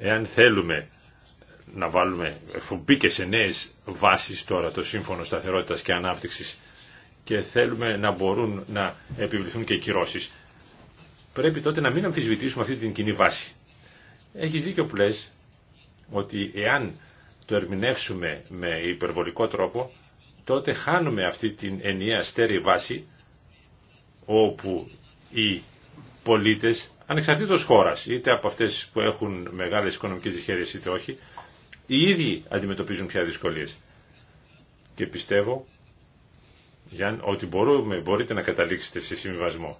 Εάν θέλουμε να βάλουμε, που μπήκε σε νέε βάσεις τώρα το Σύμφωνο σταθερότητα και ανάπτυξη, και θέλουμε να μπορούν να επιβληθούν και κυρώσει, πρέπει τότε να μην αμφισβητήσουμε αυτή την κοινή βάση. Έχεις δίκιο που λε ότι εάν το ερμηνεύσουμε με υπερβολικό τρόπο, τότε χάνουμε αυτή την ενιαία στέρη βάση όπου οι πολίτες ανεξαρτήτως χώρας, είτε από αυτές που έχουν μεγάλες οικονομικές δυσχέρειες είτε όχι, οι ίδιοι αντιμετωπίζουν πια δυσκολίες. Και πιστεύω Γιάν, ότι μπορούμε, μπορείτε να καταλήξετε σε συμβιβασμό.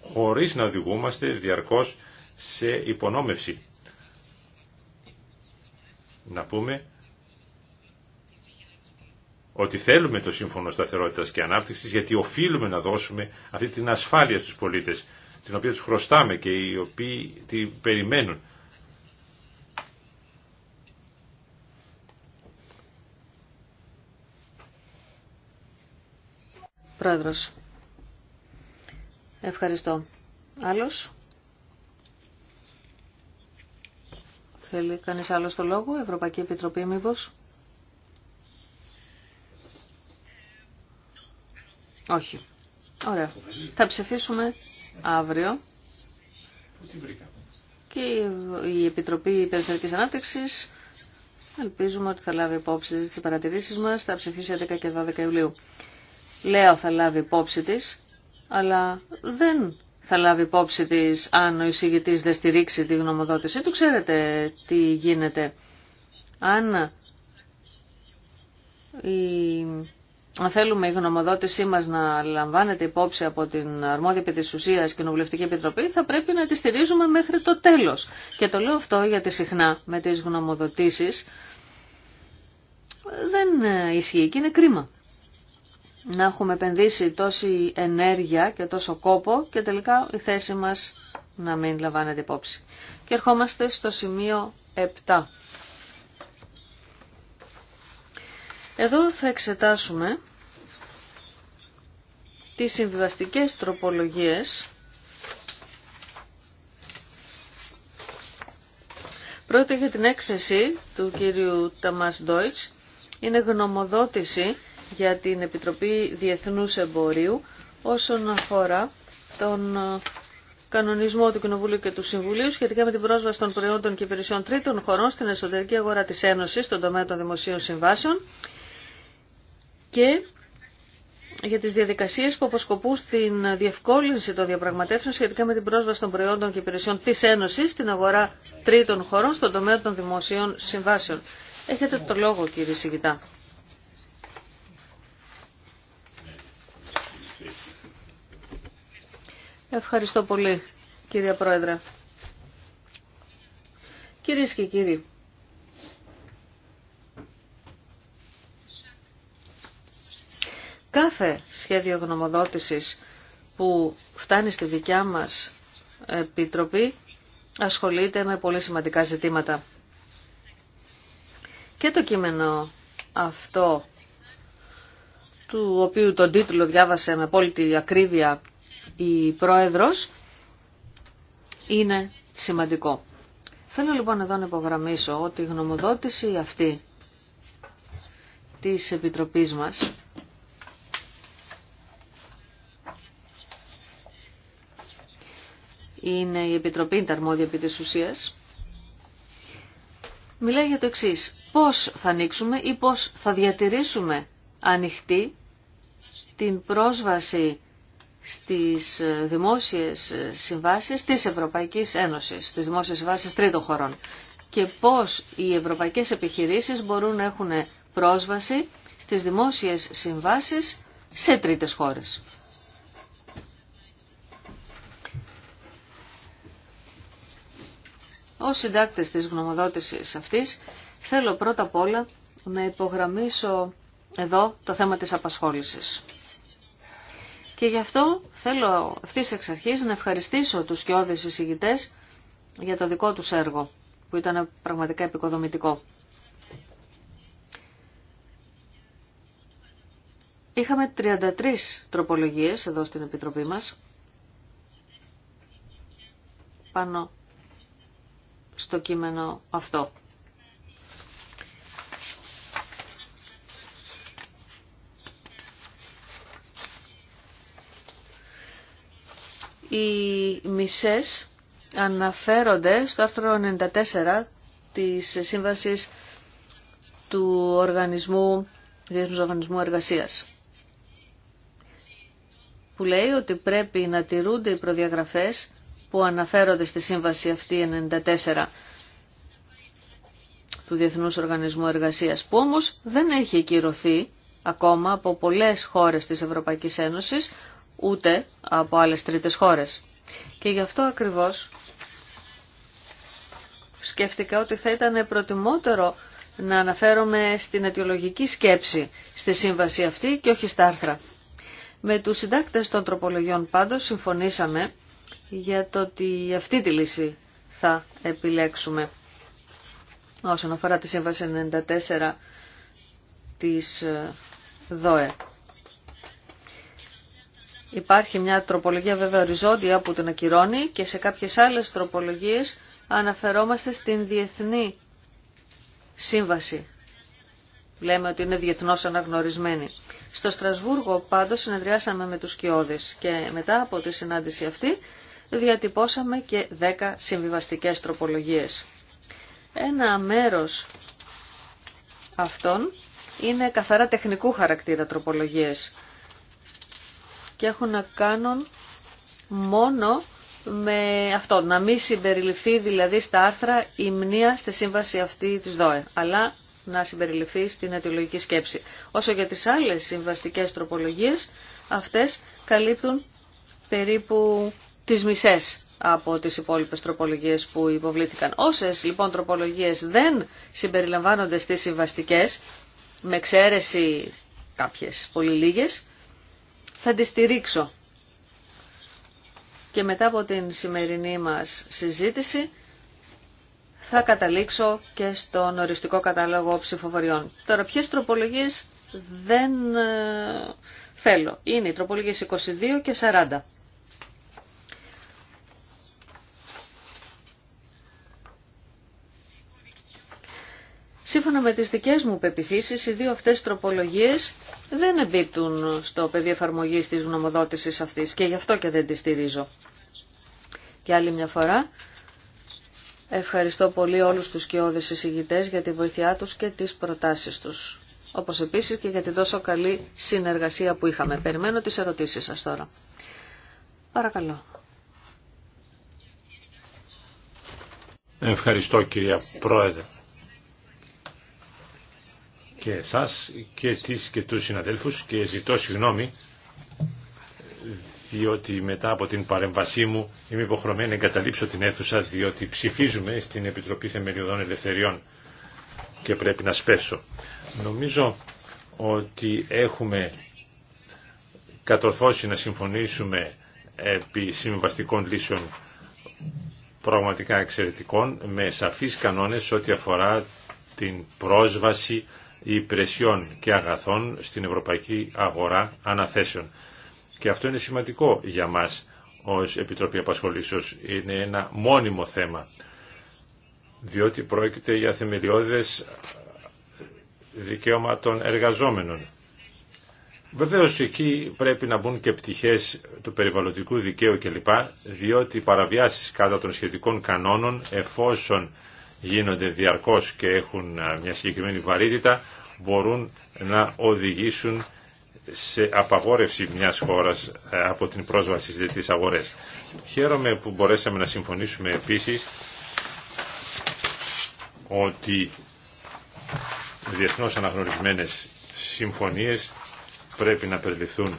Χωρίς να οδηγούμαστε διαρκώς σε υπονόμευση. Να πούμε ότι θέλουμε το Σύμφωνο σταθερότητα και Ανάπτυξης γιατί οφείλουμε να δώσουμε αυτή την ασφάλεια στους πολίτες την οποία τους χρωστάμε και οι οποίοι την περιμένουν. Πρόεδρος, ευχαριστώ. Άλλος? Θέλει κανείς άλλο το λόγο, Ευρωπαϊκή Επιτροπή μήπως? Όχι. Ωραία. Θα ψηφίσουμε αύριο. Και η Επιτροπή Περιφερειακή ανάπτυξη ελπίζουμε ότι θα λάβει υπόψη τις παρατηρήσεις μας. Θα ψηφίσει 11 και 12 Ιουλίου. Λέω θα λάβει υπόψη τη, αλλά δεν θα λάβει υπόψη τη αν ο εισηγητή δεν στηρίξει τη γνωμοδότησή του. Ξέρετε τι γίνεται. Αν η αν θέλουμε η γνωμοδότησή μας να λαμβάνεται υπόψη από την αρμόδια επί της ουσίας Κοινοβουλευτική Επιτροπή, θα πρέπει να τη στηρίζουμε μέχρι το τέλος. Και το λέω αυτό γιατί συχνά με τις γνωμοδοτήσεις δεν ισχύει και είναι κρίμα. Να έχουμε επενδύσει τόση ενέργεια και τόσο κόπο και τελικά η θέση μας να μην λαμβάνεται υπόψη. Και ερχόμαστε στο σημείο 7 Εδώ θα εξετάσουμε τις συμβιβαστικές τροπολογίες Πρώτοι για την έκθεση του κύριου Ταμάς Ντόιτς. Είναι γνωμοδότηση για την Επιτροπή Διεθνούς Εμπορίου όσον αφορά τον ε, κανονισμό του Κοινοβουλίου και του Συμβουλίου σχετικά με την πρόσβαση των προϊόντων και υπηρεσιών τρίτων χωρών στην εσωτερική αγορά της Ένωσης στον τομέα των δημοσίων συμβάσεων και για τις διαδικασίες που αποσκοπούν στην διευκόλυνση των διαπραγματεύσεων σχετικά με την πρόσβαση των προϊόντων και υπηρεσιών της Ένωσης στην αγορά τρίτων χωρών στον τομέα των δημοσίων συμβάσεων. Έχετε το λόγο κύριε Σιγητά. Ευχαριστώ πολύ κύριε Πρόεδρε. Κυρίες και κύριοι, Κάθε σχέδιο γνωμοδότησης που φτάνει στη δικιά μας Επιτροπή ασχολείται με πολύ σημαντικά ζητήματα. Και το κείμενο αυτό, του οποίου τον τίτλο διάβασε με απόλυτη ακρίβεια η Πρόεδρος, είναι σημαντικό. Θέλω λοιπόν εδώ να υπογραμμίσω ότι η γνωμοδότηση αυτή της Επιτροπής μας είναι η Επιτροπή αρμόδια επί της ουσίας, μιλάει για το εξή Πώς θα ανοίξουμε ή πώς θα διατηρήσουμε ανοιχτή την πρόσβαση στις δημόσιες συμβάσεις της Ευρωπαϊκής Ένωσης, στις δημόσιες συμβάσεις τρίτων χωρών και πώς οι ευρωπαϊκές επιχειρήσεις μπορούν να έχουν πρόσβαση στις δημόσιες συμβάσεις σε τρίτες χώρες. Ως συντάκτης της γνωμοδότησης αυτής θέλω πρώτα απ' όλα να υπογραμμίσω εδώ το θέμα της απασχόλησης. Και γι' αυτό θέλω αυτής εξ αρχής να ευχαριστήσω τους σκιώδες εισηγητές για το δικό τους έργο, που ήταν πραγματικά επικοδομητικό. Είχαμε 33 τροπολογίες εδώ στην Επιτροπή μας, πάνω στο κείμενο αυτό. Οι μισές αναφέρονται στο άρθρο 94 της Σύμβασης του Οργανισμού, Διεθνούς Οργανισμού Εργασίας που λέει ότι πρέπει να τηρούνται οι προδιαγραφές που αναφέρονται στη σύμβαση αυτή 94 του Διεθνούς Οργανισμού Εργασίας, που όμως δεν έχει κυρωθεί ακόμα από πολλές χώρες της Ευρωπαϊκής Ένωσης, ούτε από άλλες τρίτες χώρες. Και γι' αυτό ακριβώς σκέφτηκα ότι θα ήταν προτιμότερο να αναφέρομαι στην αιτιολογική σκέψη στη σύμβαση αυτή και όχι στα άρθρα. Με τους συντάκτες των τροπολογιών πάντως συμφωνήσαμε για το ότι αυτή τη λύση θα επιλέξουμε. Όσον αφορά τη Σύμβαση 94 της ε, ΔΟΕ. Υπάρχει μια τροπολογία βέβαια οριζόντια που την ακυρώνει και σε κάποιες άλλες τροπολογίες αναφερόμαστε στην διεθνή σύμβαση. Λέμε ότι είναι διεθνώς αναγνωρισμένη. Στο Στρασβούργο πάντως συνεδριάσαμε με τους κιόδες και μετά από τη συνάντηση αυτή διατυπώσαμε και 10 συμβιβαστικές τροπολογίες. Ένα μέρος αυτών είναι καθαρά τεχνικού χαρακτήρα τροπολογίες και έχουν να κάνουν μόνο με αυτό, να μην συμπεριληφθεί δηλαδή στα άρθρα η μνήα στη σύμβαση αυτή της ΔΟΕ, αλλά να συμπεριληφθεί στην αιτιολογική σκέψη. Όσο για τις άλλες συμβαστικές τροπολογίες, αυτές καλύπτουν περίπου τις μισές από τις υπόλοιπες τροπολογίες που υποβλήθηκαν. Όσες λοιπόν τροπολογίες δεν συμπεριλαμβάνονται στις συμβαστικέ, με εξαίρεση κάποιες πολύ λίγες, θα τις στηρίξω. Και μετά από την σημερινή μας συζήτηση θα καταλήξω και στον οριστικό κατάλογο ψηφοφοριών. Τώρα ποιες τροπολογίες δεν ε, θέλω. Είναι οι τροπολογίες 22 και 40. Σύμφωνα με τις δικές μου πεπιθήσεις, οι δύο αυτές τροπολογίες δεν εμπίπτουν στο πεδίο εφαρμογή της γνωμοδότησης αυτής και γι' αυτό και δεν τη στηρίζω. Και άλλη μια φορά, ευχαριστώ πολύ όλους τους κοιόδες εισηγητές για τη βοήθειά τους και τις προτάσεις τους. Όπως επίσης και για την τόσο καλή συνεργασία που είχαμε. Περιμένω τις ερωτήσεις σας τώρα. Παρακαλώ. Ευχαριστώ κυρία Πρόεδρε και εσάς και τις και τους συναδέλφους και ζητώ συγγνώμη διότι μετά από την παρέμβασή μου είμαι υποχρεωμένη να εγκαταλείψω την αίθουσα διότι ψηφίζουμε στην Επιτροπή Θεμελιωδών Ελευθεριών και πρέπει να σπέσω. Νομίζω ότι έχουμε κατορθώσει να συμφωνήσουμε επί συμβαστικών λύσεων πραγματικά εξαιρετικών με σαφείς κανόνες ό,τι αφορά την πρόσβαση υπηρεσιών και αγαθών στην ευρωπαϊκή αγορά αναθέσεων. Και αυτό είναι σημαντικό για μας ως Επιτροπή Απασχολήσεως. Είναι ένα μόνιμο θέμα, διότι πρόκειται για θεμελιώδες δικαίωμα των εργαζόμενων. Βεβαίως εκεί πρέπει να μπουν και πτυχές του περιβαλλοντικού δικαίου κλπ, διότι παραβιάσεις κατά των σχετικών κανόνων, εφόσον γίνονται διαρκώς και έχουν μια συγκεκριμένη βαρύτητα μπορούν να οδηγήσουν σε απαγόρευση μιας χώρας ε, από την πρόσβαση στις αγορές. Χαίρομαι που μπορέσαμε να συμφωνήσουμε επίσης ότι διεθνώς αναγνωρισμένες συμφωνίες πρέπει να περιληφθούν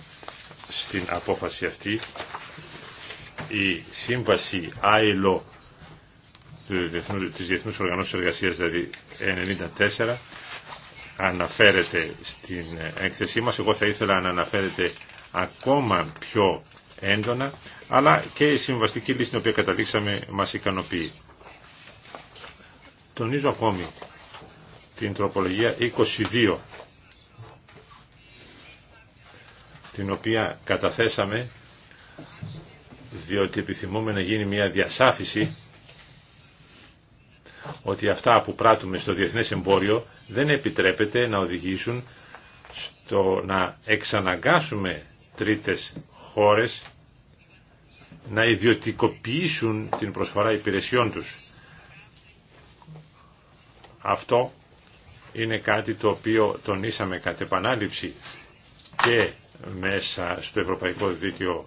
στην απόφαση αυτή. Η σύμβαση ILO της Διεθνούς Οργανώσης Εργασίας, δηλαδή 94, αναφέρεται στην έκθεσή μας. Εγώ θα ήθελα να αναφέρεται ακόμα πιο έντονα, αλλά και η συμβαστική λύση την οποία καταλήξαμε μας ικανοποιεί. Τονίζω ακόμη την τροπολογία 22, την οποία καταθέσαμε διότι επιθυμούμε να γίνει μια διασάφηση ότι αυτά που πράττουμε στο διεθνές εμπόριο δεν επιτρέπεται να οδηγήσουν στο να εξαναγκάσουμε τρίτες χώρες να ιδιωτικοποιήσουν την προσφορά υπηρεσιών τους. Αυτό είναι κάτι το οποίο τονίσαμε κατ' επανάληψη και μέσα στο Ευρωπαϊκό Δίκαιο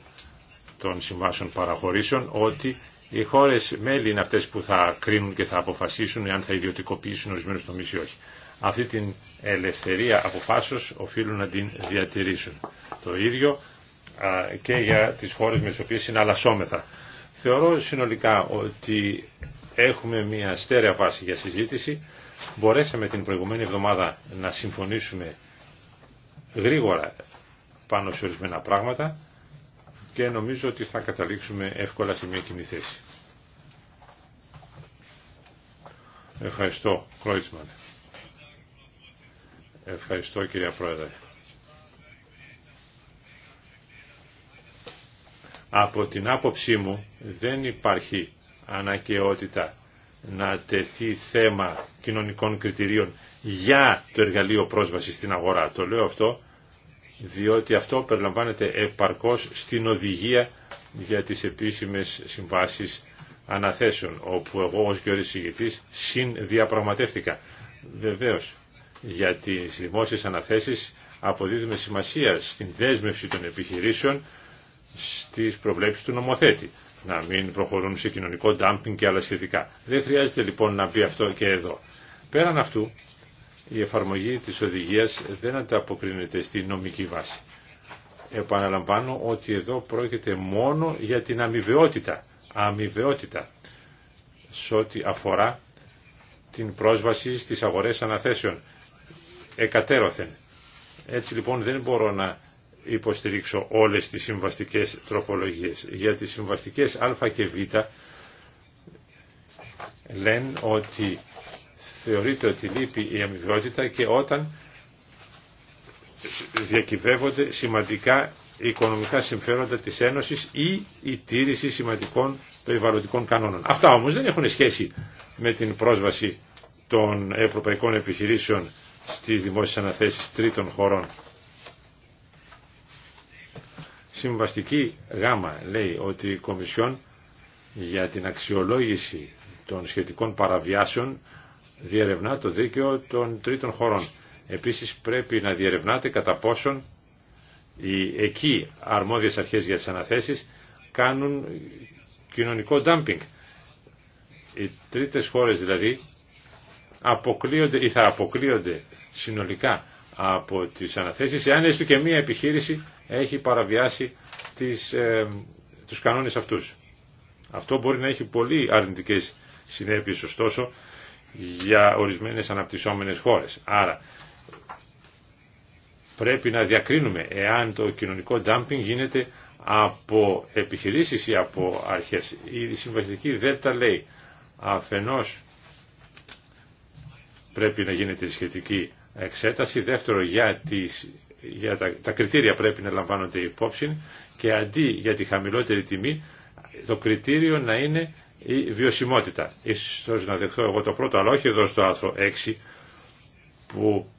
των Συμβάσεων Παραχωρήσεων ότι οι χώρε μέλη είναι αυτέ που θα κρίνουν και θα αποφασίσουν αν θα ιδιωτικοποιήσουν ορισμένου τομεί ή όχι. Αυτή την ελευθερία αποφάσεω οφείλουν να την διατηρήσουν. Το ίδιο και για τι χώρε με τι οποίε συναλλασσόμεθα. Θεωρώ συνολικά ότι έχουμε μια στέρεα βάση για συζήτηση. Μπορέσαμε την προηγουμένη εβδομάδα να συμφωνήσουμε γρήγορα πάνω σε ορισμένα πράγματα και νομίζω ότι θα καταλήξουμε εύκολα σε μια κοινή θέση. Ευχαριστώ, Κρόιτσμαν. Ευχαριστώ, κυρία Πρόεδρε. Από την άποψή μου δεν υπάρχει ανακαιότητα να τεθεί θέμα κοινωνικών κριτηρίων για το εργαλείο πρόσβαση στην αγορά. Το λέω αυτό διότι αυτό περιλαμβάνεται επαρκώς στην οδηγία για τις επίσημες συμβάσεις αναθέσεων, όπου εγώ ως Γιώργης Συγητής συνδιαπραγματεύτηκα. Βεβαίως, για τις δημόσιες αναθέσεις αποδίδουμε σημασία στην δέσμευση των επιχειρήσεων στις προβλέψεις του νομοθέτη, να μην προχωρούν σε κοινωνικό ντάμπινγκ και άλλα σχετικά. Δεν χρειάζεται λοιπόν να μπει αυτό και εδώ. Πέραν αυτού, η εφαρμογή της οδηγίας δεν ανταποκρίνεται στη νομική βάση. Επαναλαμβάνω ότι εδώ πρόκειται μόνο για την αμοιβαιότητα, αμοιβαιότητα σε ό,τι αφορά την πρόσβαση στις αγορές αναθέσεων εκατέρωθεν. Έτσι λοιπόν δεν μπορώ να υποστηρίξω όλες τις συμβαστικές τροπολογίες. Για τις συμβαστικές α και β λένε ότι θεωρείται ότι λείπει η αμοιβαιότητα και όταν διακυβεύονται σημαντικά οικονομικά συμφέροντα της Ένωσης ή η τήρηση σημαντικών περιβαλλοντικών κανόνων. Αυτά όμως δεν έχουν σχέση με την πρόσβαση των ευρωπαϊκών επιχειρήσεων στις δημόσιες αναθέσεις τρίτων χωρών. Συμβαστική γάμα λέει ότι η Κομισιόν για την αξιολόγηση των σχετικών παραβιάσεων διερευνά το δίκαιο των τρίτων χωρών. Επίσης πρέπει να διερευνάτε κατά πόσον οι εκεί αρμόδιες αρχές για τις αναθέσεις κάνουν κοινωνικό dumping. Οι τρίτες χώρες δηλαδή αποκλείονται ή θα αποκλείονται συνολικά από τις αναθέσεις εάν έστω και μία επιχείρηση έχει παραβιάσει τις, ε, τους κανόνες αυτούς. Αυτό μπορεί να έχει πολύ αρνητικές συνέπειες ωστόσο για ορισμένες αναπτυσσόμενες χώρες. Άρα πρέπει να διακρίνουμε εάν το κοινωνικό dumping γίνεται από επιχειρήσεις ή από αρχές. Η συμβαστική ΔΕΛΤΑ λέει αφενός πρέπει να γίνεται η συμβαστικη τα λεει αφενος εξέταση, δεύτερο για, τις, για τα, τα κριτήρια πρέπει να λαμβάνονται υπόψη και αντί για τη χαμηλότερη τιμή το κριτήριο να είναι η βιωσιμότητα. Ίσως να δεχθώ εγώ το πρώτο, αλλά όχι εδώ στο άρθρο 6 που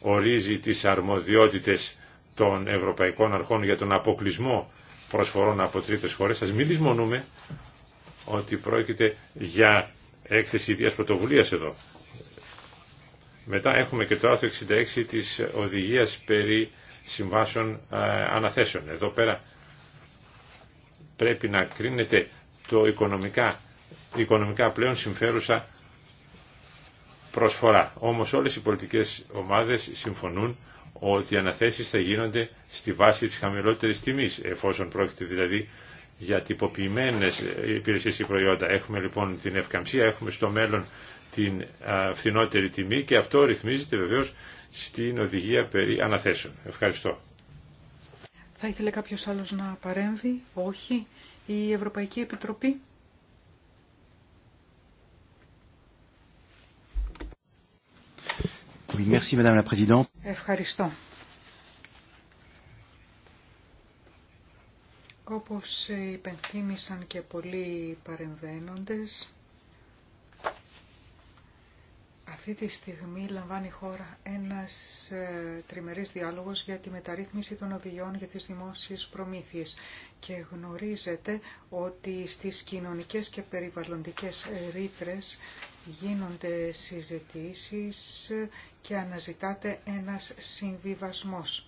ορίζει τις αρμοδιότητες των Ευρωπαϊκών Αρχών για τον αποκλεισμό προσφορών από τρίτες χώρες. Σας μην λησμονούμε ότι πρόκειται για έκθεση ιδίας πρωτοβουλίας εδώ. Μετά έχουμε και το άρθρο 66 της οδηγίας περί συμβάσεων ε, αναθέσεων. Εδώ πέρα πρέπει να κρίνεται το οικονομικά, οικονομικά πλέον συμφέρουσα προσφορά. Όμως όλες οι πολιτικές ομάδες συμφωνούν ότι οι αναθέσεις θα γίνονται στη βάση της χαμηλότερης τιμής, εφόσον πρόκειται δηλαδή για τυποποιημένες υπηρεσίες ή προϊόντα. Έχουμε λοιπόν την ευκαμψία, έχουμε στο μέλλον την φθηνότερη τιμή και αυτό ρυθμίζεται βεβαίως στην οδηγία περί αναθέσεων. Ευχαριστώ. Θα ήθελε κάποιος άλλος να παρέμβει, όχι η Ευρωπαϊκή Επιτροπή. Oui, merci, Madame la Ευχαριστώ. Όπως υπενθύμησαν και πολλοί παρεμβαίνοντες, αυτή τη στιγμή λαμβάνει η χώρα ένας ε, τριμερής διάλογος για τη μεταρρύθμιση των οδηγιών για τις δημόσιες προμήθειες και γνωρίζετε ότι στις κοινωνικές και περιβαλλοντικές ρήτρες γίνονται συζητήσεις και αναζητάται ένας συμβιβασμός.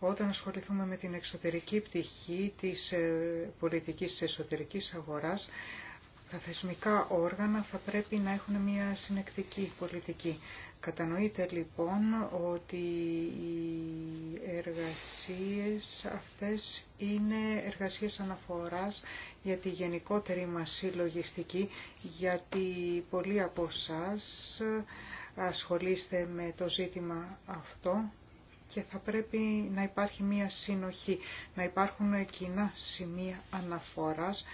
Όταν ασχοληθούμε με την εξωτερική πτυχή της ε, πολιτικής της εσωτερικής αγοράς, τα θεσμικά όργανα θα πρέπει να έχουν μια συνεκτική πολιτική. Κατανοείται λοιπόν ότι οι εργασίες αυτές είναι εργασίες αναφοράς για τη γενικότερη μας συλλογιστική, γιατί πολλοί από εσά ασχολείστε με το ζήτημα αυτό και θα πρέπει να υπάρχει μια συνοχή, να υπάρχουν κοινά σημεία αναφοράς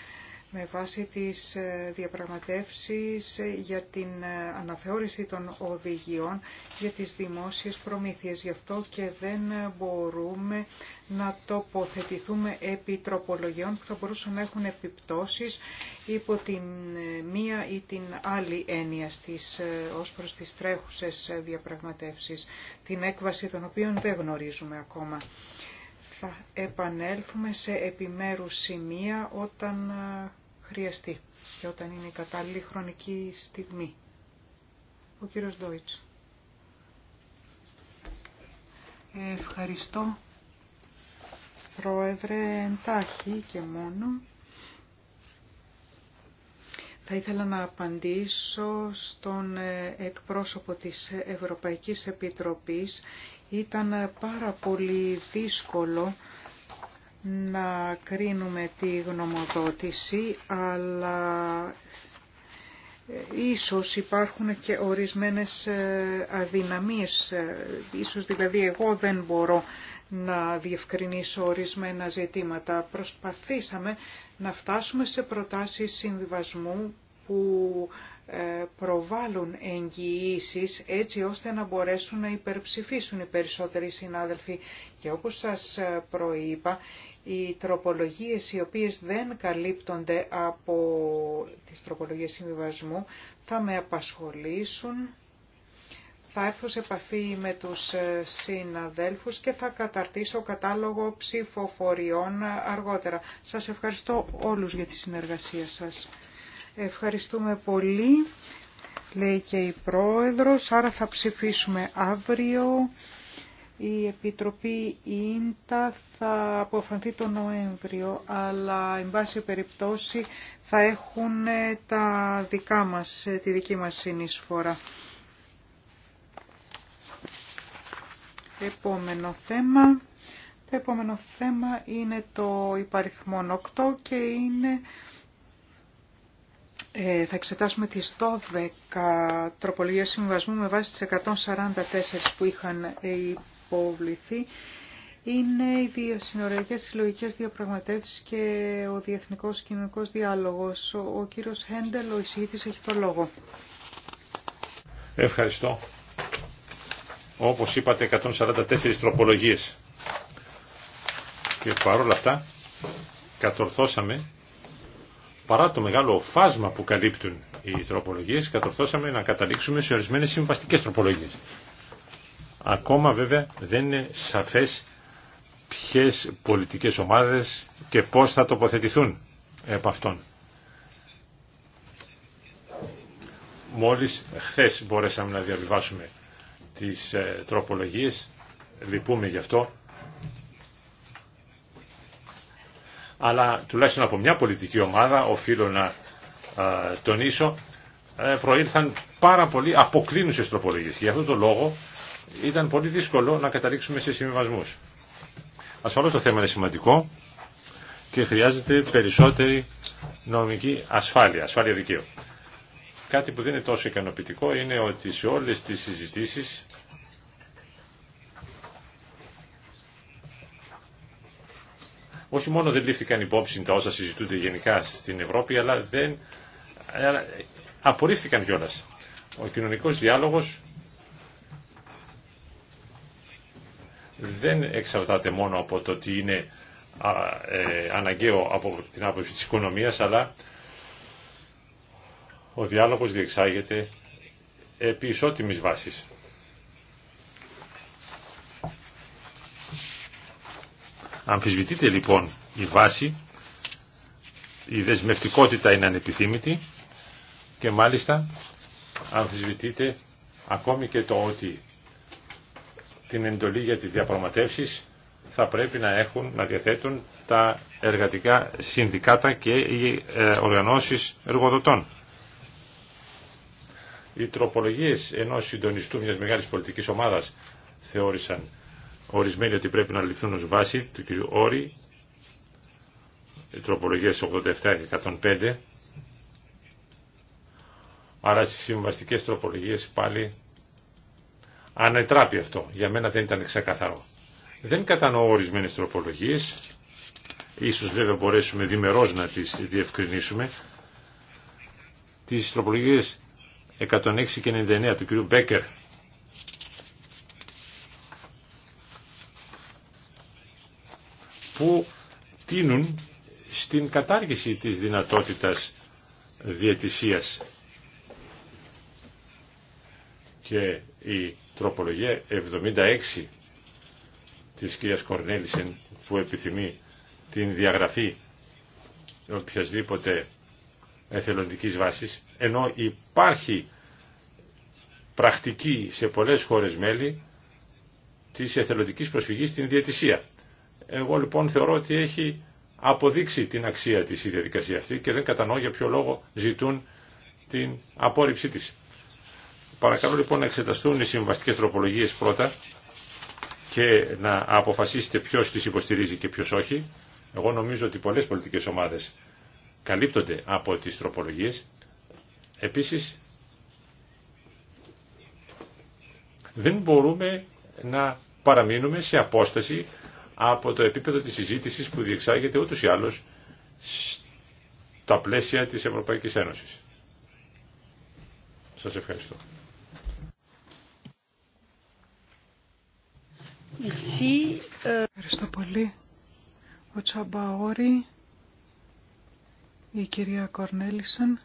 με βάση τις ε, διαπραγματεύσεις ε, για την ε, αναθεώρηση των οδηγιών για τις δημόσιες προμήθειες. Γι' αυτό και δεν μπορούμε να τοποθετηθούμε επί τροπολογιών που θα μπορούσαν να έχουν επιπτώσεις υπό την μία ή την άλλη έννοια στις, ως προς τις τρέχουσες διαπραγματεύσεις, την έκβαση των οποίων δεν γνωρίζουμε ακόμα θα επανέλθουμε σε επιμέρους σημεία όταν χρειαστεί και όταν είναι η κατάλληλη χρονική στιγμή. Ο κύριος Ντόιτς. Ευχαριστώ, Πρόεδρε, εντάχει και μόνο. Θα ήθελα να απαντήσω στον ε, εκπρόσωπο της Ευρωπαϊκής Επιτροπής. Ήταν πάρα πολύ δύσκολο να κρίνουμε τη γνωμοδότηση, αλλά ίσως υπάρχουν και ορισμένες ε, αδυναμίες. Ε, ίσως δηλαδή εγώ δεν μπορώ να διευκρινίσω ορισμένα ζητήματα. Προσπαθήσαμε να φτάσουμε σε προτάσεις συνδυασμού που ε, προβάλλουν εγγυήσει έτσι ώστε να μπορέσουν να υπερψηφίσουν οι περισσότεροι συνάδελφοι. Και όπως σας προείπα, οι τροπολογίες οι οποίες δεν καλύπτονται από τις τροπολογίες συμβιβασμού θα με απασχολήσουν. Θα έρθω σε επαφή με τους ε, συναδέλφους και θα καταρτήσω κατάλογο ψηφοφοριών αργότερα. Σας ευχαριστώ όλους για τη συνεργασία σας. Ευχαριστούμε πολύ, λέει και η Πρόεδρος, άρα θα ψηφίσουμε αύριο. Η Επιτροπή ΙΝΤΑ θα αποφανθεί το Νοέμβριο, αλλά εν πάση περιπτώσει θα έχουν ε, τα δικά μας, ε, τη δική μας συνεισφορά. Επόμενο θέμα. Το επόμενο θέμα είναι το υπαριθμόν 8 και είναι... Ε, θα εξετάσουμε τις 12 τροπολογίες συμβασμού με βάση τις 144 που είχαν είναι οι δύο διασυνοριακές συλλογικέ διαπραγματεύσεις και ο διεθνικός κοινωνικός διάλογος. Ο κύριος Χέντελ, ο εισηγήτης, έχει το λόγο. Ευχαριστώ. Όπως είπατε, 144 τροπολογίες. Και παρόλα αυτά, κατορθώσαμε, παρά το μεγάλο φάσμα που καλύπτουν οι τροπολογίες, κατορθώσαμε να καταλήξουμε σε ορισμένες συμβαστικές τροπολογίες. Ακόμα βέβαια δεν είναι σαφές ποιες πολιτικές ομάδες και πώς θα τοποθετηθούν επ' αυτών. Μόλις χθες μπορέσαμε να διαβιβάσουμε τις ε, τροπολογίες, λυπούμε γι' αυτό, αλλά τουλάχιστον από μια πολιτική ομάδα οφείλω να ε, τονίσω ε, προήλθαν πάρα πολλοί αποκλίνουσες τροπολογίες και γι' αυτόν τον λόγο ήταν πολύ δύσκολο να καταλήξουμε σε συμβιβασμού. Ασφαλώς το θέμα είναι σημαντικό και χρειάζεται περισσότερη νομική ασφάλεια, ασφάλεια δικαίου. Κάτι που δεν είναι τόσο ικανοποιητικό είναι ότι σε όλες τις συζητήσει. όχι μόνο δεν λήφθηκαν υπόψη τα όσα συζητούνται γενικά στην Ευρώπη, αλλά δεν απορρίφθηκαν κιόλα. Ο κοινωνικός διάλογος δεν εξαρτάται μόνο από το ότι είναι ε, αναγκαίο από την άποψη της οικονομίας, αλλά ο διάλογος διεξάγεται επί ισότιμης βάσης. Αμφισβητείται λοιπόν η βάση, η δεσμευτικότητα είναι ανεπιθύμητη και μάλιστα αμφισβητείται ακόμη και το ότι την εντολή για τις διαπραγματεύσεις θα πρέπει να έχουν, να διαθέτουν τα εργατικά συνδικάτα και οι ε, οργανώσεις εργοδοτών. Οι τροπολογίες ενός συντονιστού μιας μεγάλης πολιτικής ομάδας θεώρησαν ορισμένοι ότι πρέπει να λυθούν ως βάση του κ. Όρη, οι τροπολογίες 87 και 105, αλλά στις συμβαστικές τροπολογίες πάλι ανετράπει αυτό. Για μένα δεν ήταν ξεκαθαρό. Δεν κατανοώ ορισμένε τροπολογίε. Ίσως βέβαια μπορέσουμε διμερώς να τι διευκρινίσουμε. τι τροπολογίε 106 και 99 του κ. Μπέκερ. Που τίνουν στην κατάργηση της δυνατότητας διαιτησίας. Και η τροπολογία 76 της κυρίας Κορνέλησεν που επιθυμεί την διαγραφή οποιασδήποτε εθελοντικής βάσης, ενώ υπάρχει πρακτική σε πολλές χώρες μέλη της εθελοντικής προσφυγής στην διατησία. Εγώ λοιπόν θεωρώ ότι έχει αποδείξει την αξία της η διαδικασία αυτή και δεν κατανοώ για ποιο λόγο ζητούν την απόρριψή της. Παρακαλώ λοιπόν να εξεταστούν οι συμβαστικές τροπολογίες πρώτα και να αποφασίσετε ποιος τις υποστηρίζει και ποιος όχι. Εγώ νομίζω ότι πολλές πολιτικές ομάδες καλύπτονται από τις τροπολογίες. Επίσης, δεν μπορούμε να παραμείνουμε σε απόσταση από το επίπεδο της συζήτησης που διεξάγεται ούτως ή άλλως στα πλαίσια της Ευρωπαϊκής Ένωσης. Σας ευχαριστώ. Euh, Ευχαριστώ πολύ. Ο Όρι, η κυρία Κορνέλισεν.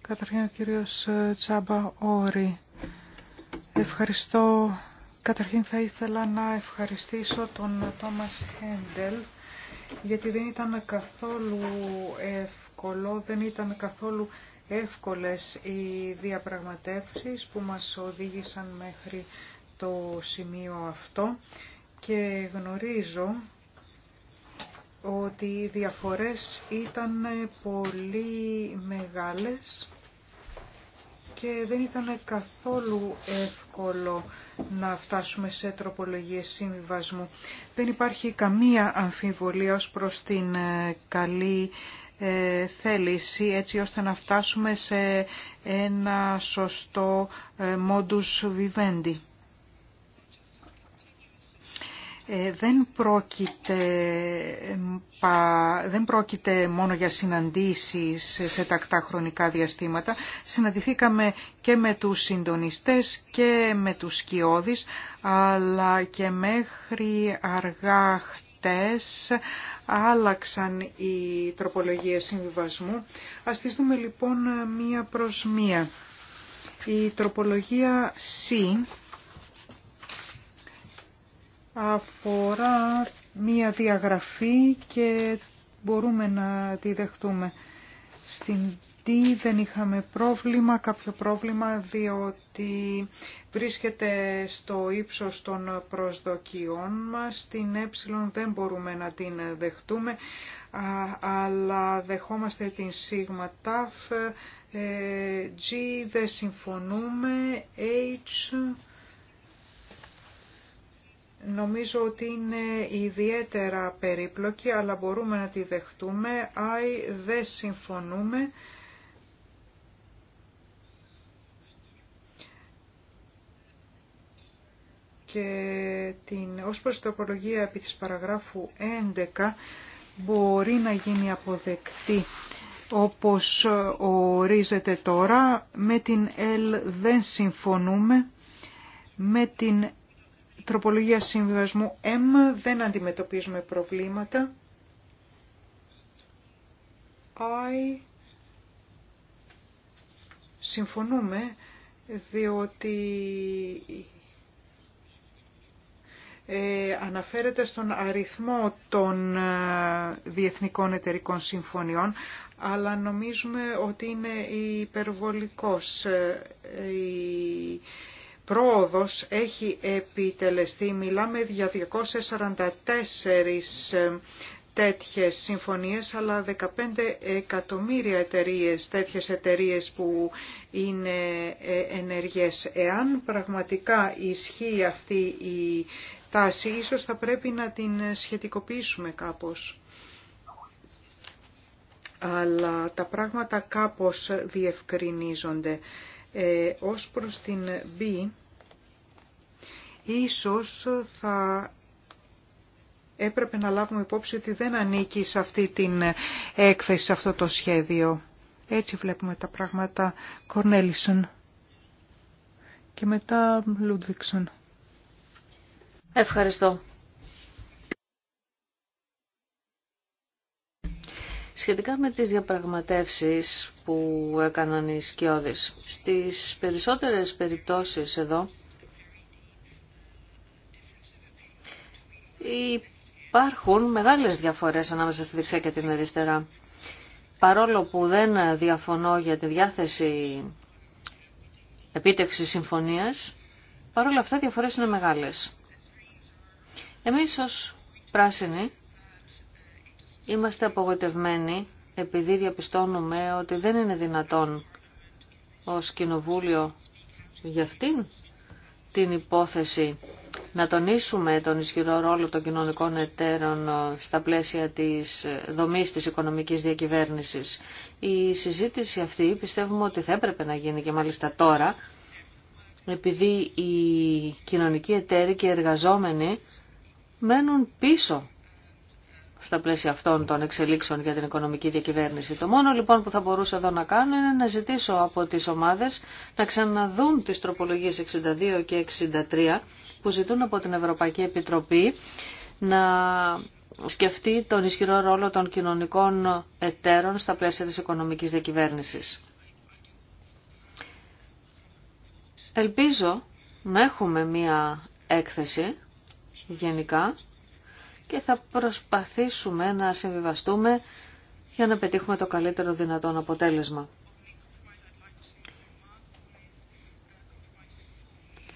Καταρχήν ο κύριος ε, όρη Ευχαριστώ. Καταρχήν θα ήθελα να ευχαριστήσω τον ε, Τόμας Χέντελ γιατί δεν ήταν καθόλου εύκολο, δεν ήταν καθόλου εύκολες οι διαπραγματεύσεις που μας οδήγησαν μέχρι το σημείο αυτό και γνωρίζω ότι οι διαφορές ήταν πολύ μεγάλες και δεν ήταν καθόλου εύκολο να φτάσουμε σε τροπολογίες συμβιβασμού. Δεν υπάρχει καμία αμφιβολία ως προς την ε, καλή ε, θέληση έτσι ώστε να φτάσουμε σε ένα σωστό ε, modus vivendi. Ε, δεν, πρόκειται, ε, δεν μόνο για συναντήσεις σε τακτά χρονικά διαστήματα. Συναντηθήκαμε και με τους συντονιστές και με τους σκιώδεις, αλλά και μέχρι αργά χτες άλλαξαν οι τροπολογίες συμβιβασμού. Ας τις δούμε λοιπόν μία προς μία. Η τροπολογία C αφορά μία διαγραφή και μπορούμε να τη δεχτούμε. Στην D δεν είχαμε πρόβλημα, κάποιο πρόβλημα διότι βρίσκεται στο ύψος των προσδοκιών μας. Στην ε δεν μπορούμε να την δεχτούμε, αλλά δεχόμαστε την σίγμα ταφ. Ε, G δεν συμφωνούμε, H Νομίζω ότι είναι ιδιαίτερα περίπλοκη, αλλά μπορούμε να τη δεχτούμε. Άι, δεν συμφωνούμε. Και την, ως προς το απολογία επί της παραγράφου 11 μπορεί να γίνει αποδεκτή όπως ορίζεται τώρα. Με την L δεν συμφωνούμε. Με την τροπολογία συμβιβασμού M δεν αντιμετωπίζουμε προβλήματα. I συμφωνούμε διότι ε, αναφέρεται στον αριθμό των ε, διεθνικών εταιρικών συμφωνιών, αλλά νομίζουμε ότι είναι υπερβολικός ε, η πρόοδος έχει επιτελεστεί. Μιλάμε για 244 ε, τέτοιες συμφωνίες, αλλά 15 εκατομμύρια εταιρείες, τέτοιες εταιρείες που είναι ε, ενεργές. Εάν πραγματικά ισχύει αυτή η τάση, ίσως θα πρέπει να την σχετικοποιήσουμε κάπως. Αλλά τα πράγματα κάπως διευκρινίζονται. Ε, ως προς την B, ίσως θα έπρεπε να λάβουμε υπόψη ότι δεν ανήκει σε αυτή την έκθεση, σε αυτό το σχέδιο. Έτσι βλέπουμε τα πράγματα Κορνέλισον και μετά Λούντβικσον. Ευχαριστώ. Σχετικά με τις διαπραγματεύσεις που έκαναν οι σκιώδεις, στις περισσότερες περιπτώσεις εδώ υπάρχουν μεγάλες διαφορές ανάμεσα στη δεξιά και την αριστερά. Παρόλο που δεν διαφωνώ για τη διάθεση επίτευξη συμφωνίας, παρόλα αυτά οι διαφορές είναι μεγάλες. Εμείς ως πράσινοι Είμαστε απογοητευμένοι επειδή διαπιστώνουμε ότι δεν είναι δυνατόν ως κοινοβούλιο για αυτήν την υπόθεση να τονίσουμε τον ισχυρό ρόλο των κοινωνικών εταίρων ε, στα πλαίσια της ε, δομής της οικονομικής διακυβέρνησης. Η συζήτηση αυτή πιστεύουμε ότι θα έπρεπε να γίνει και μάλιστα τώρα, επειδή οι κοινωνικοί εταίροι και οι εργαζόμενοι μένουν πίσω στα πλαίσια αυτών των εξελίξεων για την οικονομική διακυβέρνηση. Το μόνο λοιπόν που θα μπορούσα εδώ να κάνω είναι να ζητήσω από τις ομάδες να ξαναδούν τις τροπολογίες 62 και 63 που ζητούν από την Ευρωπαϊκή Επιτροπή να σκεφτεί τον ισχυρό ρόλο των κοινωνικών εταίρων στα πλαίσια της οικονομικής διακυβέρνηση Ελπίζω να έχουμε μία έκθεση γενικά και θα προσπαθήσουμε να συμβιβαστούμε για να πετύχουμε το καλύτερο δυνατόν αποτέλεσμα.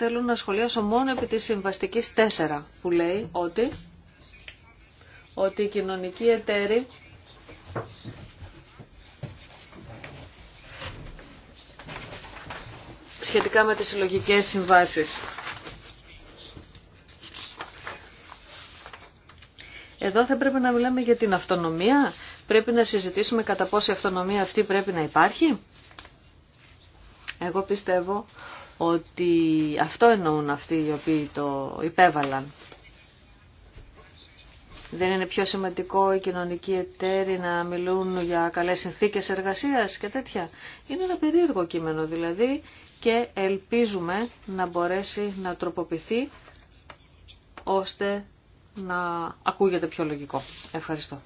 Θέλω να σχολιάσω μόνο επί της συμβαστικής 4 που λέει ότι, ότι οι κοινωνικοί εταίροι σχετικά με τις συλλογικές συμβάσεις Εδώ θα πρέπει να μιλάμε για την αυτονομία. Πρέπει να συζητήσουμε κατά πόση αυτονομία αυτή πρέπει να υπάρχει. Εγώ πιστεύω ότι αυτό εννοούν αυτοί οι οποίοι το υπέβαλαν. Δεν είναι πιο σημαντικό οι κοινωνικοί εταίροι να μιλούν για καλές συνθήκες εργασίας και τέτοια. Είναι ένα περίεργο κείμενο δηλαδή και ελπίζουμε να μπορέσει να τροποποιηθεί ώστε να ακούγεται πιο λογικό. Ευχαριστώ.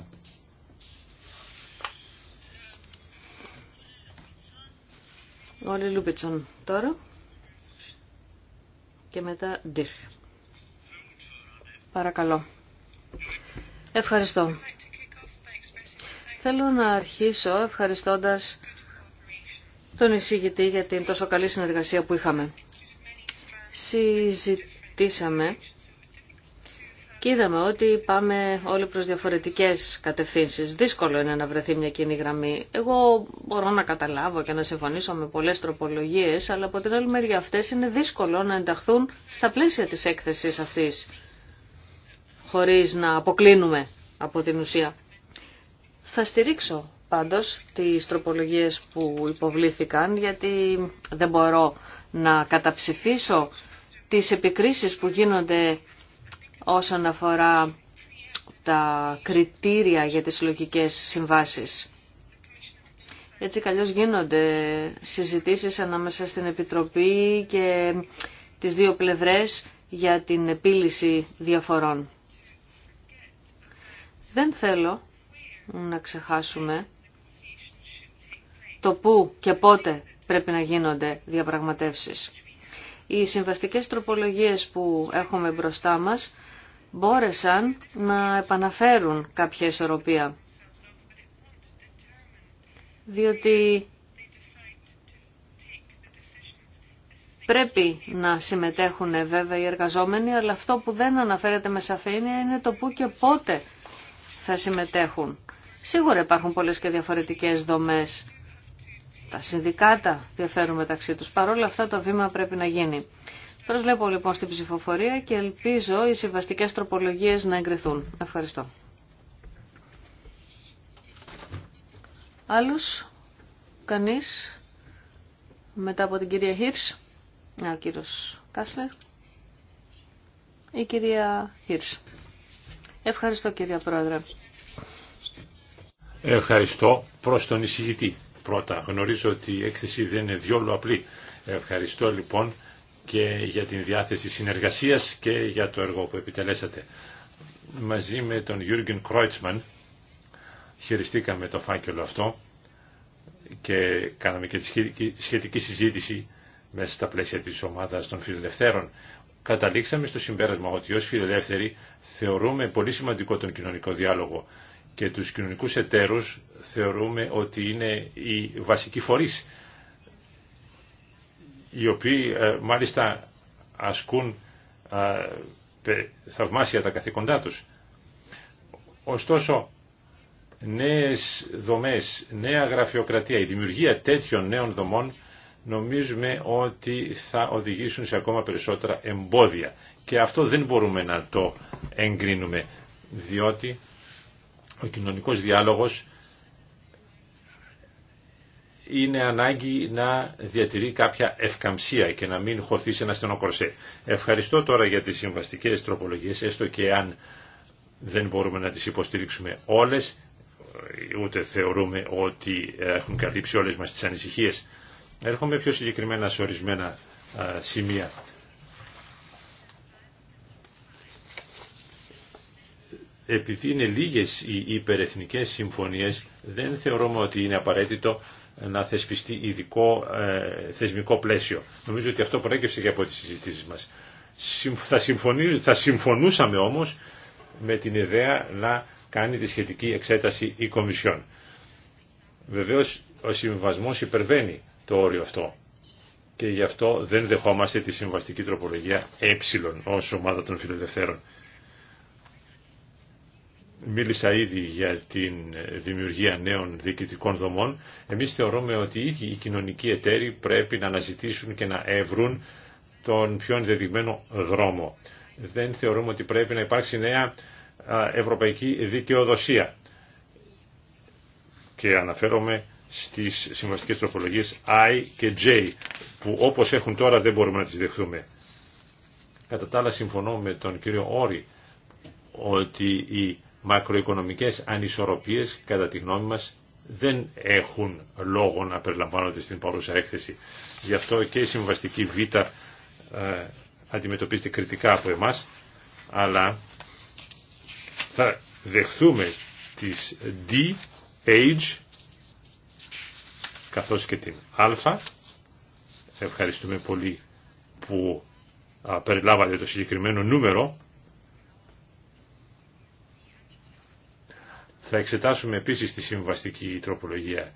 Όλοι Λούπιτσον τώρα και μετά Ντύρχ. Παρακαλώ. Ευχαριστώ. Θέλω να αρχίσω ευχαριστώντας τον εισηγητή για την τόσο καλή συνεργασία που είχαμε. Συζητήσαμε και είδαμε ότι πάμε όλοι προς διαφορετικές κατευθύνσεις. Δύσκολο είναι να βρεθεί μια κοινή γραμμή. Εγώ μπορώ να καταλάβω και να συμφωνήσω με πολλές τροπολογίες, αλλά από την άλλη μεριά αυτές είναι δύσκολο να ενταχθούν στα πλαίσια της έκθεσης αυτής, χωρίς να αποκλίνουμε από την ουσία. Θα στηρίξω πάντως τις τροπολογίες που υποβλήθηκαν, γιατί δεν μπορώ να καταψηφίσω τις επικρίσεις που γίνονται όσον αφορά τα κριτήρια για τις συλλογικέ συμβάσεις. Έτσι καλώς γίνονται συζητήσεις ανάμεσα στην Επιτροπή και τις δύο πλευρές για την επίλυση διαφορών. Δεν θέλω να ξεχάσουμε το πού και πότε πρέπει να γίνονται διαπραγματεύσεις. Οι συμβαστικές τροπολογίες που έχουμε μπροστά μας μπόρεσαν να επαναφέρουν κάποια ισορροπία. Διότι πρέπει να συμμετέχουν ε, βέβαια οι εργαζόμενοι, αλλά αυτό που δεν αναφέρεται με σαφήνεια είναι το πού και πότε θα συμμετέχουν. Σίγουρα υπάρχουν πολλές και διαφορετικές δομές. Τα συνδικάτα διαφέρουν μεταξύ τους. Παρ' όλα αυτά το βήμα πρέπει να γίνει. Προσβλέπω λοιπόν στην ψηφοφορία και ελπίζω οι συμβαστικές τροπολογίες να εγκριθούν. Ευχαριστώ. Άλλους, κανείς, μετά από την κυρία Χίρς, α, ο κύριος Κάσλερ, η κυρία Χίρς. Ευχαριστώ κυρία Πρόεδρε. Ευχαριστώ προς τον εισηγητή. Πρώτα γνωρίζω ότι η έκθεση δεν είναι διόλου απλή. Ευχαριστώ λοιπόν και για την διάθεση συνεργασίας και για το έργο που επιτελέσατε. Μαζί με τον Γιούργεν Κρόιτσμαν χειριστήκαμε το φάκελο αυτό και κάναμε και τη σχετική συζήτηση μέσα στα πλαίσια της ομάδας των φιλελευθέρων. Καταλήξαμε στο συμπέρασμα ότι ως φιλελεύθεροι θεωρούμε πολύ σημαντικό τον κοινωνικό διάλογο και τους κοινωνικούς εταίρους θεωρούμε ότι είναι οι βασικοί φορείς οι οποίοι ε, μάλιστα ασκούν ε, θαυμάσια τα καθήκοντά τους. Ωστόσο, νέες δομές, νέα γραφειοκρατία, η δημιουργία τέτοιων νέων δομών νομίζουμε ότι θα οδηγήσουν σε ακόμα περισσότερα εμπόδια. Και αυτό δεν μπορούμε να το εγκρίνουμε, διότι ο κοινωνικός διάλογος είναι ανάγκη να διατηρεί κάποια ευκαμψία και να μην χωθεί σε ένα στενό κορσέ. Ευχαριστώ τώρα για τις συμβαστικές τροπολογίες, έστω και αν δεν μπορούμε να τις υποστηρίξουμε όλες, ούτε θεωρούμε ότι έχουν καλύψει όλες μας τις ανησυχίες. Έρχομαι πιο συγκεκριμένα σε ορισμένα σημεία. επειδή είναι λίγες οι υπερεθνικές συμφωνίες, δεν θεωρούμε ότι είναι απαραίτητο να θεσπιστεί ειδικό ε, θεσμικό πλαίσιο. Νομίζω ότι αυτό προέκυψε και από τις συζητήσεις μας. Θα, συμφωνούσαμε όμως με την ιδέα να κάνει τη σχετική εξέταση η Κομισιόν. Βεβαίως ο συμβασμός υπερβαίνει το όριο αυτό και γι' αυτό δεν δεχόμαστε τη συμβαστική τροπολογία ε ως ομάδα των φιλελευθέρων. Μίλησα ήδη για την δημιουργία νέων διοικητικών δομών. Εμείς θεωρούμε ότι οι ίδιοι οι κοινωνικοί εταίροι πρέπει να αναζητήσουν και να εύρουν τον πιο ενδεδειγμένο δρόμο. Δεν θεωρούμε ότι πρέπει να υπάρξει νέα ευρωπαϊκή δικαιοδοσία. Και αναφέρομαι στις συμβαστικές τροπολογίες I και J, που όπως έχουν τώρα δεν μπορούμε να τις δεχθούμε. Κατά τα άλλα συμφωνώ με τον κύριο Όρη ότι η μακροοικονομικές ανισορροπίες κατά τη γνώμη μας δεν έχουν λόγο να περιλαμβάνονται στην παρούσα έκθεση. Γι' αυτό και η συμβαστική Β ε, αντιμετωπίζεται κριτικά από εμάς, αλλά θα δεχθούμε τις D, H, καθώς και την Α. Ευχαριστούμε πολύ που ε, περιλάβατε το συγκεκριμένο νούμερο Θα εξετάσουμε επίσης τη συμβαστική τροπολογία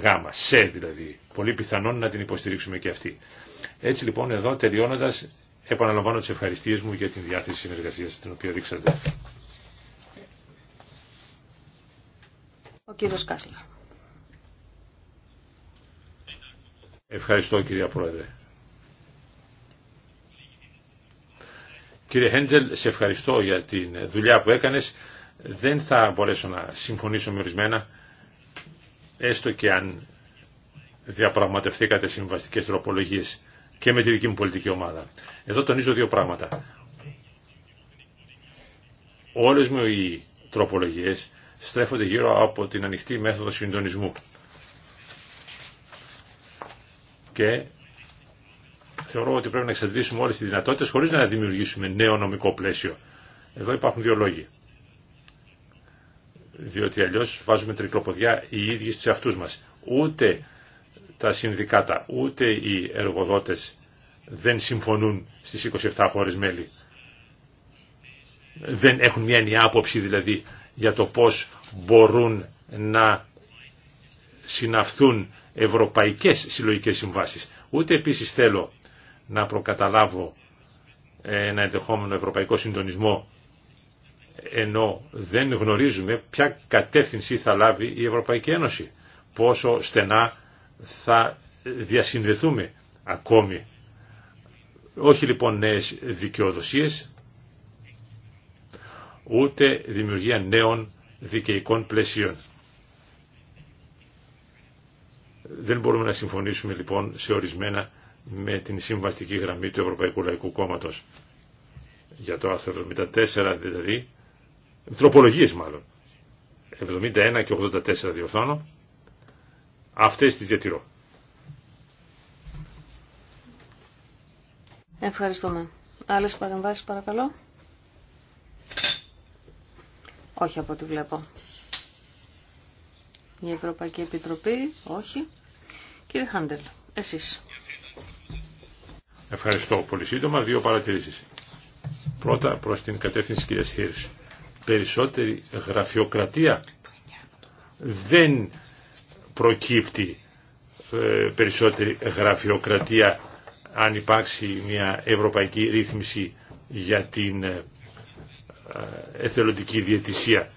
γάμα, σε δηλαδή. Πολύ πιθανόν να την υποστηρίξουμε και αυτή. Έτσι λοιπόν εδώ τελειώνοντας επαναλαμβάνω τις ευχαριστίες μου για την διάθεση συνεργασίας την οποία δείξατε. Ο κύριος Κάσλα. Ευχαριστώ κυρία Πρόεδρε. Κύριε Χέντελ, σε ευχαριστώ για την δουλειά που έκανες δεν θα μπορέσω να συμφωνήσω με ορισμένα, έστω και αν διαπραγματευθήκατε συμβαστικές τροπολογίες και με τη δική μου πολιτική ομάδα. Εδώ τονίζω δύο πράγματα. Όλες μου οι τροπολογίες στρέφονται γύρω από την ανοιχτή μέθοδο συντονισμού. Και θεωρώ ότι πρέπει να εξαντλήσουμε όλες τις δυνατότητες χωρίς να δημιουργήσουμε νέο νομικό πλαίσιο. Εδώ υπάρχουν δύο λόγοι διότι αλλιώς βάζουμε τρικλοποδιά οι ίδιοι στους εαυτούς μας. Ούτε τα συνδικάτα, ούτε οι εργοδότες δεν συμφωνούν στις 27 χώρες μέλη. Δεν έχουν μια ενιαία άποψη δηλαδή για το πώς μπορούν να συναυθούν ευρωπαϊκές συλλογικές συμβάσεις. Ούτε επίσης θέλω να προκαταλάβω ένα ενδεχόμενο ευρωπαϊκό συντονισμό ενώ δεν γνωρίζουμε ποια κατεύθυνση θα λάβει η Ευρωπαϊκή Ένωση, πόσο στενά θα διασυνδεθούμε ακόμη. Όχι λοιπόν νέες δικαιοδοσίες, ούτε δημιουργία νέων δικαιικών πλαισίων. Δεν μπορούμε να συμφωνήσουμε λοιπόν σε ορισμένα με την συμβαστική γραμμή του Ευρωπαϊκού Λαϊκού Κόμματος. Για το άρθρο 74 δηλαδή τροπολογίες μάλλον, 71 και 84 διορθώνω, αυτές τις διατηρώ. Ευχαριστούμε. Άλλες παρεμβάσεις παρακαλώ. Όχι από ό,τι βλέπω. Η Ευρωπαϊκή Επιτροπή, όχι. Κύριε Χάντελ, εσείς. Ευχαριστώ πολύ σύντομα. Δύο παρατηρήσεις. Πρώτα προς την κατεύθυνση της κυρίας περισσότερη γραφειοκρατία δεν προκύπτει ε, περισσότερη γραφειοκρατία αν υπάρξει μια ευρωπαϊκή ρύθμιση για την ε, ε, εθελοντική διαιτησία.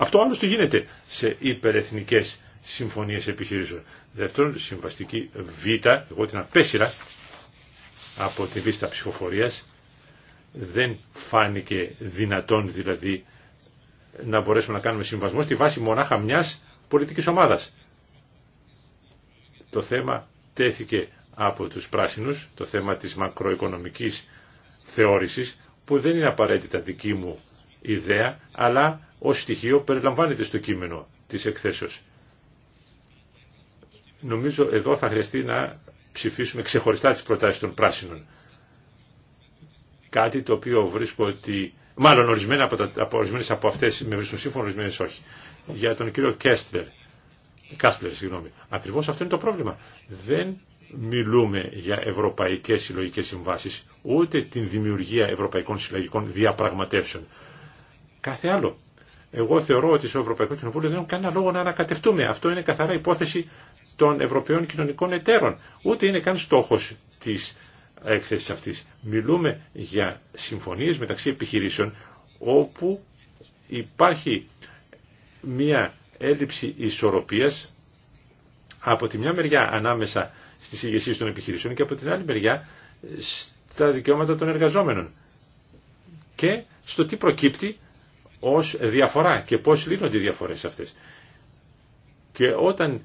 Αυτό άλλωστε γίνεται σε υπερεθνικές συμφωνίες επιχειρήσεων. Δεύτερον, συμβαστική Β, εγώ την απέσυρα από τη βίστα ψηφοφορίας, δεν φάνηκε δυνατόν δηλαδή να μπορέσουμε να κάνουμε συμβασμό στη βάση μονάχα μιας πολιτικής ομάδας. Το θέμα τέθηκε από τους πράσινους, το θέμα της μακροοικονομικής θεώρησης, που δεν είναι απαραίτητα δική μου ιδέα, αλλά ως στοιχείο περιλαμβάνεται στο κείμενο της εκθέσεως. Νομίζω εδώ θα χρειαστεί να ψηφίσουμε ξεχωριστά τις προτάσεις των πράσινων. Κάτι το οποίο βρίσκω ότι... Μάλλον ορισμένα από, τα, από, ορισμένες από αυτές με βρίσκουν σύμφωνο, ορισμένες όχι. Για τον κύριο Κέστλερ. Κάστλερ, συγγνώμη. Ακριβώς αυτό είναι το πρόβλημα. Δεν μιλούμε για ευρωπαϊκές συλλογικές συμβάσεις, ούτε την δημιουργία ευρωπαϊκών συλλογικών διαπραγματεύσεων. Κάθε άλλο. Εγώ θεωρώ ότι στο Ευρωπαϊκό Κοινοβούλιο δεν έχουν κανένα λόγο να ανακατευτούμε. Αυτό είναι καθαρά υπόθεση των Ευρωπαίων κοινωνικών εταίρων. Ούτε είναι καν στόχος της εκθέση αυτής. Μιλούμε για συμφωνίες μεταξύ επιχειρήσεων όπου υπάρχει μια έλλειψη ισορροπίας από τη μια μεριά ανάμεσα στις ηγεσίες των επιχειρήσεων και από την άλλη μεριά στα δικαιώματα των εργαζόμενων και στο τι προκύπτει ως διαφορά και πώς λύνονται οι διαφορές αυτές. Και όταν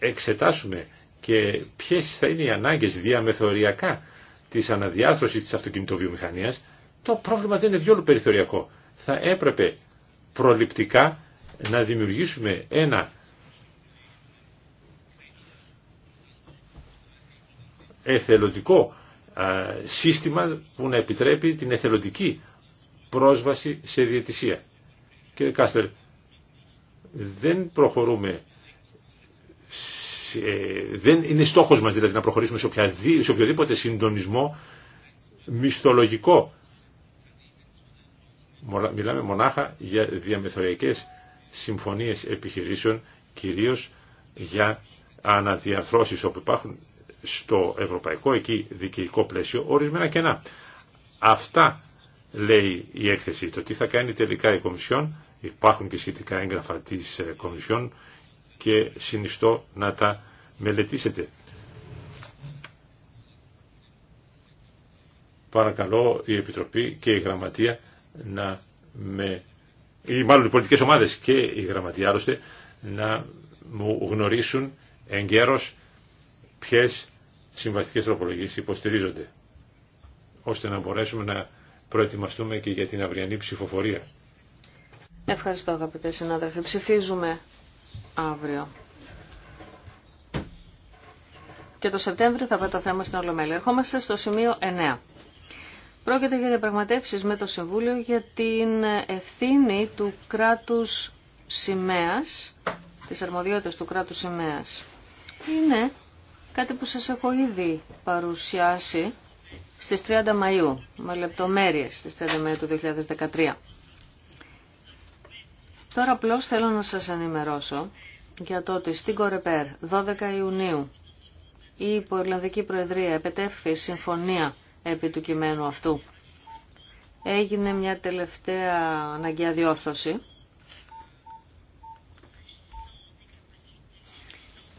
εξετάσουμε και ποιες θα είναι οι ανάγκες διαμεθοριακά της αναδιάρθρωσης της αυτοκινητοβιομηχανίας, το πρόβλημα δεν είναι διόλου περιθωριακό. Θα έπρεπε προληπτικά να δημιουργήσουμε ένα εθελοντικό σύστημα που να επιτρέπει την εθελοντική πρόσβαση σε διαιτησία. Κύριε Κάστερ, δεν προχωρούμε δεν είναι στόχος μας δηλαδή να προχωρήσουμε σε, οποιοδήποτε συντονισμό μισθολογικό. Μιλάμε μονάχα για διαμεθοριακές συμφωνίες επιχειρήσεων, κυρίως για αναδιαρθρώσεις όπου υπάρχουν στο ευρωπαϊκό εκεί δικαιικό πλαίσιο ορισμένα κενά. Αυτά λέει η έκθεση. Το τι θα κάνει τελικά η Κομισιόν, υπάρχουν και σχετικά έγγραφα της ε, Κομισιόν και συνιστώ να τα μελετήσετε. Παρακαλώ η Επιτροπή και η Γραμματεία να με ή μάλλον οι πολιτικές ομάδες και η Γραμματεία άλλωστε να μου γνωρίσουν εγκαίρως ποιες συμβαστικές τροπολογίες υποστηρίζονται ώστε να μπορέσουμε να προετοιμαστούμε και για την αυριανή ψηφοφορία. Ευχαριστώ αγαπητέ συνάδελφοι. Ψηφίζουμε αύριο. Και το Σεπτέμβριο θα πάει το θέμα στην Ολομέλεια. Ερχόμαστε στο σημείο 9. Πρόκειται για διαπραγματεύσεις με το Συμβούλιο για την ευθύνη του κράτους σημαίας, της αρμοδιότητες του κράτους σημαίας. Είναι κάτι που σας έχω ήδη παρουσιάσει στις 30 Μαΐου, με λεπτομέρειες στις 30 Μαΐου του 2013. Τώρα απλώ θέλω να σας ενημερώσω για το ότι στην Κορεπέρ 12 Ιουνίου η Ιρλανδική Προεδρία επετέφθη συμφωνία επί του κειμένου αυτού. Έγινε μια τελευταία αναγκαία διόρθωση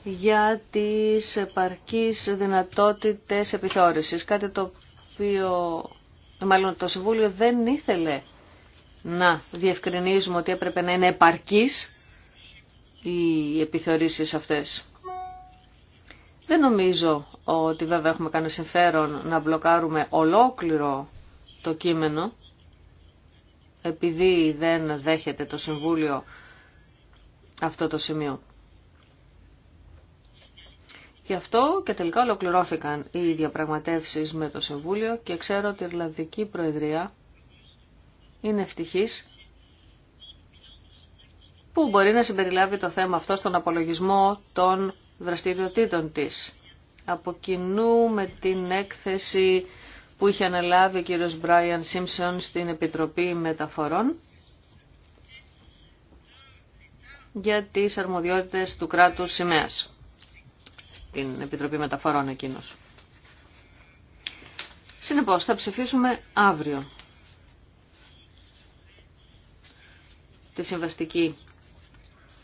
για τις επαρκείς δυνατότητες επιθεώρησης, κάτι το οποίο, μάλλον το Συμβούλιο δεν ήθελε να διευκρινίζουμε ότι έπρεπε να είναι επαρκής οι επιθεωρήσεις αυτές. Δεν νομίζω ότι βέβαια έχουμε κάνει συμφέρον να μπλοκάρουμε ολόκληρο το κείμενο, επειδή δεν δέχεται το Συμβούλιο αυτό το σημείο. Γι' αυτό και τελικά ολοκληρώθηκαν οι διαπραγματεύσεις με το Συμβούλιο και ξέρω ότι η Ιρλανδική Προεδρία είναι ευτυχής που μπορεί να συμπεριλάβει το θέμα αυτό στον απολογισμό των δραστηριοτήτων της. Από κοινού με την έκθεση που είχε αναλάβει ο κύριος Μπράιαν Σίμψον στην Επιτροπή Μεταφορών για τις αρμοδιότητες του κράτους σημαίας στην Επιτροπή Μεταφορών εκείνος. Συνεπώς θα ψηφίσουμε αύριο τη συμβαστική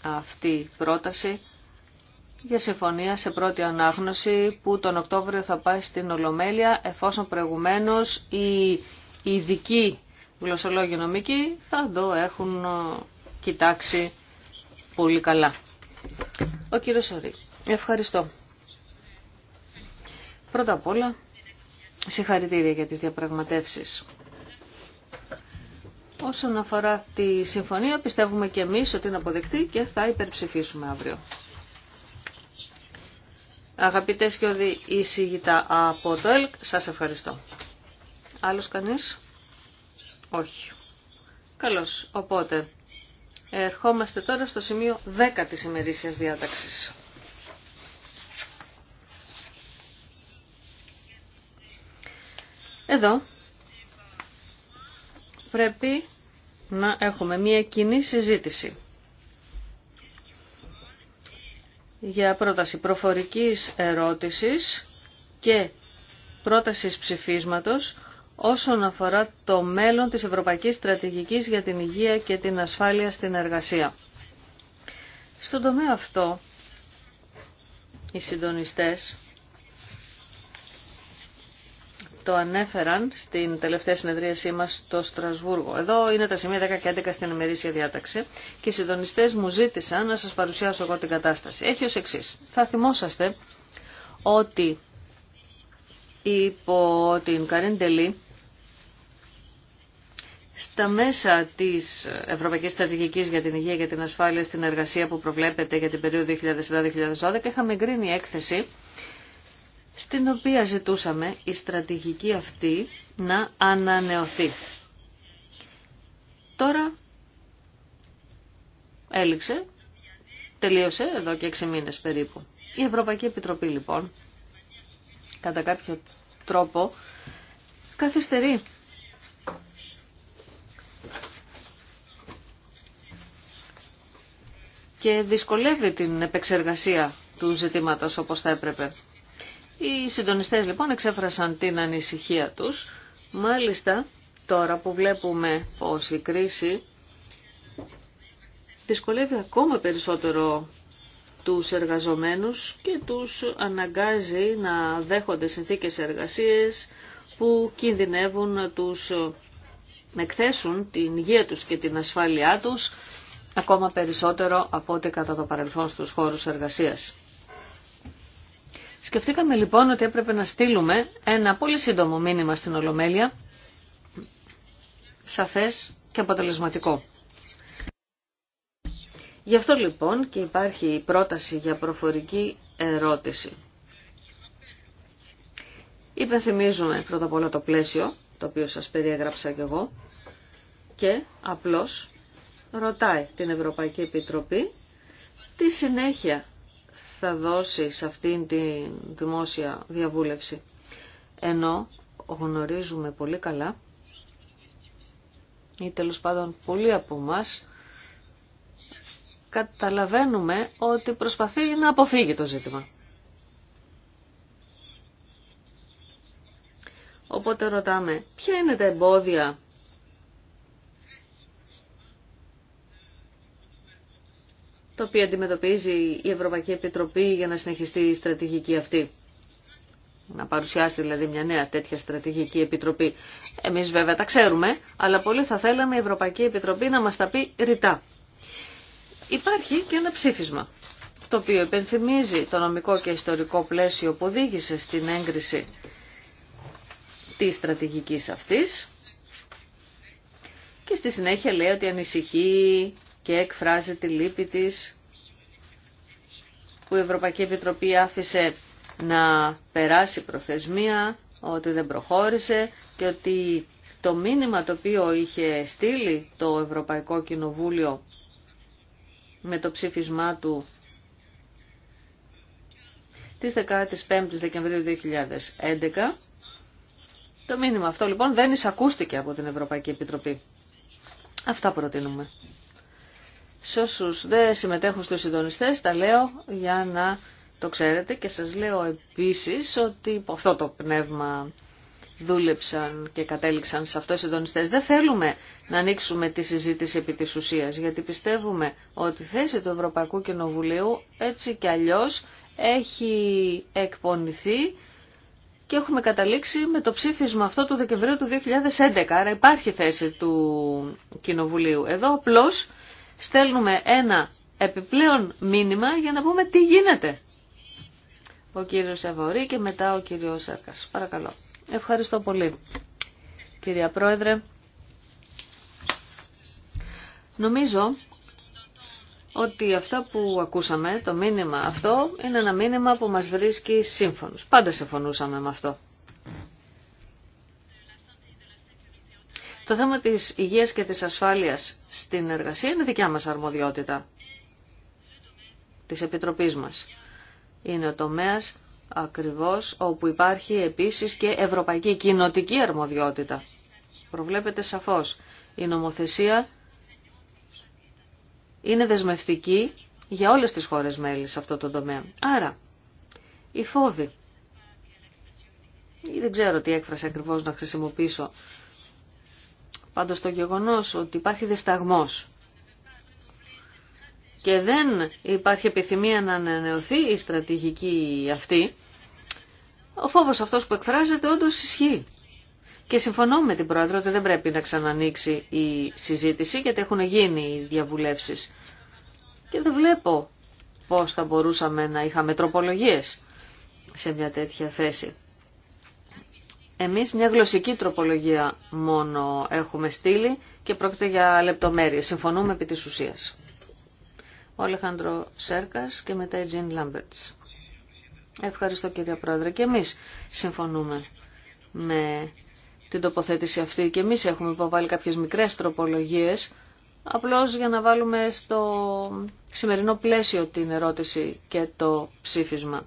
αυτή πρόταση για συμφωνία σε πρώτη ανάγνωση που τον Οκτώβριο θα πάει στην Ολομέλεια εφόσον προηγουμένως οι ειδικοί γλωσσολόγοι νομικοί θα το έχουν ε, κοιτάξει πολύ καλά. Ο κύριος Σωρή. Ευχαριστώ. Πρώτα απ' όλα, συγχαρητήρια για τις διαπραγματεύσεις. Όσον αφορά τη συμφωνία, πιστεύουμε και εμείς ότι είναι αποδεκτή και θα υπερψηφίσουμε αύριο. Αγαπητές και οδη εισηγητά από το ΕΛΚ, σας ευχαριστώ. Άλλος κανείς? Όχι. Καλώς. Οπότε, ερχόμαστε τώρα στο σημείο 10 της ημερήσιας διάταξης. Εδώ πρέπει να έχουμε μια κοινή συζήτηση για πρόταση προφορικής ερώτησης και πρότασης ψηφίσματος όσον αφορά το μέλλον της Ευρωπαϊκής Στρατηγικής για την Υγεία και την Ασφάλεια στην Εργασία. Στον τομέα αυτό, οι συντονιστές το ανέφεραν στην τελευταία συνεδρίασή μας στο Στρασβούργο. Εδώ είναι τα σημεία 10 και 11 στην ημερήσια διάταξη και οι συντονιστές μου ζήτησαν να σας παρουσιάσω εγώ την κατάσταση. Έχει ως εξή. Θα θυμόσαστε ότι υπό την Καρίν Τελή στα μέσα της Ευρωπαϊκής Στρατηγικής για την Υγεία και την Ασφάλεια στην εργασία που προβλέπεται για την περίοδο 2007-2012 είχαμε εγκρίνει έκθεση στην οποία ζητούσαμε η στρατηγική αυτή να ανανεωθεί. Τώρα έληξε, τελείωσε εδώ και 6 μήνες περίπου. Η Ευρωπαϊκή Επιτροπή λοιπόν, κατά κάποιο τρόπο, καθυστερεί. Και δυσκολεύει την επεξεργασία του ζητήματος όπως θα έπρεπε. Οι συντονιστές λοιπόν εξέφρασαν την ανησυχία τους. Μάλιστα τώρα που βλέπουμε πως η κρίση δυσκολεύει ακόμα περισσότερο τους εργαζομένους και τους αναγκάζει να δέχονται συνθήκες εργασίες που κινδυνεύουν να τους εκθέσουν την υγεία τους και την ασφάλειά τους ακόμα περισσότερο από ό,τι κατά το παρελθόν στους χώρους εργασίας. Σκεφτήκαμε λοιπόν ότι έπρεπε να στείλουμε ένα πολύ σύντομο μήνυμα στην Ολομέλεια, σαφές και αποτελεσματικό. Γι' αυτό λοιπόν και υπάρχει η πρόταση για προφορική ερώτηση. Υπενθυμίζουμε πρώτα απ' όλα το πλαίσιο, το οποίο σας περιέγραψα κι εγώ, και απλώς ρωτάει την Ευρωπαϊκή Επιτροπή τι συνέχεια θα δώσει σε αυτήν τη δημόσια διαβούλευση. Ενώ γνωρίζουμε πολύ καλά ή τέλο πάντων πολλοί από εμά καταλαβαίνουμε ότι προσπαθεί να αποφύγει το ζήτημα. Οπότε ρωτάμε, ποια είναι τα εμπόδια το οποίο αντιμετωπίζει η Ευρωπαϊκή Επιτροπή για να συνεχιστεί η στρατηγική αυτή. Να παρουσιάσει δηλαδή μια νέα τέτοια στρατηγική επιτροπή. Εμείς βέβαια τα ξέρουμε, αλλά πολύ θα θέλαμε η Ευρωπαϊκή Επιτροπή να μας τα πει ρητά. Υπάρχει και ένα ψήφισμα, το οποίο υπενθυμίζει το νομικό και ιστορικό πλαίσιο που οδήγησε στην έγκριση της στρατηγικής αυτής και στη συνέχεια λέει ότι ανησυχεί και εκφράζει τη λύπη της που η Ευρωπαϊκή Επιτροπή άφησε να περάσει προθεσμία, ότι δεν προχώρησε και ότι το μήνυμα το οποίο είχε στείλει το Ευρωπαϊκό Κοινοβούλιο με το ψήφισμά του της 15ης Δεκεμβρίου 2011. Το μήνυμα αυτό λοιπόν δεν εισακούστηκε από την Ευρωπαϊκή Επιτροπή. Αυτά προτείνουμε. Σε όσου δεν συμμετέχουν στους συντονιστές τα λέω για να το ξέρετε και σας λέω επίσης ότι υπό αυτό το πνεύμα δούλεψαν και κατέληξαν σε αυτό οι συντονιστέ. Δεν θέλουμε να ανοίξουμε τη συζήτηση επί της ουσίας, γιατί πιστεύουμε ότι η θέση του Ευρωπαϊκού Κοινοβουλίου έτσι κι αλλιώς έχει εκπονηθεί και έχουμε καταλήξει με το ψήφισμα αυτό του Δεκεμβρίου του 2011, άρα υπάρχει θέση του Κοινοβουλίου. Εδώ απλώς στέλνουμε ένα επιπλέον μήνυμα για να πούμε τι γίνεται. Ο κύριος Ευωρή και μετά ο κύριος Σέρκας. Παρακαλώ. Ευχαριστώ πολύ. Κυρία Πρόεδρε, νομίζω ότι αυτό που ακούσαμε, το μήνυμα αυτό, είναι ένα μήνυμα που μας βρίσκει σύμφωνος. Πάντα συμφωνούσαμε με αυτό. Το θέμα της υγείας και της ασφάλειας στην εργασία είναι δικιά μας αρμοδιότητα της Επιτροπής μας. Είναι ο τομέας ακριβώς όπου υπάρχει επίσης και ευρωπαϊκή κοινοτική αρμοδιότητα. Προβλέπεται σαφώς. Η νομοθεσία είναι δεσμευτική για όλες τις χώρες μέλη σε αυτό το τομέα. Άρα, η φόβοι, δεν ξέρω τι έκφραση ακριβώς να χρησιμοποιήσω, Πάντως το γεγονός ότι υπάρχει δισταγμός και δεν υπάρχει επιθυμία να ανανεωθεί η στρατηγική αυτή, ο φόβος αυτός που εκφράζεται όντως ισχύει. Και συμφωνώ με την Πρόεδρο ότι δεν πρέπει να ξανανοίξει η συζήτηση γιατί έχουν γίνει οι διαβουλεύσεις. Και δεν βλέπω πώς θα μπορούσαμε να είχαμε τροπολογίες σε μια τέτοια θέση. Εμείς μια γλωσσική τροπολογία μόνο έχουμε στείλει και πρόκειται για λεπτομέρειες. Συμφωνούμε επί της ουσίας. Ο Αλεχάνδρο Σέρκας και μετά η Τζιν Λάμπερτς. Ευχαριστώ κύριε Πρόεδρε. Και εμείς συμφωνούμε με την τοποθέτηση αυτή και εμείς έχουμε υποβάλει κάποιες μικρές τροπολογίες απλώς για να βάλουμε στο σημερινό πλαίσιο την ερώτηση και το ψήφισμα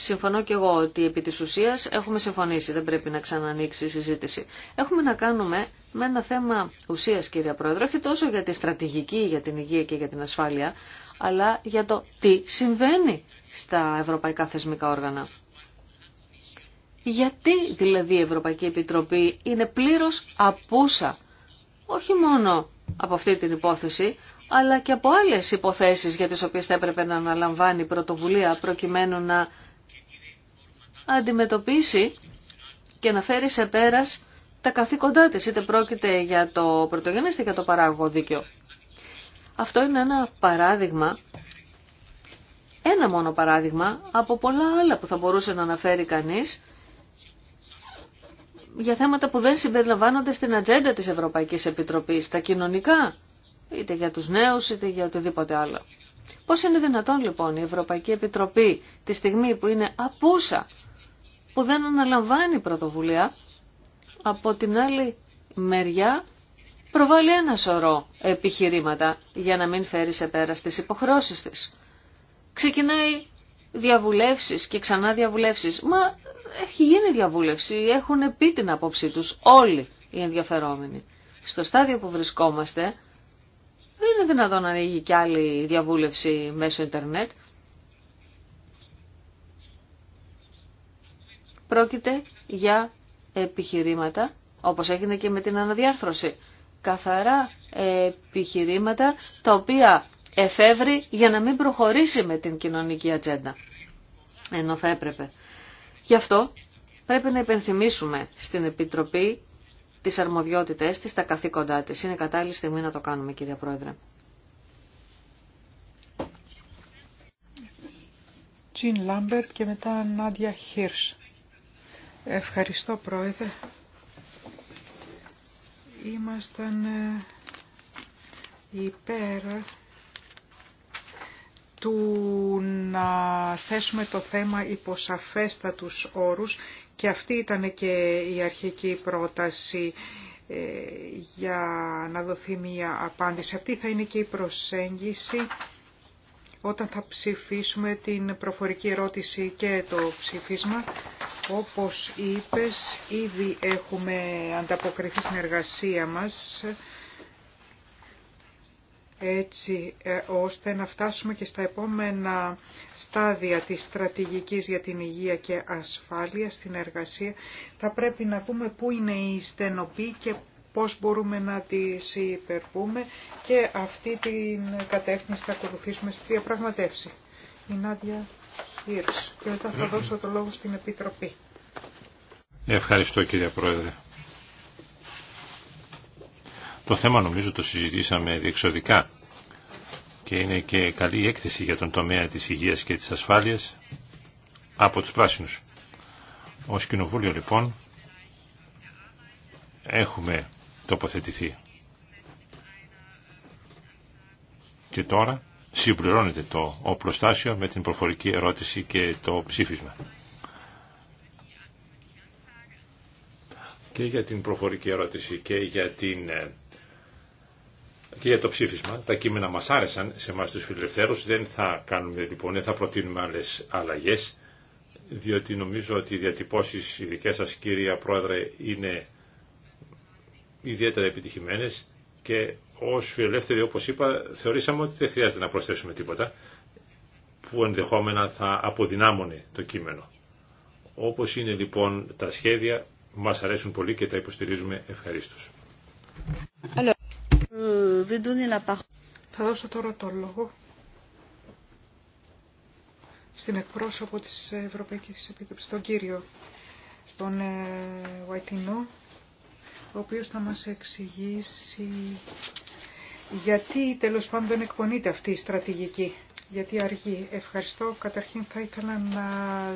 συμφωνώ και εγώ ότι επί της ουσίας έχουμε συμφωνήσει, δεν πρέπει να ξανανοίξει η συζήτηση. Έχουμε να κάνουμε με ένα θέμα ουσίας, κυρία Πρόεδρο, όχι τόσο για τη στρατηγική, για την υγεία και για την ασφάλεια, αλλά για το τι συμβαίνει στα ευρωπαϊκά θεσμικά όργανα. Γιατί δηλαδή η Ευρωπαϊκή Επιτροπή είναι πλήρως απούσα, όχι μόνο από αυτή την υπόθεση, αλλά και από άλλες υποθέσεις για τις οποίες θα έπρεπε να αναλαμβάνει πρωτοβουλία προκειμένου να αντιμετωπίσει και να φέρει σε πέρας τα καθήκοντά της, είτε πρόκειται για το πρωτογενές είτε για το παράγωγο δίκαιο. Αυτό είναι ένα παράδειγμα, ένα μόνο παράδειγμα από πολλά άλλα που θα μπορούσε να αναφέρει κανείς για θέματα που δεν συμπεριλαμβάνονται στην ατζέντα της Ευρωπαϊκής Επιτροπής, τα κοινωνικά, είτε για τους νέους είτε για οτιδήποτε άλλο. Πώς είναι δυνατόν λοιπόν η Ευρωπαϊκή Επιτροπή τη στιγμή που είναι απούσα που δεν αναλαμβάνει πρωτοβουλία, από την άλλη μεριά προβάλλει ένα σωρό επιχειρήματα για να μην φέρει σε πέρα στις υποχρώσεις της. Ξεκινάει διαβουλεύσεις και ξανά διαβουλεύσεις. Μα έχει γίνει διαβούλευση, έχουν πει την απόψη τους όλοι οι ενδιαφερόμενοι. Στο στάδιο που βρισκόμαστε δεν είναι δυνατόν να ανοίγει κι άλλη διαβούλευση μέσω ίντερνετ. πρόκειται για επιχειρήματα, όπως έγινε και με την αναδιάρθρωση. Καθαρά επιχειρήματα τα οποία εφεύρει για να μην προχωρήσει με την κοινωνική ατζέντα. Ενώ θα έπρεπε. Γι' αυτό πρέπει να υπενθυμίσουμε στην Επιτροπή τις αρμοδιότητες της, τα καθήκοντά της. Είναι κατάλληλη στιγμή να το κάνουμε, κύριε Πρόεδρε. Τζιν Λάμπερτ και μετά Νάντια Χίρς. Ευχαριστώ πρόεδρε. Ήμασταν ε, υπέρ του να θέσουμε το θέμα υπό τους όρους και αυτή ήταν και η αρχική πρόταση ε, για να δοθεί μια απάντηση. Αυτή θα είναι και η προσέγγιση όταν θα ψηφίσουμε την προφορική ερώτηση και το ψήφισμα. Όπως είπες, ήδη έχουμε ανταποκριθεί στην εργασία μας έτσι ε, ώστε να φτάσουμε και στα επόμενα στάδια της στρατηγικής για την υγεία και ασφάλεια στην εργασία. Θα πρέπει να δούμε πού είναι η στενοπή και πώς μπορούμε να τις υπερπούμε και αυτή την κατεύθυνση θα ακολουθήσουμε στη διαπραγματεύση. Η Νάντια Χίρς. Και μετά θα δώσω το λόγο στην Επιτροπή. Ευχαριστώ κύριε Πρόεδρε. Το θέμα νομίζω το συζητήσαμε διεξοδικά και είναι και καλή έκθεση για τον τομέα της υγείας και της ασφάλειας από τους πράσινους. Ως Κοινοβούλιο λοιπόν έχουμε τοποθετηθεί. Και τώρα συμπληρώνεται το οπλοστάσιο με την προφορική ερώτηση και το ψήφισμα. Και για την προφορική ερώτηση και για, την, ε, και για το ψήφισμα, τα κείμενα μας άρεσαν σε εμάς τους φιλελευθέρους, δεν θα κάνουμε λοιπόν, θα προτείνουμε άλλες αλλαγές, διότι νομίζω ότι οι διατυπώσεις οι δικές σας κύρια Πρόεδρε είναι ιδιαίτερα επιτυχημένες και ως φιλελεύθεροι όπως είπα θεωρήσαμε ότι δεν χρειάζεται να προσθέσουμε τίποτα που ενδεχόμενα θα αποδυνάμωνε το κείμενο. Όπως είναι λοιπόν τα σχέδια μας αρέσουν πολύ και τα υποστηρίζουμε ευχαρίστως. Euh, θα δώσω τώρα το λόγο στην εκπρόσωπο της Ευρωπαϊκής Επιτροπής, τον κύριο, τον Βαϊτινό ε, ο οποίος θα μας εξηγήσει γιατί τέλος πάντων δεν εκπονείται αυτή η στρατηγική. Γιατί αργεί. Ευχαριστώ. Καταρχήν θα ήθελα να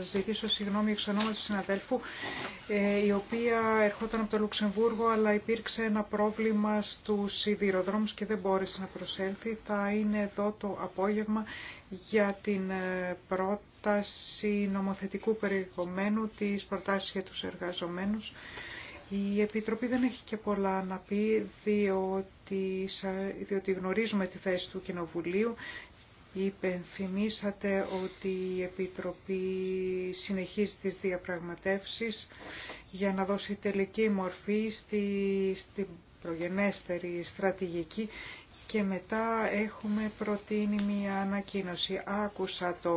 ζητήσω συγγνώμη εξ ονόματος του συναδέλφου, ε, η οποία ερχόταν από το Λουξεμβούργο, αλλά υπήρξε ένα πρόβλημα στους σιδηροδρόμους και δεν μπόρεσε να προσέλθει. Θα είναι εδώ το απόγευμα για την ε, πρόταση νομοθετικού περιεχομένου, της προτάσει για τους εργαζομένους η Επιτροπή δεν έχει και πολλά να πει, διότι, διότι γνωρίζουμε τη θέση του Κοινοβουλίου. Υπενθυμίσατε ότι η Επιτροπή συνεχίζει τις διαπραγματεύσεις για να δώσει τελική μορφή στη, στην προγενέστερη στρατηγική και μετά έχουμε προτείνει μία ανακοίνωση. Άκουσα το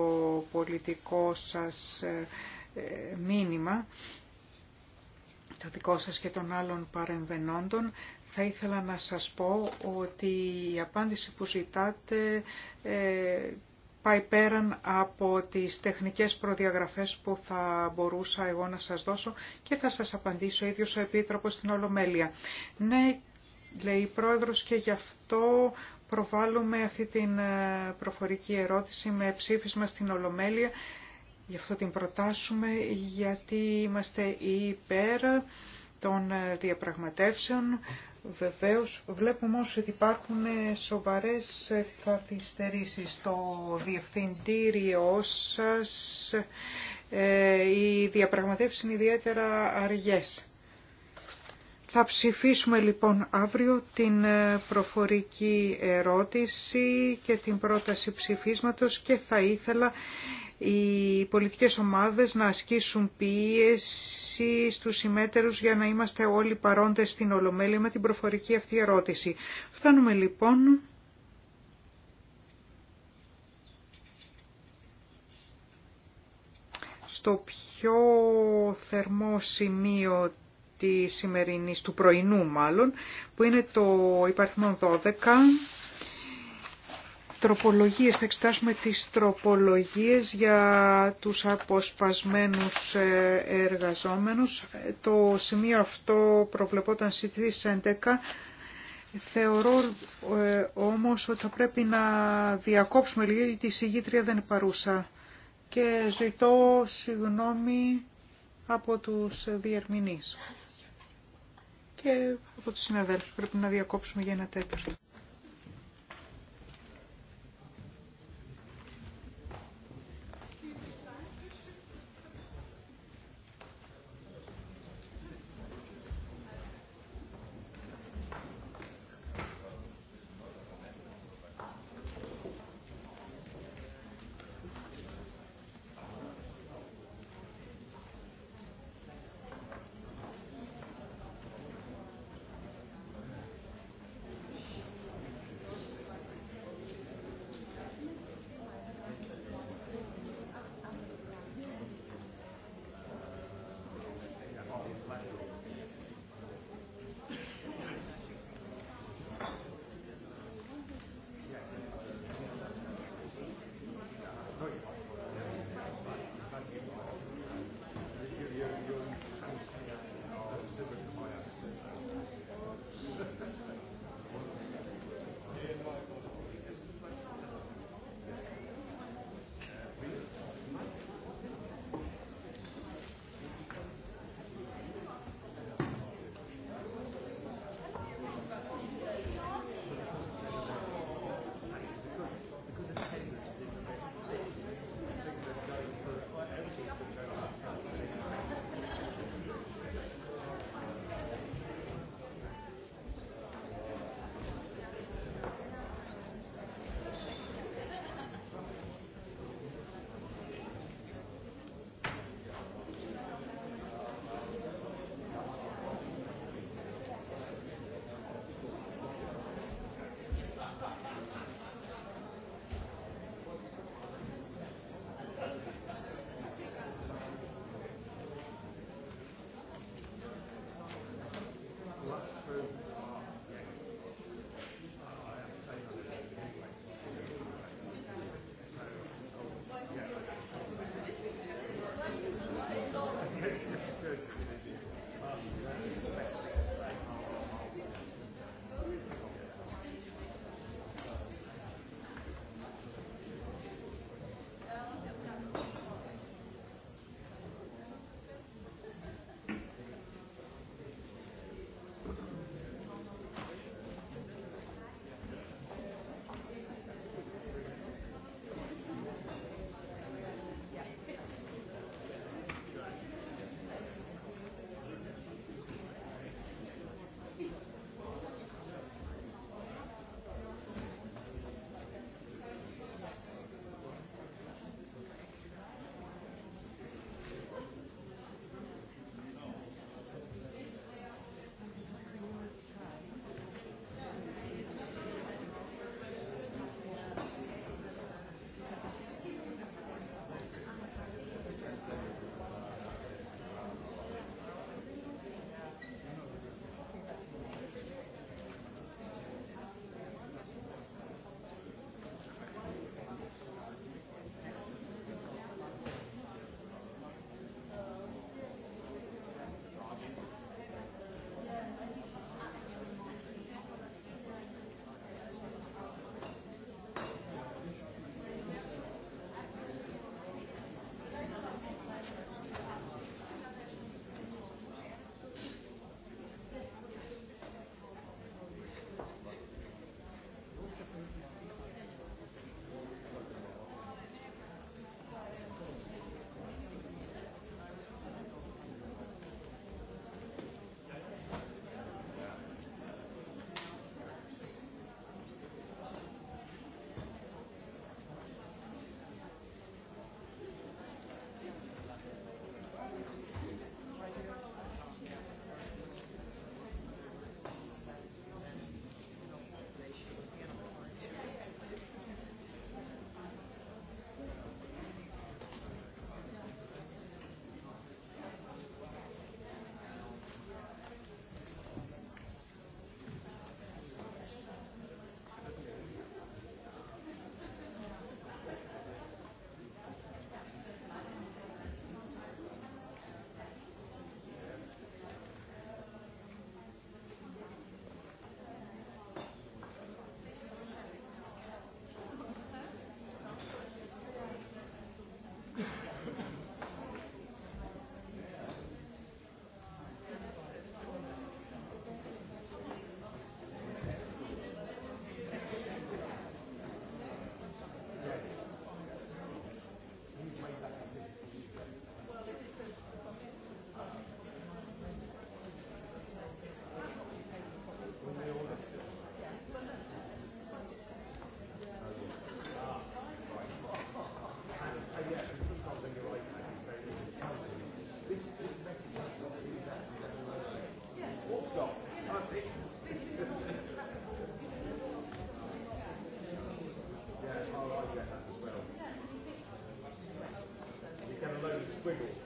πολιτικό σας ε, ε, μήνυμα το δικό σας και των άλλων παρεμβενόντων. Θα ήθελα να σας πω ότι η απάντηση που ζητάτε ε, πάει πέραν από τις τεχνικές προδιαγραφές που θα μπορούσα εγώ να σας δώσω και θα σας απαντήσω ο ίδιος ο Επίτροπος στην Ολομέλεια. Ναι, λέει η Πρόεδρος και γι' αυτό προβάλλουμε αυτή την ε, προφορική ερώτηση με ψήφισμα στην Ολομέλεια Γι' αυτό την προτάσουμε γιατί είμαστε υπέρ των διαπραγματεύσεων. Βεβαίως βλέπουμε όμως ότι υπάρχουν σοβαρές καθυστερήσεις στο διευθυντήριό σας. Ε, οι διαπραγματεύσεις είναι ιδιαίτερα αργές. Θα ψηφίσουμε λοιπόν αύριο την ε, προφορική ερώτηση και την πρόταση ψηφίσματος και θα ήθελα οι πολιτικές ομάδες να ασκήσουν πίεση στους συμμέτερους για να είμαστε όλοι παρόντες στην Ολομέλεια με την προφορική αυτή ερώτηση. Φτάνουμε λοιπόν... στο πιο θερμό σημείο τη σημερινής, του πρωινού μάλλον, που είναι το υπαριθμό 12. Τροπολογίες, θα εξετάσουμε τις τροπολογίες για τους αποσπασμένους ε, εργαζόμενους. Το σημείο αυτό προβλεπόταν στις 11. Θεωρώ ε, όμως ότι θα πρέπει να διακόψουμε λίγο γιατί η συγγήτρια δεν είναι παρούσα. Και ζητώ συγγνώμη από τους διερμηνείς και από τους συναδέλφους πρέπει να διακόψουμε για ένα τέταρτο. squiggle.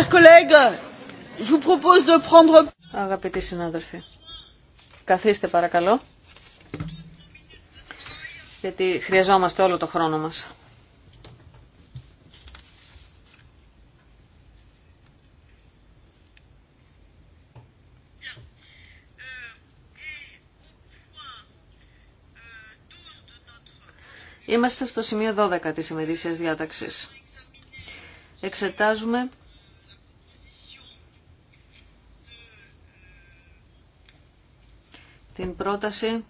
Chers collègues, je vous propose de prendre... Αγαπητοί συνάδελφοι, καθίστε παρακαλώ, γιατί χρειαζόμαστε όλο το χρόνο μας. Είμαστε στο σημείο 12 της ημερήσιας διάταξης. Εξετάζουμε πρόταση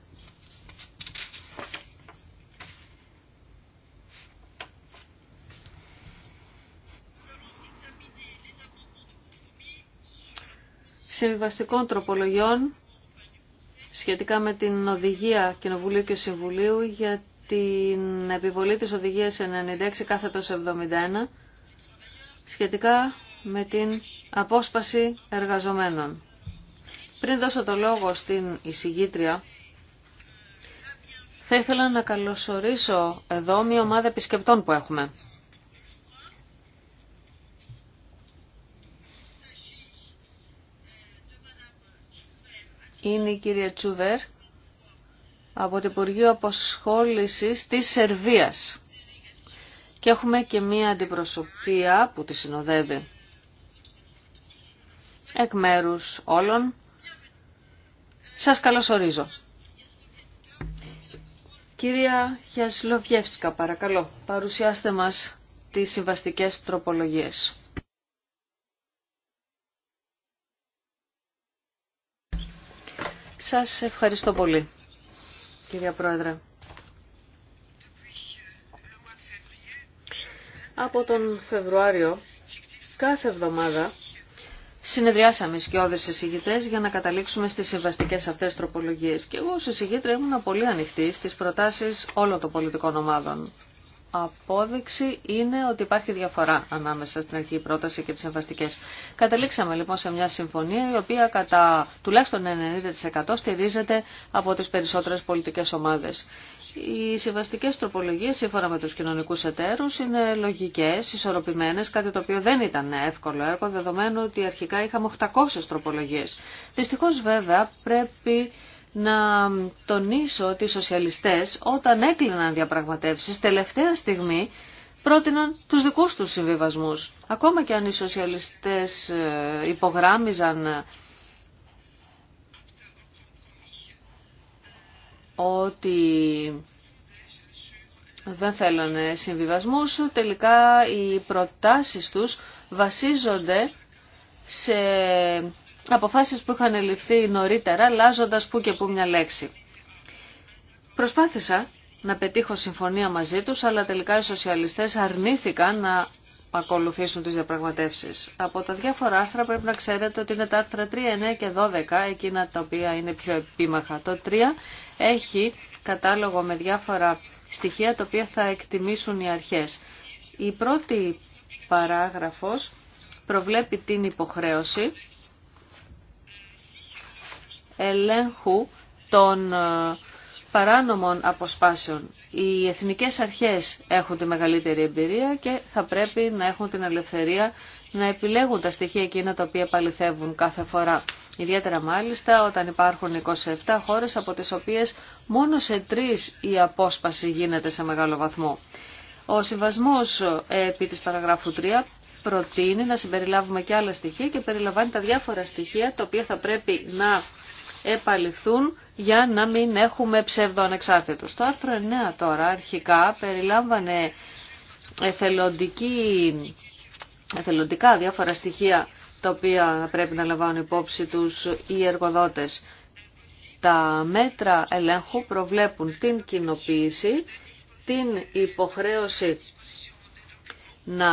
συμβιβαστικών τροπολογιών σχετικά με την οδηγία Κοινοβουλίου και Συμβουλίου για την επιβολή της οδηγίας 96 κάθετος 71 σχετικά με την απόσπαση εργαζομένων. Πριν δώσω το λόγο στην εισηγήτρια, θα ήθελα να καλωσορίσω εδώ μια ομάδα επισκεπτών που έχουμε. Είναι η κυρία Τσούβερ από το Υπουργείο Αποσχόλησης της Σερβίας. Και έχουμε και μία αντιπροσωπεία που τη συνοδεύει. Εκ μέρους όλων σας καλωσορίζω. Κυρία Χιασλοβιεύσκα, παρακαλώ, παρουσιάστε μας τις συμβαστικές τροπολογίες. Σας ευχαριστώ πολύ, κυρία Πρόεδρε. Από τον Φεβρουάριο, κάθε εβδομάδα Συνεδριάσαμε οι σκιώδες για να καταλήξουμε στις συμβαστικές αυτές τροπολογίες και εγώ ως εισηγήτρια ήμουν πολύ ανοιχτή στις προτάσεις όλων των πολιτικών ομάδων. Απόδειξη είναι ότι υπάρχει διαφορά ανάμεσα στην αρχή πρόταση και τις συμβαστικές. Καταλήξαμε λοιπόν σε μια συμφωνία η οποία κατά τουλάχιστον 90% στηρίζεται από τις περισσότερες πολιτικές ομάδες. Οι συμβαστικέ τροπολογίες, σύμφωνα με του κοινωνικού εταίρους, είναι λογικές, ισορροπημένε, κάτι το οποίο δεν ήταν εύκολο έργο, δεδομένου ότι αρχικά είχαμε 800 τροπολογίες. Δυστυχώ, βέβαια πρέπει να τονίσω ότι οι σοσιαλιστές όταν έκλειναν διαπραγματεύσεις τελευταία στιγμή πρότειναν τους δικούς τους συμβιβασμούς. Ακόμα και αν οι σοσιαλιστές ε, υπογράμμιζαν ότι δεν θέλουν συμβιβασμούς, τελικά οι προτάσεις τους βασίζονται σε αποφάσεις που είχαν ληφθεί νωρίτερα, αλλάζοντα που και που μια λέξη. Προσπάθησα να πετύχω συμφωνία μαζί τους, αλλά τελικά οι σοσιαλιστές αρνήθηκαν να ακολουθήσουν τις διαπραγματεύσεις. Από τα διάφορα άρθρα πρέπει να ξέρετε ότι είναι τα άρθρα 3, 9 και 12, εκείνα τα οποία είναι πιο επίμαχα. Το 3 έχει κατάλογο με διάφορα στοιχεία τα οποία θα εκτιμήσουν οι αρχές. Η πρώτη παράγραφος προβλέπει την υποχρέωση ελέγχου των ε, παράνομων αποσπάσεων. Οι εθνικές αρχές έχουν τη μεγαλύτερη εμπειρία και θα πρέπει να έχουν την ελευθερία να επιλέγουν τα στοιχεία εκείνα τα οποία παληθεύουν κάθε φορά. Ιδιαίτερα μάλιστα όταν υπάρχουν 27 χώρες από τις οποίες μόνο σε τρεις η απόσπαση γίνεται σε μεγάλο βαθμό. Ο συμβασμός επί της παραγράφου 3 προτείνει να συμπεριλάβουμε και άλλα στοιχεία και περιλαμβάνει τα διάφορα στοιχεία τα οποία θα πρέπει να επαληθούν για να μην έχουμε ψεύδο Το άρθρο 9 τώρα αρχικά περιλάμβανε εθελοντική, εθελοντικά διάφορα στοιχεία τα οποία πρέπει να λαμβάνουν υπόψη τους οι εργοδότες. Τα μέτρα ελέγχου προβλέπουν την κοινοποίηση, την υποχρέωση να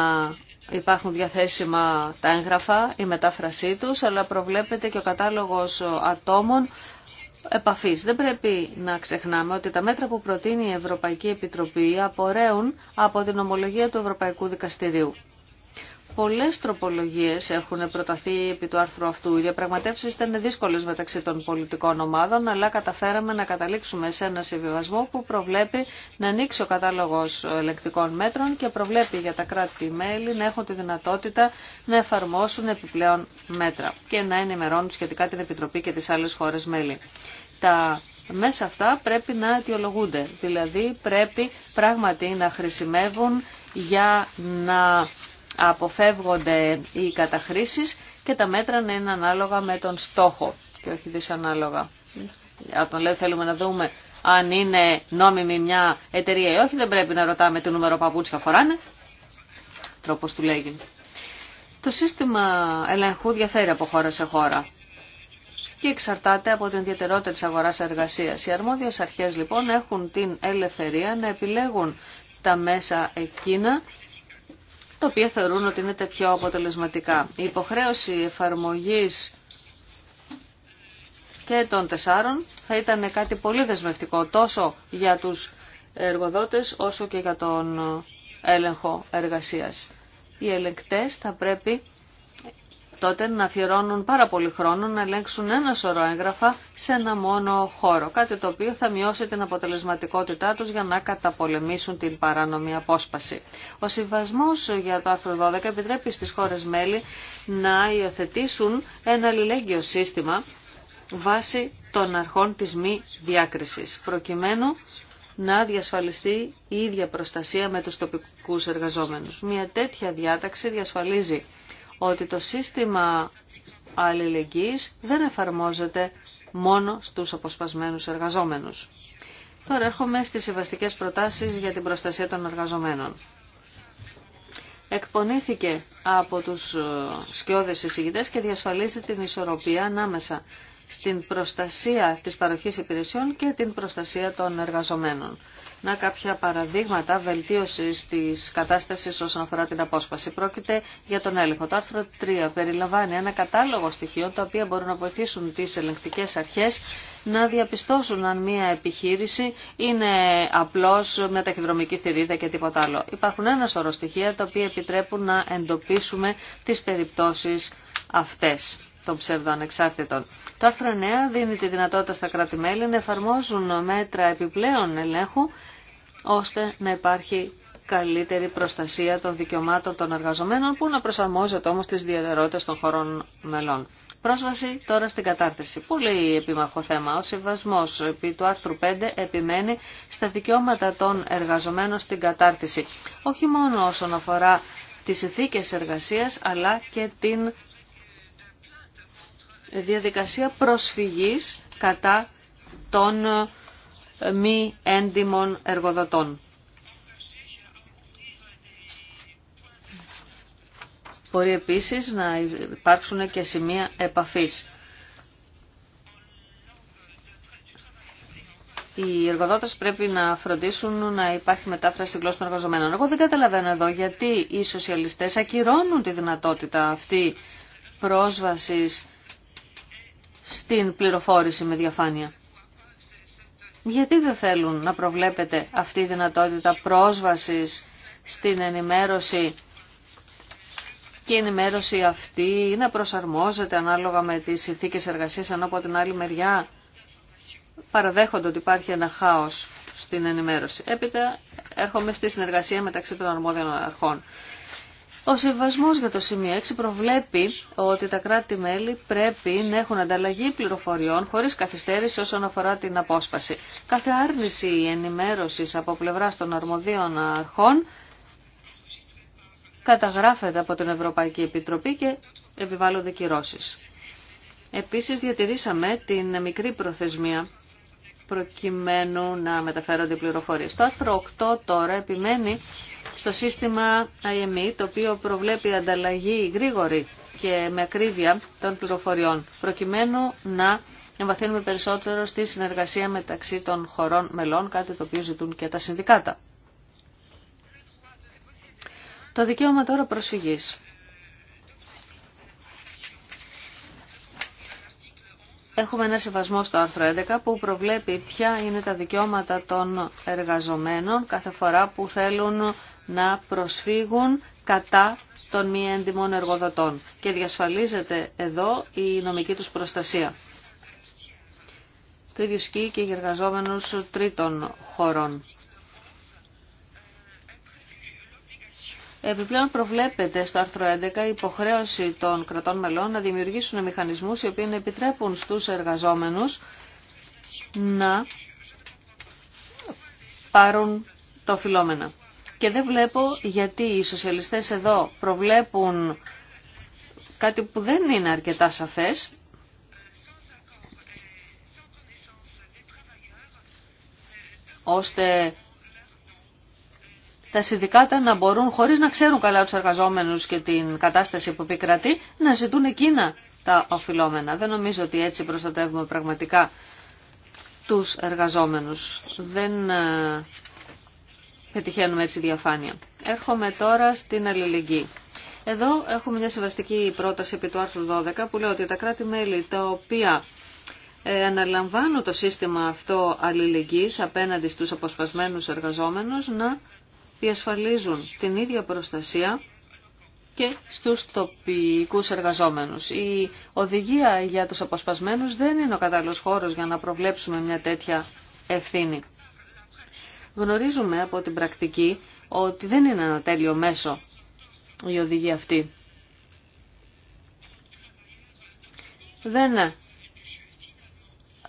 υπάρχουν διαθέσιμα τα έγγραφα, η μετάφρασή τους, αλλά προβλέπεται και ο κατάλογος ατόμων επαφής. Δεν πρέπει να ξεχνάμε ότι τα μέτρα που προτείνει η Ευρωπαϊκή Επιτροπή απορρέουν από την ομολογία του Ευρωπαϊκού Δικαστηρίου πολλές τροπολογίες έχουν προταθεί επί του άρθρου αυτού. Οι διαπραγματεύσεις ήταν δύσκολες μεταξύ των πολιτικών ομάδων, αλλά καταφέραμε να καταλήξουμε σε ένα συμβιβασμό που προβλέπει να ανοίξει ο κατάλογος ελεκτικών μέτρων και προβλέπει για τα κράτη-μέλη να έχουν τη δυνατότητα να εφαρμόσουν επιπλέον μέτρα και να ενημερώνουν σχετικά την Επιτροπή και τις άλλες χώρες μέλη. Τα μέσα αυτά πρέπει να αιτιολογούνται, δηλαδή πρέπει πράγματι να χρησιμεύουν για να αποφεύγονται οι καταχρήσεις και τα μέτρα να είναι ανάλογα με τον στόχο και όχι δυσανάλογα. Αν τον λέω θέλουμε να δούμε αν είναι νόμιμη μια εταιρεία ή όχι, δεν πρέπει να ρωτάμε το νούμερο παπούτσια φοράνε. Τρόπος του λέγει. Το σύστημα ελεγχού διαφέρει από χώρα σε χώρα και εξαρτάται από την ιδιαιτερότητα της αγοράς εργασίας. Οι αρμόδιες αρχές λοιπόν έχουν την ελευθερία να επιλέγουν τα μέσα εκείνα τα οποία θεωρούν ότι είναι τα πιο αποτελεσματικά. Η υποχρέωση εφαρμογής και των τεσσάρων θα ήταν κάτι πολύ δεσμευτικό τόσο για τους εργοδότες όσο και για τον έλεγχο εργασίας. Οι ελεγκτές θα πρέπει τότε να αφιερώνουν πάρα πολύ χρόνο να ελέγξουν ένα σωρό έγγραφα σε ένα μόνο χώρο, κάτι το οποίο θα μειώσει την αποτελεσματικότητά τους για να καταπολεμήσουν την παράνομη απόσπαση. Ο συμβασμός για το άρθρο 12 επιτρέπει στις χώρες μέλη να υιοθετήσουν ένα αλληλέγγυο σύστημα βάσει των αρχών της μη διάκρισης, προκειμένου να διασφαλιστεί η ίδια προστασία με τους τοπικούς εργαζόμενους. Μια τέτοια διάταξη διασφαλίζει ότι το σύστημα αλληλεγγύης δεν εφαρμόζεται μόνο στους αποσπασμένους εργαζόμενους. Τώρα έρχομαι στις συμβαστικές προτάσεις για την προστασία των εργαζομένων. Εκπονήθηκε από τους ε, σκιώδες εισηγητές και διασφαλίζει την ισορροπία ανάμεσα στην προστασία της παροχής υπηρεσιών και την προστασία των εργαζομένων. Να κάποια παραδείγματα βελτίωσης τη κατάσταση όσον αφορά την απόσπαση. Πρόκειται για τον έλεγχο. Το άρθρο 3 περιλαμβάνει ένα κατάλογο στοιχείων τα οποία μπορούν να βοηθήσουν τις ελεγκτικές αρχές να διαπιστώσουν αν μια επιχείρηση είναι απλώς με ταχυδρομική θηρίδα και τίποτα άλλο. Υπάρχουν ένα σωρό στοιχεία τα οποία επιτρέπουν να εντοπίσουμε τι περιπτώσει αυτές των ψευδοανεξάρτητων. Το άρθρο 9 δίνει τη δυνατότητα στα κράτη-μέλη να εφαρμόζουν μέτρα επιπλέον ελέγχου ώστε να υπάρχει καλύτερη προστασία των δικαιωμάτων των εργαζομένων που να προσαρμόζεται όμως τις διαδερότητες των χωρών μελών. Πρόσβαση τώρα στην κατάρτιση. Πού λέει επίμαχο θέμα. Ο συμβασμό επί του άρθρου 5 επιμένει στα δικαιώματα των εργαζομένων στην κατάρτιση. Όχι μόνο όσον αφορά τις ηθίκες εργασίας αλλά και την διαδικασία προσφυγής κατά των ε, μη έντιμων εργοδοτών. Μπορεί επίσης να υπάρξουν και σημεία επαφής. Οι εργοδότες πρέπει να φροντίσουν να υπάρχει μετάφραση στην γλώσσα των εργαζομένων. Εγώ δεν καταλαβαίνω εδώ γιατί οι σοσιαλιστές ακυρώνουν τη δυνατότητα αυτή πρόσβασης στην πληροφόρηση με διαφάνεια. Γιατί δεν θέλουν να προβλέπεται αυτή η δυνατότητα πρόσβασης στην ενημέρωση και η ενημέρωση αυτή να προσαρμόζεται ανάλογα με τις συνθήκες εργασίας ενώ από την άλλη μεριά παραδέχονται ότι υπάρχει ένα χάος στην ενημέρωση. Έπειτα έρχομαι στη συνεργασία μεταξύ των αρμόδιων αρχών. Ο συμβασμό για το σημείο 6 προβλέπει ότι τα κράτη-μέλη πρέπει να έχουν ανταλλαγή πληροφοριών χωρί καθυστέρηση όσον αφορά την απόσπαση. Κάθε άρνηση ενημέρωση από πλευρά των αρμοδίων αρχών καταγράφεται από την Ευρωπαϊκή Επιτροπή και επιβάλλονται κυρώσει. Επίσης διατηρήσαμε την μικρή προθεσμία προκειμένου να μεταφέρονται οι πληροφορίες. Το άρθρο 8 τώρα επιμένει στο σύστημα IME, το οποίο προβλέπει ανταλλαγή γρήγορη και με ακρίβεια των πληροφοριών, προκειμένου να εμβαθύνουμε περισσότερο στη συνεργασία μεταξύ των χωρών μελών, κάτι το οποίο ζητούν και τα συνδικάτα. Το δικαίωμα τώρα προσφυγής. Έχουμε ένα σεβασμό στο άρθρο 11 που προβλέπει ποια είναι τα δικαιώματα των εργαζομένων κάθε φορά που θέλουν να προσφύγουν κατά των μη έντιμων εργοδοτών και διασφαλίζεται εδώ η νομική τους προστασία. Το ίδιο σκύει και για εργαζόμενους τρίτων χωρών. Επιπλέον προβλέπεται στο άρθρο 11 η υποχρέωση των κρατών μελών να δημιουργήσουν μηχανισμούς οι οποίοι να επιτρέπουν στους εργαζόμενους να πάρουν το φιλόμενα. Και δεν βλέπω γιατί οι σοσιαλιστές εδώ προβλέπουν κάτι που δεν είναι αρκετά σαφές, ώστε τα συνδικάτα να μπορούν, χωρίς να ξέρουν καλά τους εργαζόμενους και την κατάσταση που επικρατεί, να ζητούν εκείνα τα οφειλόμενα. Δεν νομίζω ότι έτσι προστατεύουμε πραγματικά τους εργαζόμενους. Δεν ε, πετυχαίνουμε έτσι διαφάνεια. Έρχομαι τώρα στην αλληλεγγύη. Εδώ έχουμε μια συμβαστική πρόταση επί του άρθρου 12 που λέει ότι τα κράτη-μέλη τα οποία ε, αναλαμβάνουν το σύστημα αυτό αλληλεγγύης απέναντι στους αποσπασμένους εργαζόμενους να διασφαλίζουν την ίδια προστασία και στους τοπικούς εργαζόμενους. Η οδηγία για τους αποσπασμένους δεν είναι ο κατάλληλος χώρος για να προβλέψουμε μια τέτοια ευθύνη. Γνωρίζουμε από την πρακτική ότι δεν είναι ένα τέλειο μέσο η οδηγία αυτή. Δεν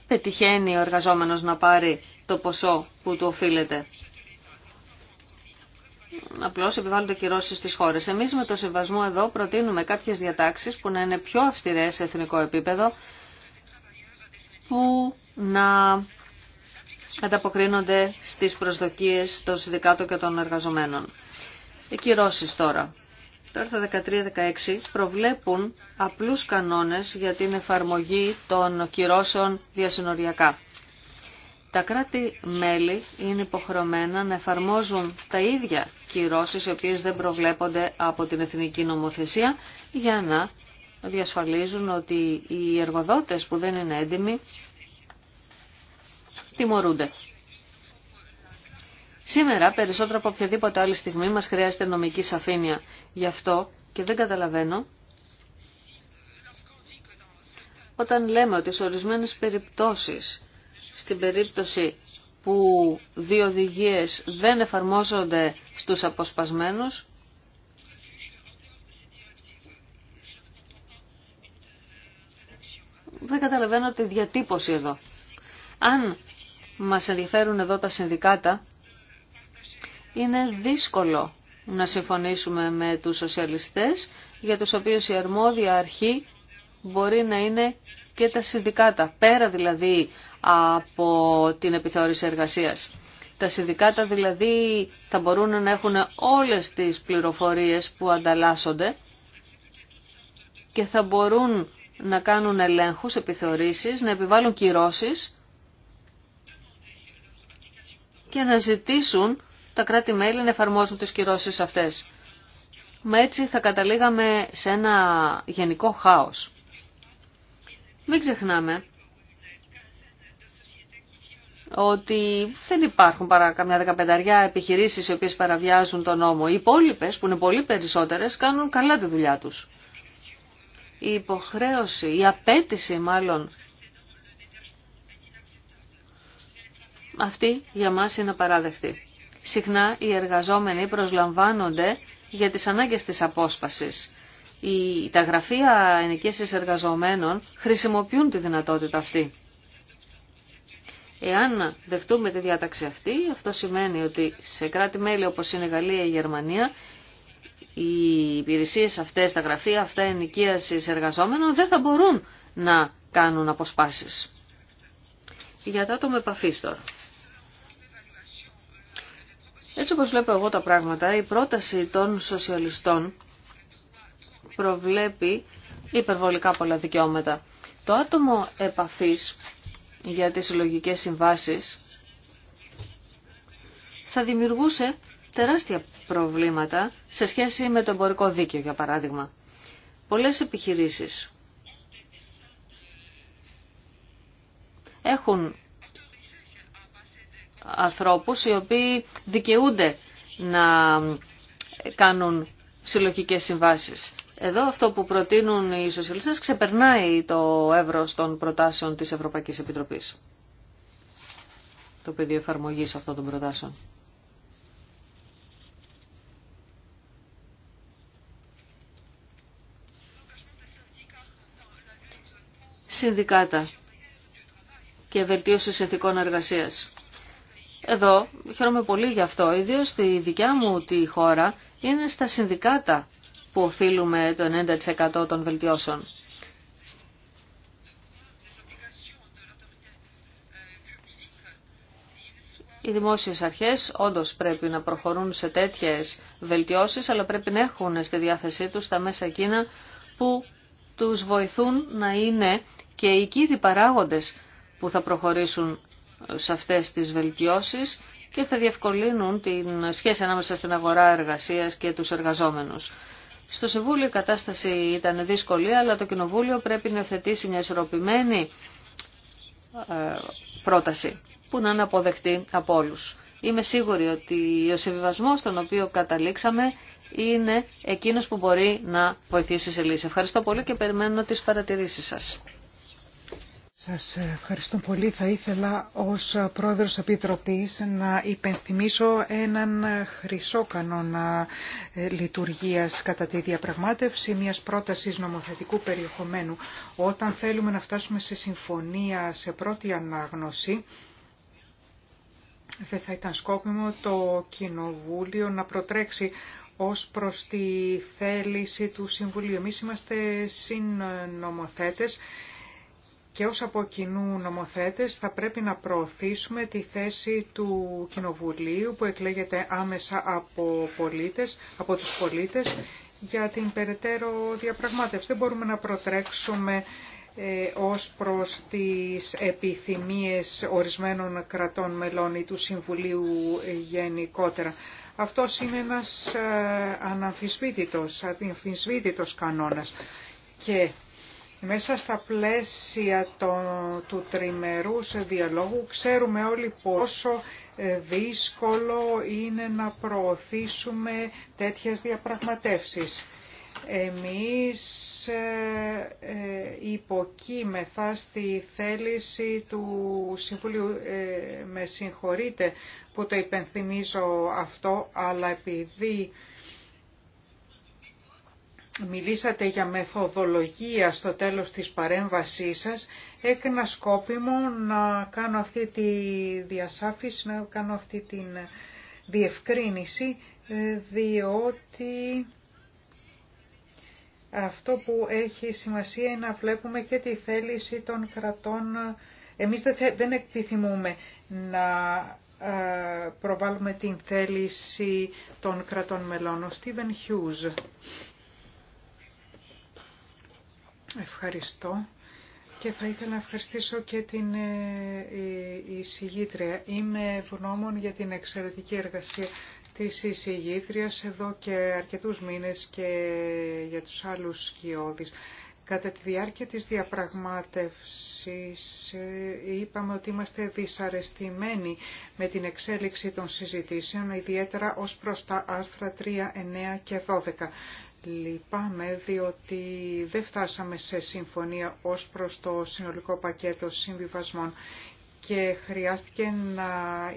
πετυχαίνει ο εργαζόμενος να πάρει το ποσό που του οφείλεται απλώς επιβάλλονται κυρώσεις στις χώρες. Εμείς με το συμβασμό εδώ προτείνουμε κάποιες διατάξεις που να είναι πιο αυστηρές σε εθνικό επίπεδο, που να ανταποκρίνονται στις προσδοκίες των συνδικάτων και των εργαζομένων. Οι κυρώσεις τώρα. Τώρα τα 13-16 προβλέπουν απλούς κανόνες για την εφαρμογή των κυρώσεων διασυνοριακά τα κράτη-μέλη είναι υποχρεωμένα να εφαρμόζουν τα ίδια κυρώσεις οι οποίες δεν προβλέπονται από την εθνική νομοθεσία για να διασφαλίζουν ότι οι εργοδότες που δεν είναι έντιμοι τιμωρούνται. Σήμερα, περισσότερο από οποιαδήποτε άλλη στιγμή, μας χρειάζεται νομική σαφήνεια. Γι' αυτό και δεν καταλαβαίνω όταν λέμε ότι σε ορισμένες περιπτώσεις στην περίπτωση που δύο οδηγίε δεν εφαρμόζονται στους αποσπασμένους, δεν καταλαβαίνω τη διατύπωση εδώ. Αν μας ενδιαφέρουν εδώ τα συνδικάτα, είναι δύσκολο να συμφωνήσουμε με τους σοσιαλιστές, για τους οποίους η αρμόδια αρχή μπορεί να είναι και τα συνδικάτα. Πέρα δηλαδή από την επιθεώρηση εργασίας. Τα συνδικάτα δηλαδή θα μπορούν να έχουν όλες τις πληροφορίες που ανταλλάσσονται και θα μπορούν να κάνουν ελέγχους, επιθεωρήσεις, να επιβάλλουν κυρώσεις και να ζητήσουν τα κράτη-μέλη να εφαρμόσουν τις κυρώσεις αυτές. Μα έτσι θα καταλήγαμε σε ένα γενικό χάος. Μην ξεχνάμε ότι δεν υπάρχουν παρά καμιά δεκαπενταριά επιχειρήσεις οι οποίες παραβιάζουν τον νόμο. Οι υπόλοιπε, που είναι πολύ περισσότερες, κάνουν καλά τη δουλειά τους. Η υποχρέωση, η απέτηση μάλλον, αυτή για μας είναι παράδεκτη. Συχνά οι εργαζόμενοι προσλαμβάνονται για τις ανάγκες της απόσπασης. Η, τα γραφεία ενοικίασης εργαζομένων χρησιμοποιούν τη δυνατότητα αυτή. Εάν δεχτούμε τη διάταξη αυτή, αυτό σημαίνει ότι σε κράτη-μέλη όπως είναι η Γαλλία ή η Γερμανία, οι υπηρεσίες αυτές, τα γραφεία αυτά ενοικίασης εργαζόμενων δεν θα μπορούν να κάνουν αποσπάσεις. Για τα άτομα επαφή τώρα. Έτσι όπως βλέπω εγώ τα πράγματα, η πρόταση των σοσιαλιστών προβλέπει υπερβολικά πολλά δικαιώματα. Το άτομο επαφής για τις συλλογικέ συμβάσεις θα δημιουργούσε τεράστια προβλήματα σε σχέση με το εμπορικό δίκαιο, για παράδειγμα. Πολλές επιχειρήσεις έχουν ανθρώπους οι οποίοι δικαιούνται να κάνουν συλλογικές συμβάσεις. Εδώ αυτό που προτείνουν οι σοσιαλιστέ ξεπερνάει το ευρώ των προτάσεων της Ευρωπαϊκής Επιτροπής. Το πεδίο εφαρμογή αυτών των προτάσεων. Συνδικάτα και βελτίωση ηθικών εργασίας. Εδώ χαίρομαι πολύ γι' αυτό, ιδίως στη δικιά μου τη χώρα είναι στα συνδικάτα που οφείλουμε το 90% των βελτιώσεων. Οι δημόσιες αρχές όντως πρέπει να προχωρούν σε τέτοιες βελτιώσεις, αλλά πρέπει να έχουν στη διάθεσή τους τα μέσα εκείνα που τους βοηθούν να είναι και οι κύριοι παράγοντες που θα προχωρήσουν σε αυτές τις βελτιώσεις και θα διευκολύνουν την σχέση ανάμεσα στην αγορά εργασίας και τους εργαζόμενους. Στο Συμβούλιο η κατάσταση ήταν δύσκολη, αλλά το Κοινοβούλιο πρέπει να θετήσει μια ισορροπημένη ε, πρόταση που να είναι αποδεκτή από όλους. Είμαι σίγουρη ότι ο συμβιβασμό στον οποίο καταλήξαμε είναι εκείνος που μπορεί να βοηθήσει σε λύση. Ευχαριστώ πολύ και περιμένω τις παρατηρήσεις σας. Σας ευχαριστώ πολύ. Θα ήθελα ως πρόεδρος Επιτροπής να υπενθυμίσω έναν χρυσό κανόνα ε, λειτουργίας κατά τη διαπραγμάτευση μιας πρότασης νομοθετικού περιεχομένου. Όταν θέλουμε να φτάσουμε σε συμφωνία σε πρώτη ανάγνωση, δεν θα ήταν σκόπιμο το Κοινοβούλιο να προτρέξει ως προς τη θέληση του Συμβουλίου. Εμείς είμαστε συνομοθέτες και ως από κοινού νομοθέτες θα πρέπει να προωθήσουμε τη θέση του Κοινοβουλίου που εκλέγεται άμεσα από, πολίτες, από τους πολίτες για την περαιτέρω διαπραγμάτευση. Δεν μπορούμε να προτρέξουμε ε, ως προς τις επιθυμίες ορισμένων κρατών μελών ή του Συμβουλίου ε, γενικότερα. Αυτός είναι ένας ε, αναμφισβήτητος, αναμφισβήτητος κανόνας και μέσα στα πλαίσια του σε διαλόγου ξέρουμε όλοι πόσο ε, δύσκολο είναι να προωθήσουμε τέτοιες διαπραγματεύσεις. Εμείς ε, ε, υποκείμεθα στη θέληση του Συμβουλίου, με συγχωρείτε που το υπενθυμίζω αυτό, αλλά επειδή μιλήσατε για μεθοδολογία στο τέλος της παρέμβασής σας, έκανα σκόπιμο να κάνω αυτή τη διασάφηση, να κάνω αυτή την διευκρίνηση, διότι αυτό που έχει σημασία είναι να βλέπουμε και τη θέληση των κρατών. Εμείς δεν επιθυμούμε να ε, προβάλλουμε την θέληση των κρατών μελών. Ο Στίβεν Χιούζ. Ευχαριστώ. Και θα ήθελα να ευχαριστήσω και την ε, εισηγήτρια. Είμαι ευγνώμων για την εξαιρετική εργασία της εισηγήτριας εδώ και αρκετούς μήνες και για τους άλλους σκιώδεις. Κατά τη διάρκεια της διαπραγμάτευσης ε, είπαμε ότι είμαστε δυσαρεστημένοι με την εξέλιξη των συζητήσεων, ιδιαίτερα ως προς τα άρθρα 3, 9 και 12. Λυπάμαι διότι δεν φτάσαμε σε συμφωνία ως προς το συνολικό πακέτο συμβιβασμών και χρειάστηκε να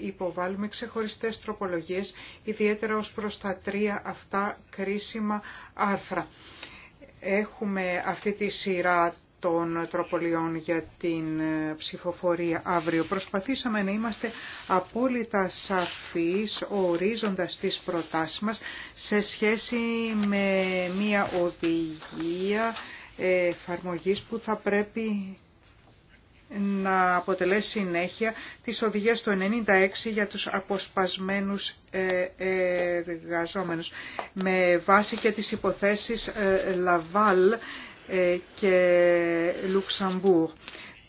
υποβάλουμε ξεχωριστές τροπολογίες, ιδιαίτερα ως προς τα τρία αυτά κρίσιμα άρθρα. Έχουμε αυτή τη σειρά των τροπολιών για την ε, ψηφοφορία αύριο. Προσπαθήσαμε να είμαστε απόλυτα σαφείς ορίζοντας τις προτάσεις μας σε σχέση με μια οδηγία ε, εφαρμογή που θα πρέπει να αποτελέσει συνέχεια της οδηγίας του 96 για τους αποσπασμένους ε, εργαζόμενους με βάση και τις υποθέσεις Λαβάλ ε, και Λουξεμβούρ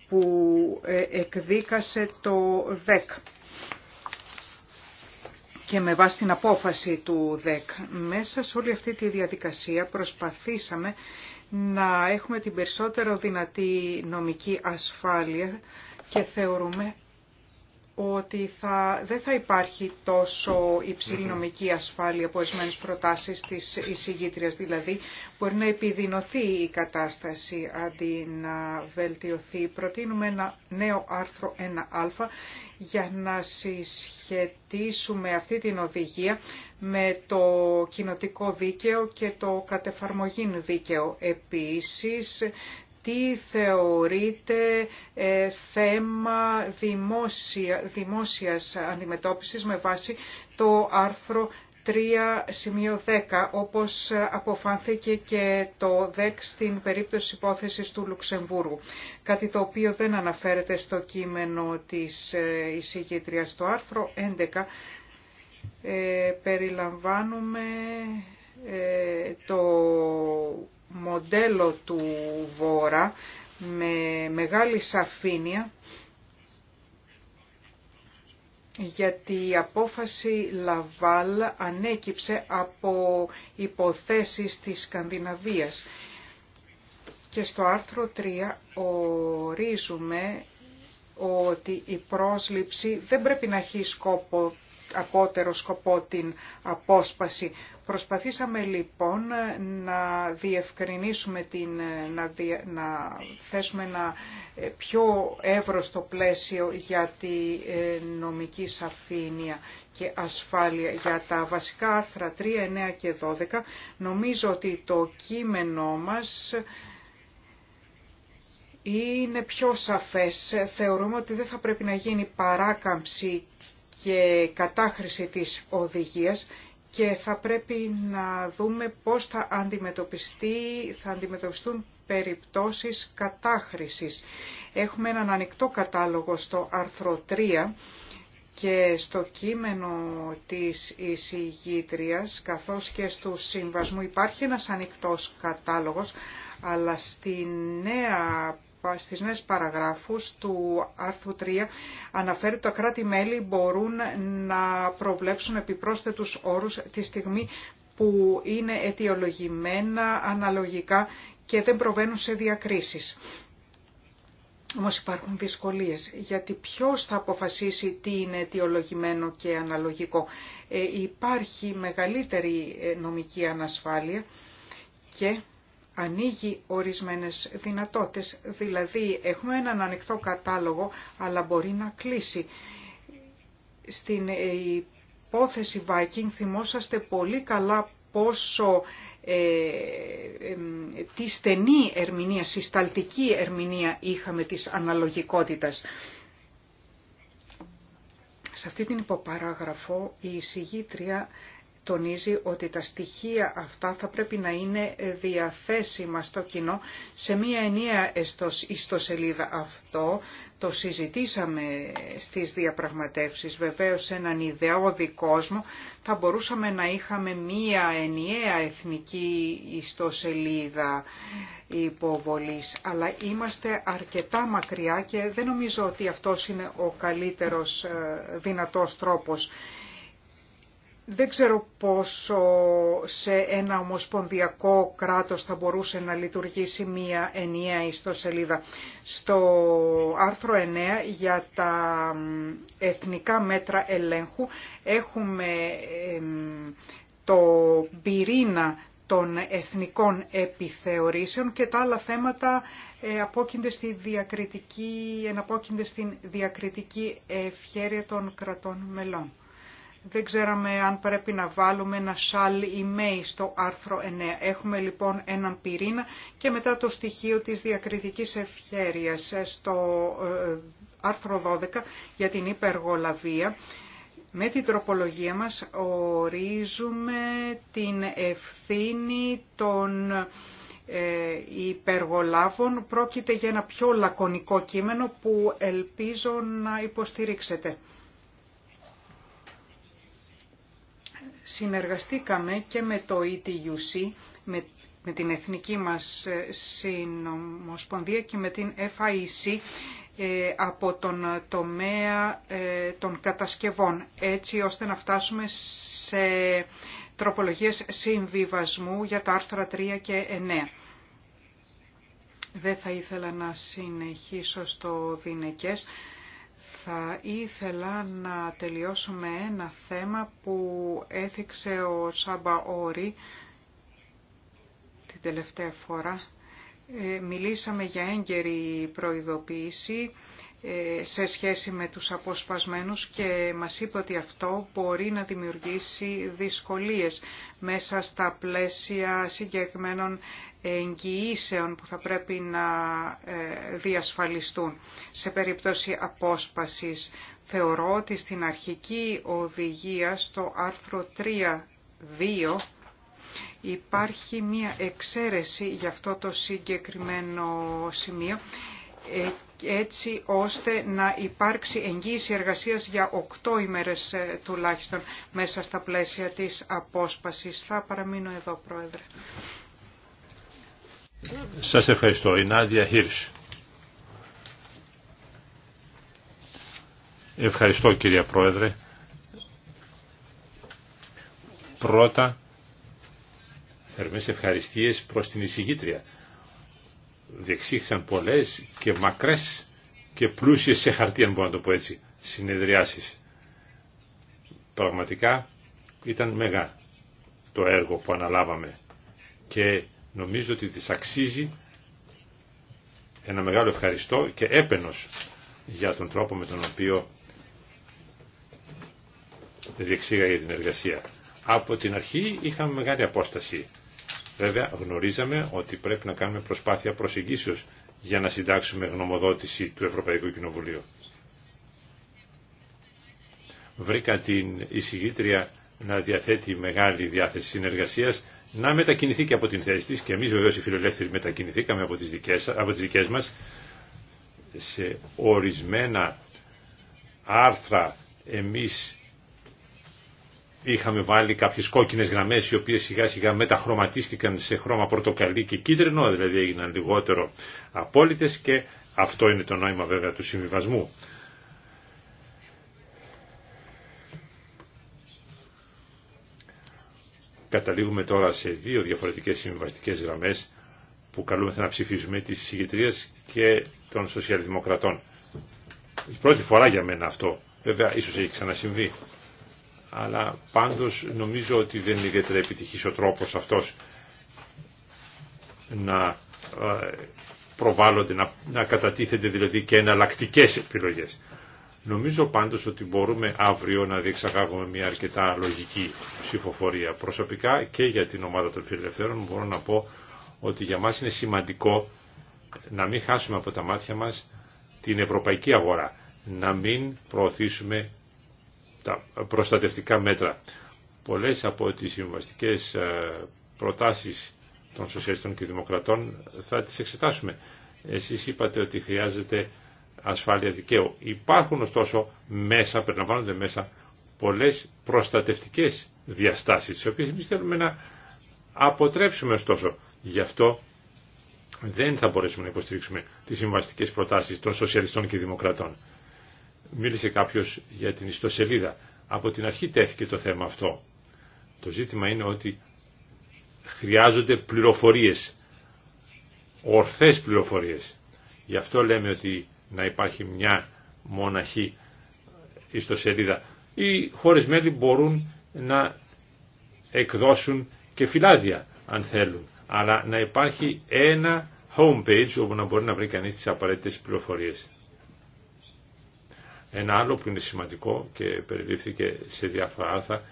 που ε, εκδίκασε το ΔΕΚ και με βάση την απόφαση του ΔΕΚ. Μέσα σε όλη αυτή τη διαδικασία προσπαθήσαμε να έχουμε την περισσότερο δυνατή νομική ασφάλεια και θεωρούμε ότι θα, δεν θα υπάρχει τόσο υψηλή νομική ασφάλεια από ορισμένε προτάσεις της εισηγήτριας. Δηλαδή, μπορεί να επιδεινωθεί η κατάσταση αντί να βελτιωθεί. Προτείνουμε ένα νέο άρθρο 1α για να συσχετίσουμε αυτή την οδηγία με το κοινοτικό δίκαιο και το κατεφαρμογήν δίκαιο. Επίσης, τι θεωρείται ε, θέμα δημόσια, δημόσιας αντιμετώπισης με βάση το άρθρο 3 σημείο 10, όπως αποφάνθηκε και το ΔΕΚ στην περίπτωση υπόθεσης του Λουξεμβούργου. Κάτι το οποίο δεν αναφέρεται στο κείμενο της ε, εισηγήτριας. Στο άρθρο 11 ε, περιλαμβάνουμε το μοντέλο του Βόρα με μεγάλη σαφήνεια γιατί η απόφαση Λαβάλ ανέκυψε από υποθέσεις της Σκανδιναβίας. Και στο άρθρο 3 ορίζουμε ότι η πρόσληψη δεν πρέπει να έχει σκόπο απότερο σκοπό την απόσπαση. Προσπαθήσαμε λοιπόν να διευκρινίσουμε την, να, να θέσουμε ένα πιο εύρωστο πλαίσιο για τη ε, νομική σαφήνεια και ασφάλεια. Για τα βασικά άρθρα 3, 9 και 12 νομίζω ότι το κείμενό μας είναι πιο σαφές. Θεωρούμε ότι δεν θα πρέπει να γίνει παράκαμψη και κατάχρηση της οδηγίας και θα πρέπει να δούμε πώς θα, αντιμετωπιστεί, θα αντιμετωπιστούν περιπτώσεις κατάχρησης. Έχουμε έναν ανοιχτό κατάλογο στο άρθρο 3 και στο κείμενο της εισηγήτριας καθώς και στο συμβασμού υπάρχει ένας ανοιχτός κατάλογος αλλά στη νέα στις νέες παραγράφους του άρθρου 3 αναφέρει ότι τα κράτη-μέλη μπορούν να προβλέψουν επιπρόσθετους όρους τη στιγμή που είναι αιτιολογημένα αναλογικά και δεν προβαίνουν σε διακρίσεις. Όμως υπάρχουν δυσκολίες, γιατί ποιος θα αποφασίσει τι είναι αιτιολογημένο και αναλογικό. Ε, υπάρχει μεγαλύτερη ε, νομική ανασφάλεια και ανοίγει ορισμένες δυνατότητες. Δηλαδή έχουμε έναν ανοιχτό κατάλογο αλλά μπορεί να κλείσει. Στην ε, υπόθεση Viking θυμόσαστε πολύ καλά πόσο ε, τη στενή ερμηνεία, συσταλτική ερμηνεία είχαμε της αναλογικότητας. Σε αυτή την υποπαράγραφο η εισηγήτρια τονίζει ότι τα στοιχεία αυτά θα πρέπει να είναι διαθέσιμα στο κοινό σε μία ενιαία ιστοσελίδα. Αυτό το συζητήσαμε στις διαπραγματεύσεις. Βεβαίως σε έναν ιδεώδη κόσμο θα μπορούσαμε να είχαμε μία ενιαία εθνική ιστοσελίδα υποβολής. Αλλά είμαστε αρκετά μακριά και δεν νομίζω ότι αυτός είναι ο καλύτερος ε, δυνατός τρόπος δεν ξέρω πόσο σε ένα ομοσπονδιακό κράτος θα μπορούσε να λειτουργήσει μία ενιαία ιστοσελίδα. Στο άρθρο 9 για τα εθνικά μέτρα ελέγχου έχουμε το πυρήνα των εθνικών επιθεωρήσεων και τα άλλα θέματα ε, απόκεινται στη διακριτική, εναπόκεινται στην διακριτική ευχέρεια των κρατών μελών. Δεν ξέραμε αν πρέπει να βάλουμε ένα σαλ ή στο άρθρο 9. Έχουμε λοιπόν έναν πυρήνα και μετά το στοιχείο της διακριτικής ευχέρειας ε, στο ε, άρθρο 12 για την υπεργολαβία. Με την τροπολογία μας ορίζουμε την ευθύνη των ε, υπεργολάβων. Πρόκειται για ένα πιο λακωνικό κείμενο που ελπίζω να υποστηρίξετε. συνεργαστήκαμε και με το ETUC, με, την εθνική μας ε, συνομοσπονδία και με την FIC ε, από τον τομέα ε, των κατασκευών, έτσι ώστε να φτάσουμε σε τροπολογίες συμβιβασμού για τα άρθρα 3 και 9. Δεν θα ήθελα να συνεχίσω στο Δινεκές. Θα ήθελα να τελειώσω με ένα θέμα που έθιξε ο Σάμπα Όρη την τελευταία φορά. Ε, μιλήσαμε για έγκαιρη προειδοποίηση ε, σε σχέση με τους αποσπασμένους και μας είπε ότι αυτό μπορεί να δημιουργήσει δυσκολίες μέσα στα πλαίσια συγκεκριμένων εγγυήσεων που θα πρέπει να ε, διασφαλιστούν σε περίπτωση απόσπασης. Θεωρώ ότι στην αρχική οδηγία στο άρθρο 3.2 Υπάρχει μία εξαίρεση για αυτό το συγκεκριμένο σημείο ε, έτσι ώστε να υπάρξει εγγύηση εργασίας για οκτώ ημέρες ε, τουλάχιστον μέσα στα πλαίσια της απόσπασης. Θα παραμείνω εδώ, Πρόεδρε. Σας ευχαριστώ. Η Νάντια Ευχαριστώ κυρία Πρόεδρε. Πρώτα, θερμές ευχαριστίες προς την εισηγήτρια διεξήχθησαν πολλές και μακρές και πλούσιες σε χαρτί, αν μπορώ να το πω έτσι, συνεδριάσεις. Πραγματικά ήταν μεγάλο το έργο που αναλάβαμε και νομίζω ότι της αξίζει ένα μεγάλο ευχαριστώ και έπαινος για τον τρόπο με τον οποίο διεξήγαγε την εργασία. Από την αρχή είχαμε μεγάλη απόσταση Βέβαια γνωρίζαμε ότι πρέπει να κάνουμε προσπάθεια προσεγγίσεως για να συντάξουμε γνωμοδότηση του Ευρωπαϊκού Κοινοβουλίου. Βρήκα την εισηγήτρια να διαθέτει μεγάλη διάθεση συνεργασίας, να μετακινηθεί και από την θέση της και εμείς βεβαίως οι φιλελεύθεροι μετακινηθήκαμε από τις δικές, από τις δικές μας σε ορισμένα άρθρα εμείς είχαμε βάλει κάποιες κόκκινες γραμμές οι οποίες σιγά σιγά μεταχρωματίστηκαν σε χρώμα πορτοκαλί και κίτρινο, δηλαδή έγιναν λιγότερο απόλυτες και αυτό είναι το νόημα βέβαια του συμβιβασμού. Καταλήγουμε τώρα σε δύο διαφορετικές συμβιβαστικές γραμμές που καλούμεθα να ψηφίσουμε της συγκεκριτρίας και των σοσιαλδημοκρατών. πρώτη φορά για μένα αυτό. Βέβαια, ίσως έχει ξανασυμβεί αλλά πάντως νομίζω ότι δεν είναι ιδιαίτερα επιτυχής ο τρόπος αυτός να ε, προβάλλονται, να, να κατατίθενται δηλαδή και εναλλακτικέ επιλογές. Νομίζω πάντως ότι μπορούμε αύριο να διεξαγάγουμε μια αρκετά λογική ψηφοφορία. Προσωπικά και για την ομάδα των φιλελευθέρων μπορώ να πω ότι για μας είναι σημαντικό να μην χάσουμε από τα μάτια μας την ευρωπαϊκή αγορά. Να μην προωθήσουμε τα προστατευτικά μέτρα. Πολλές από τις συμβαστικές ε, προτάσεις των Σοσιαλιστών και Δημοκρατών θα τις εξετάσουμε. Εσείς είπατε ότι χρειάζεται ασφάλεια δικαίου. Υπάρχουν ωστόσο μέσα, περιλαμβάνονται μέσα πολλές προστατευτικές διαστάσεις, τις οποίες εμείς θέλουμε να αποτρέψουμε ωστόσο. Γι' αυτό δεν θα μπορέσουμε να υποστηρίξουμε τις συμβαστικές προτάσεις των Σοσιαλιστών και Δημοκρατών μίλησε κάποιος για την ιστοσελίδα. Από την αρχή τέθηκε το θέμα αυτό. Το ζήτημα είναι ότι χρειάζονται πληροφορίες, ορθές πληροφορίες. Γι' αυτό λέμε ότι να υπάρχει μια μοναχή ιστοσελίδα. Οι χώρες μέλη μπορούν να εκδώσουν και φυλάδια αν θέλουν, αλλά να υπάρχει ένα homepage όπου να μπορεί να βρει κανείς τις απαραίτητες πληροφορίες. Ένα άλλο που είναι σημαντικό και περιλήφθηκε σε διάφορα άρθρα,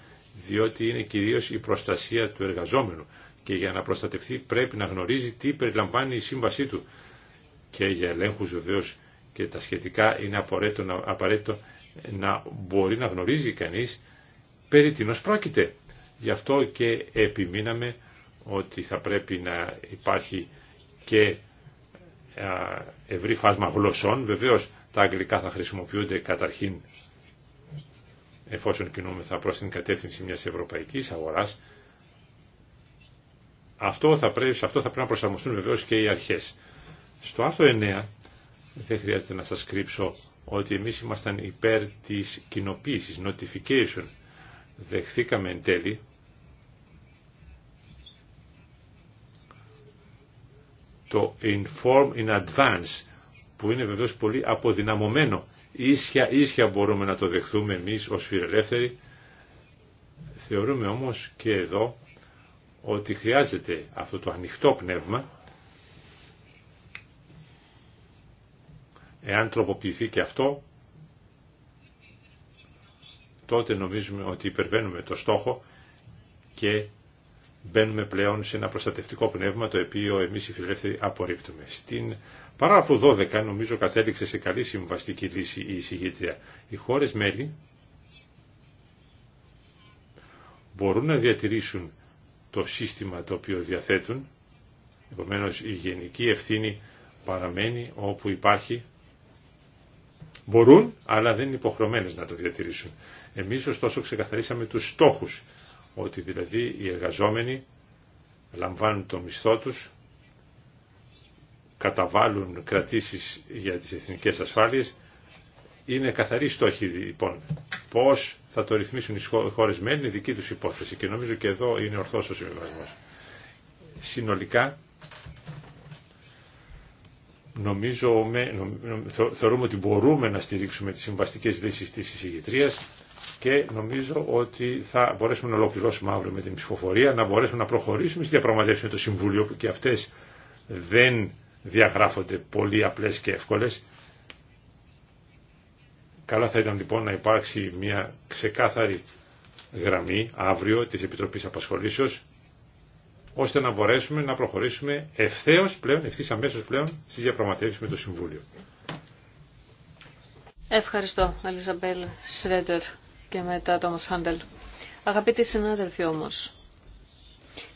διότι είναι κυρίως η προστασία του εργαζόμενου και για να προστατευτεί πρέπει να γνωρίζει τι περιλαμβάνει η σύμβασή του. Και για ελέγχου βεβαίως και τα σχετικά είναι απαραίτητο, να μπορεί να γνωρίζει κανείς περί τίνο πρόκειται. Γι' αυτό και επιμείναμε ότι θα πρέπει να υπάρχει και ευρύ φάσμα γλωσσών. Βεβαίως τα αγγλικά θα χρησιμοποιούνται καταρχήν εφόσον κινούμεθα προς την κατεύθυνση μιας ευρωπαϊκής αγοράς. Αυτό θα πρέπει, σε αυτό θα πρέπει να προσαρμοστούν βεβαίως και οι αρχές. Στο άρθρο 9 δεν χρειάζεται να σας κρύψω ότι εμείς ήμασταν υπέρ της κοινοποίησης, notification. Δεχθήκαμε εν τέλει το inform in advance που είναι βεβαίως πολύ αποδυναμωμένο. Ίσια, ίσια μπορούμε να το δεχθούμε εμείς ως φιλελεύθεροι. Θεωρούμε όμως και εδώ ότι χρειάζεται αυτό το ανοιχτό πνεύμα Εάν τροποποιηθεί και αυτό, τότε νομίζουμε ότι υπερβαίνουμε το στόχο και μπαίνουμε πλέον σε ένα προστατευτικό πνεύμα το οποίο εμείς οι φιλελεύθεροι απορρίπτουμε. Στην παράγραφο 12 νομίζω κατέληξε σε καλή συμβαστική λύση η εισηγήτρια. Οι χώρες μέλη μπορούν να διατηρήσουν το σύστημα το οποίο διαθέτουν, επομένως η γενική ευθύνη παραμένει όπου υπάρχει Μπορούν, αλλά δεν είναι υποχρεωμένες να το διατηρήσουν. Εμείς ωστόσο ξεκαθαρίσαμε τους στόχους ότι δηλαδή οι εργαζόμενοι λαμβάνουν το μισθό τους, καταβάλουν κρατήσεις για τις εθνικές ασφάλειες, είναι καθαρή στόχη λοιπόν. Πώς θα το ρυθμίσουν οι χώρες μέλη είναι δική τους υπόθεση και νομίζω και εδώ είναι ορθός ο συμβιβασμός. Συνολικά νομίζω, με, θεωρούμε ότι μπορούμε να στηρίξουμε τις συμβαστικές λύσεις της εισηγητρίας και νομίζω ότι θα μπορέσουμε να ολοκληρώσουμε αύριο με την ψηφοφορία, να μπορέσουμε να προχωρήσουμε στη διαπραγματεύση με το Συμβούλιο που και αυτές δεν διαγράφονται πολύ απλές και εύκολες. Καλά θα ήταν λοιπόν να υπάρξει μια ξεκάθαρη γραμμή αύριο της Επιτροπής Απασχολήσεως ώστε να μπορέσουμε να προχωρήσουμε ευθέω πλέον, ευθύ αμέσως πλέον στη διαπραγματεύσεις με το Συμβούλιο. Ευχαριστώ, Σρέντερ και μετά το Μασχάντελ. Αγαπητοί συνάδελφοι όμως,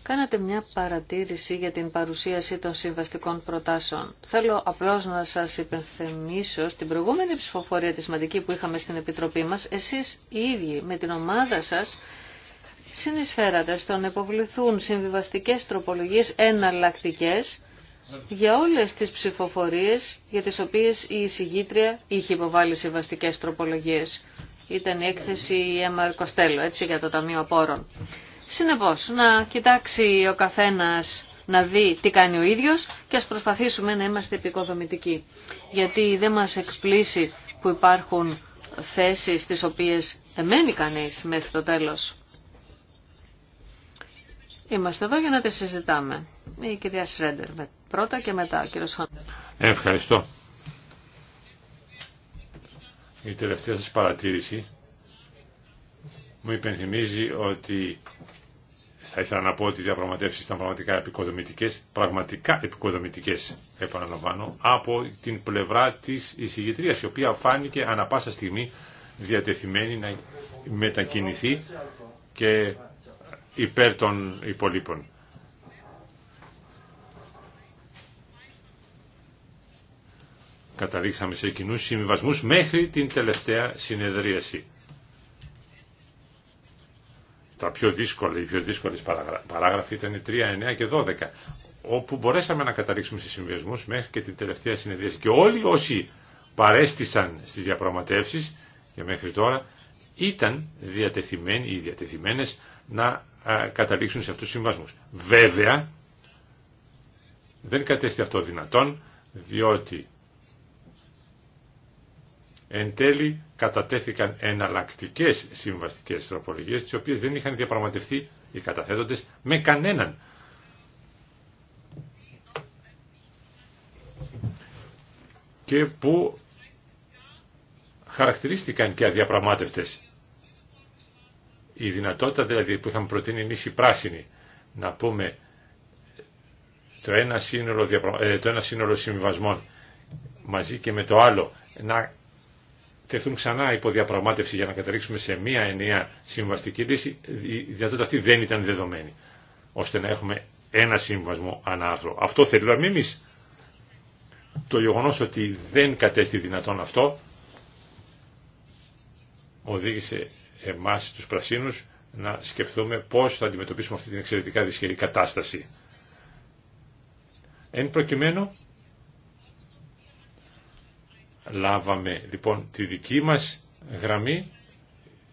κάνατε μια παρατήρηση για την παρουσίαση των συμβαστικών προτάσεων. Θέλω απλώς να σας υπενθυμίσω στην προηγούμενη ψηφοφορία τη σημαντική που είχαμε στην Επιτροπή μας, εσείς οι ίδιοι με την ομάδα σας συνεισφέρατε στο να υποβληθούν συμβιβαστικές τροπολογίες εναλλακτικέ για όλες τις ψηφοφορίες για τις οποίες η εισηγήτρια είχε υποβάλει συμβαστικές τροπολογίες. Ήταν η έκθεση MR Costello, έτσι, για το Ταμείο πόρων. Συνεπώς, να κοιτάξει ο καθένας να δει τι κάνει ο ίδιος και ας προσπαθήσουμε να είμαστε επικοδομητικοί. Γιατί δεν μας εκπλήσει που υπάρχουν θέσεις στις οποίες μένει κανείς μέχρι το τέλος. Είμαστε εδώ για να τις συζητάμε. Η κυρία Σρέντερ πρώτα και μετά κύριο κύριος Ευχαριστώ. Η τελευταία σας παρατήρηση μου υπενθυμίζει ότι θα ήθελα να πω ότι οι διαπραγματεύσεις ήταν πραγματικά επικοδομητικές, πραγματικά επικοδομητικές, επαναλαμβάνω, από την πλευρά της εισηγητρίας, η οποία φάνηκε ανα πάσα στιγμή διατεθειμένη να μετακινηθεί και υπέρ των υπολείπων. Καταλήξαμε σε κοινού συμβιβασμούς μέχρι την τελευταία συνεδρίαση. Τα πιο δύσκολα, οι πιο δύσκολες παράγραφοι ήταν 3, 9 και 12, όπου μπορέσαμε να καταλήξουμε σε συμβιβασμούς μέχρι και την τελευταία συνεδρίαση. Και όλοι όσοι παρέστησαν στις διαπραγματεύσεις και μέχρι τώρα ήταν διατεθειμένοι ή διατεθειμένες να καταλήξουν σε αυτούς τους συμβασμούς. Βέβαια, δεν κατέστη αυτό δυνατόν, διότι Εν τέλει κατατέθηκαν εναλλακτικέ συμβαστικέ τροπολογίε, τι οποίε δεν είχαν διαπραγματευτεί οι καταθέτοντε με κανέναν. και που χαρακτηρίστηκαν και αδιαπραγμάτευτες. Η δυνατότητα δηλαδή που είχαμε προτείνει εμείς οι πράσινοι να πούμε το ένα σύνολο, ε, το ένα σύνολο συμβιβασμών μαζί και με το άλλο να τεθούν ξανά υπό διαπραγμάτευση για να καταλήξουμε σε μία ενιαία συμβαστική λύση, η αυτή δεν ήταν δεδομένη, ώστε να έχουμε ένα σύμβασμο ανά άρθρο. Αυτό θέλουμε εμείς. Το γεγονό ότι δεν κατέστη δυνατόν αυτό, οδήγησε εμάς τους πρασίνους να σκεφτούμε πώς θα αντιμετωπίσουμε αυτή την εξαιρετικά δυσχερή κατάσταση. Εν προκειμένου, λάβαμε λοιπόν τη δική μας γραμμή,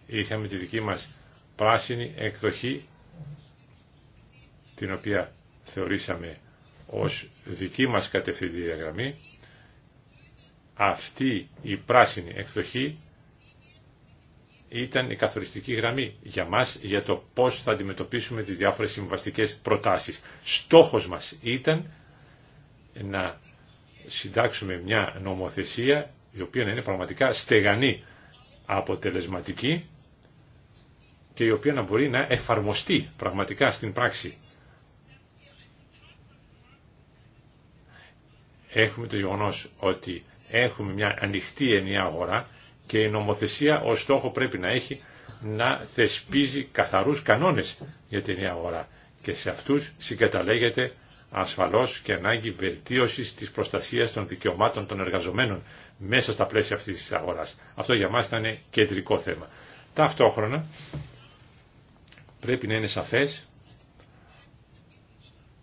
είχαμε τη δική μας πράσινη εκδοχή, την οποία θεωρήσαμε ως δική μας κατευθυντήρια γραμμή. Αυτή η πράσινη εκδοχή ήταν η καθοριστική γραμμή για μας για το πώς θα αντιμετωπίσουμε τις διάφορες συμβαστικές προτάσεις. Στόχος μας ήταν να συντάξουμε μια νομοθεσία η οποία να είναι πραγματικά στεγανή αποτελεσματική και η οποία να μπορεί να εφαρμοστεί πραγματικά στην πράξη. Έχουμε το γεγονό ότι έχουμε μια ανοιχτή ενιαία αγορά και η νομοθεσία ως στόχο πρέπει να έχει να θεσπίζει καθαρούς κανόνες για την ενιαία αγορά και σε αυτούς συγκαταλέγεται ασφαλώς και ανάγκη βελτίωσης της προστασίας των δικαιωμάτων των εργαζομένων μέσα στα πλαίσια αυτής της αγοράς. Αυτό για μας ήταν κεντρικό θέμα. Ταυτόχρονα πρέπει να είναι σαφές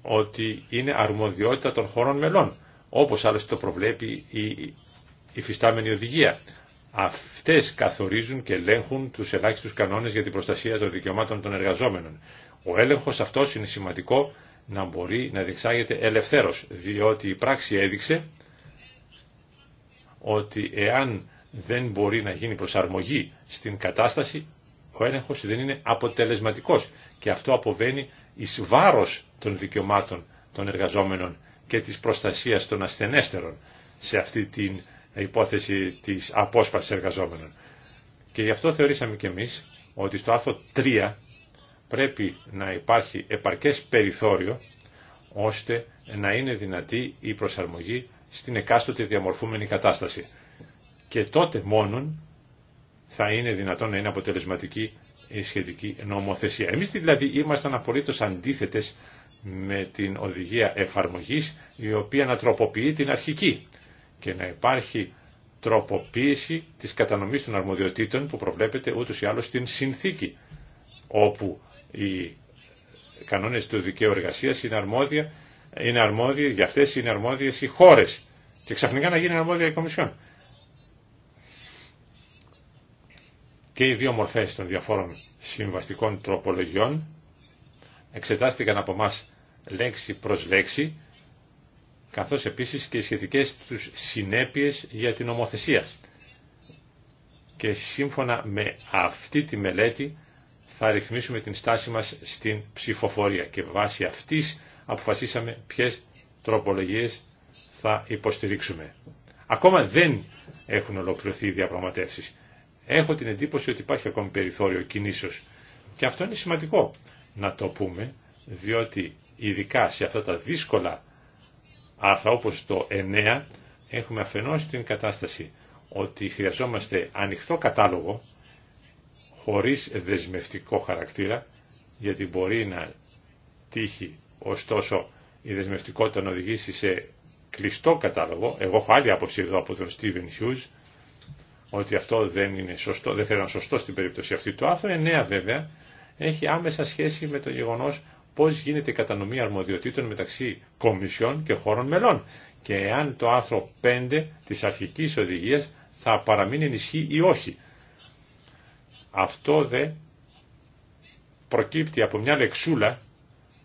ότι είναι αρμοδιότητα των χωρών μελών, όπως άλλωστε το προβλέπει η υφιστάμενη οδηγία. Αυτές καθορίζουν και ελέγχουν τους ελάχιστους κανόνες για την προστασία των δικαιωμάτων των εργαζόμενων. Ο έλεγχος αυτός είναι σημαντικό να μπορεί να διεξάγεται ελευθέρως, διότι η πράξη έδειξε ότι εάν δεν μπορεί να γίνει προσαρμογή στην κατάσταση, ο έλεγχος δεν είναι αποτελεσματικός και αυτό αποβαίνει εις βάρος των δικαιωμάτων των εργαζόμενων και της προστασίας των ασθενέστερων σε αυτή την υπόθεση της απόσπασης εργαζόμενων. Και γι' αυτό θεωρήσαμε και εμείς ότι στο άρθρο 3 πρέπει να υπάρχει επαρκές περιθώριο ώστε να είναι δυνατή η προσαρμογή στην εκάστοτε διαμορφούμενη κατάσταση. Και τότε μόνον θα είναι δυνατόν να είναι αποτελεσματική η σχετική νομοθεσία. Εμείς δηλαδή ήμασταν απολύτως αντίθετες με την οδηγία εφαρμογής η οποία να τροποποιεί την αρχική και να υπάρχει τροποποίηση της κατανομής των αρμοδιοτήτων που προβλέπεται ούτως ή άλλως στην συνθήκη όπου οι κανόνες του δικαίου είναι αρμόδια, είναι αρμόδιες, για αυτές είναι αρμόδιες οι χώρες και ξαφνικά να γίνει αρμόδια η Κομισιόν. Και οι δύο μορφές των διαφόρων συμβαστικών τροπολογιών εξετάστηκαν από εμά λέξη προς λέξη, καθώς επίσης και οι σχετικές τους συνέπειες για την ομοθεσία. Και σύμφωνα με αυτή τη μελέτη θα ρυθμίσουμε την στάση μας στην ψηφοφορία και βάσει αυτής αποφασίσαμε ποιες τροπολογίες θα υποστηρίξουμε. Ακόμα δεν έχουν ολοκληρωθεί οι διαπραγματεύσεις. Έχω την εντύπωση ότι υπάρχει ακόμη περιθώριο κινήσεως και αυτό είναι σημαντικό να το πούμε διότι ειδικά σε αυτά τα δύσκολα άρθρα όπως το 9 έχουμε αφενός την κατάσταση ότι χρειαζόμαστε ανοιχτό κατάλογο χωρίς δεσμευτικό χαρακτήρα, γιατί μπορεί να τύχει ωστόσο η δεσμευτικότητα να οδηγήσει σε κλειστό κατάλογο. Εγώ έχω άλλη άποψη εδώ από τον Στίβεν Hughes, ότι αυτό δεν, είναι σωστό, δεν θα ήταν σωστό στην περίπτωση αυτή. του άρθρο 9 βέβαια έχει άμεσα σχέση με το γεγονός πώς γίνεται η κατανομή αρμοδιοτήτων μεταξύ κομισιών και χώρων μελών και εάν το άρθρο 5 της αρχικής οδηγίας θα παραμείνει ενισχύ ή όχι. Αυτό δε προκύπτει από μια λεξούλα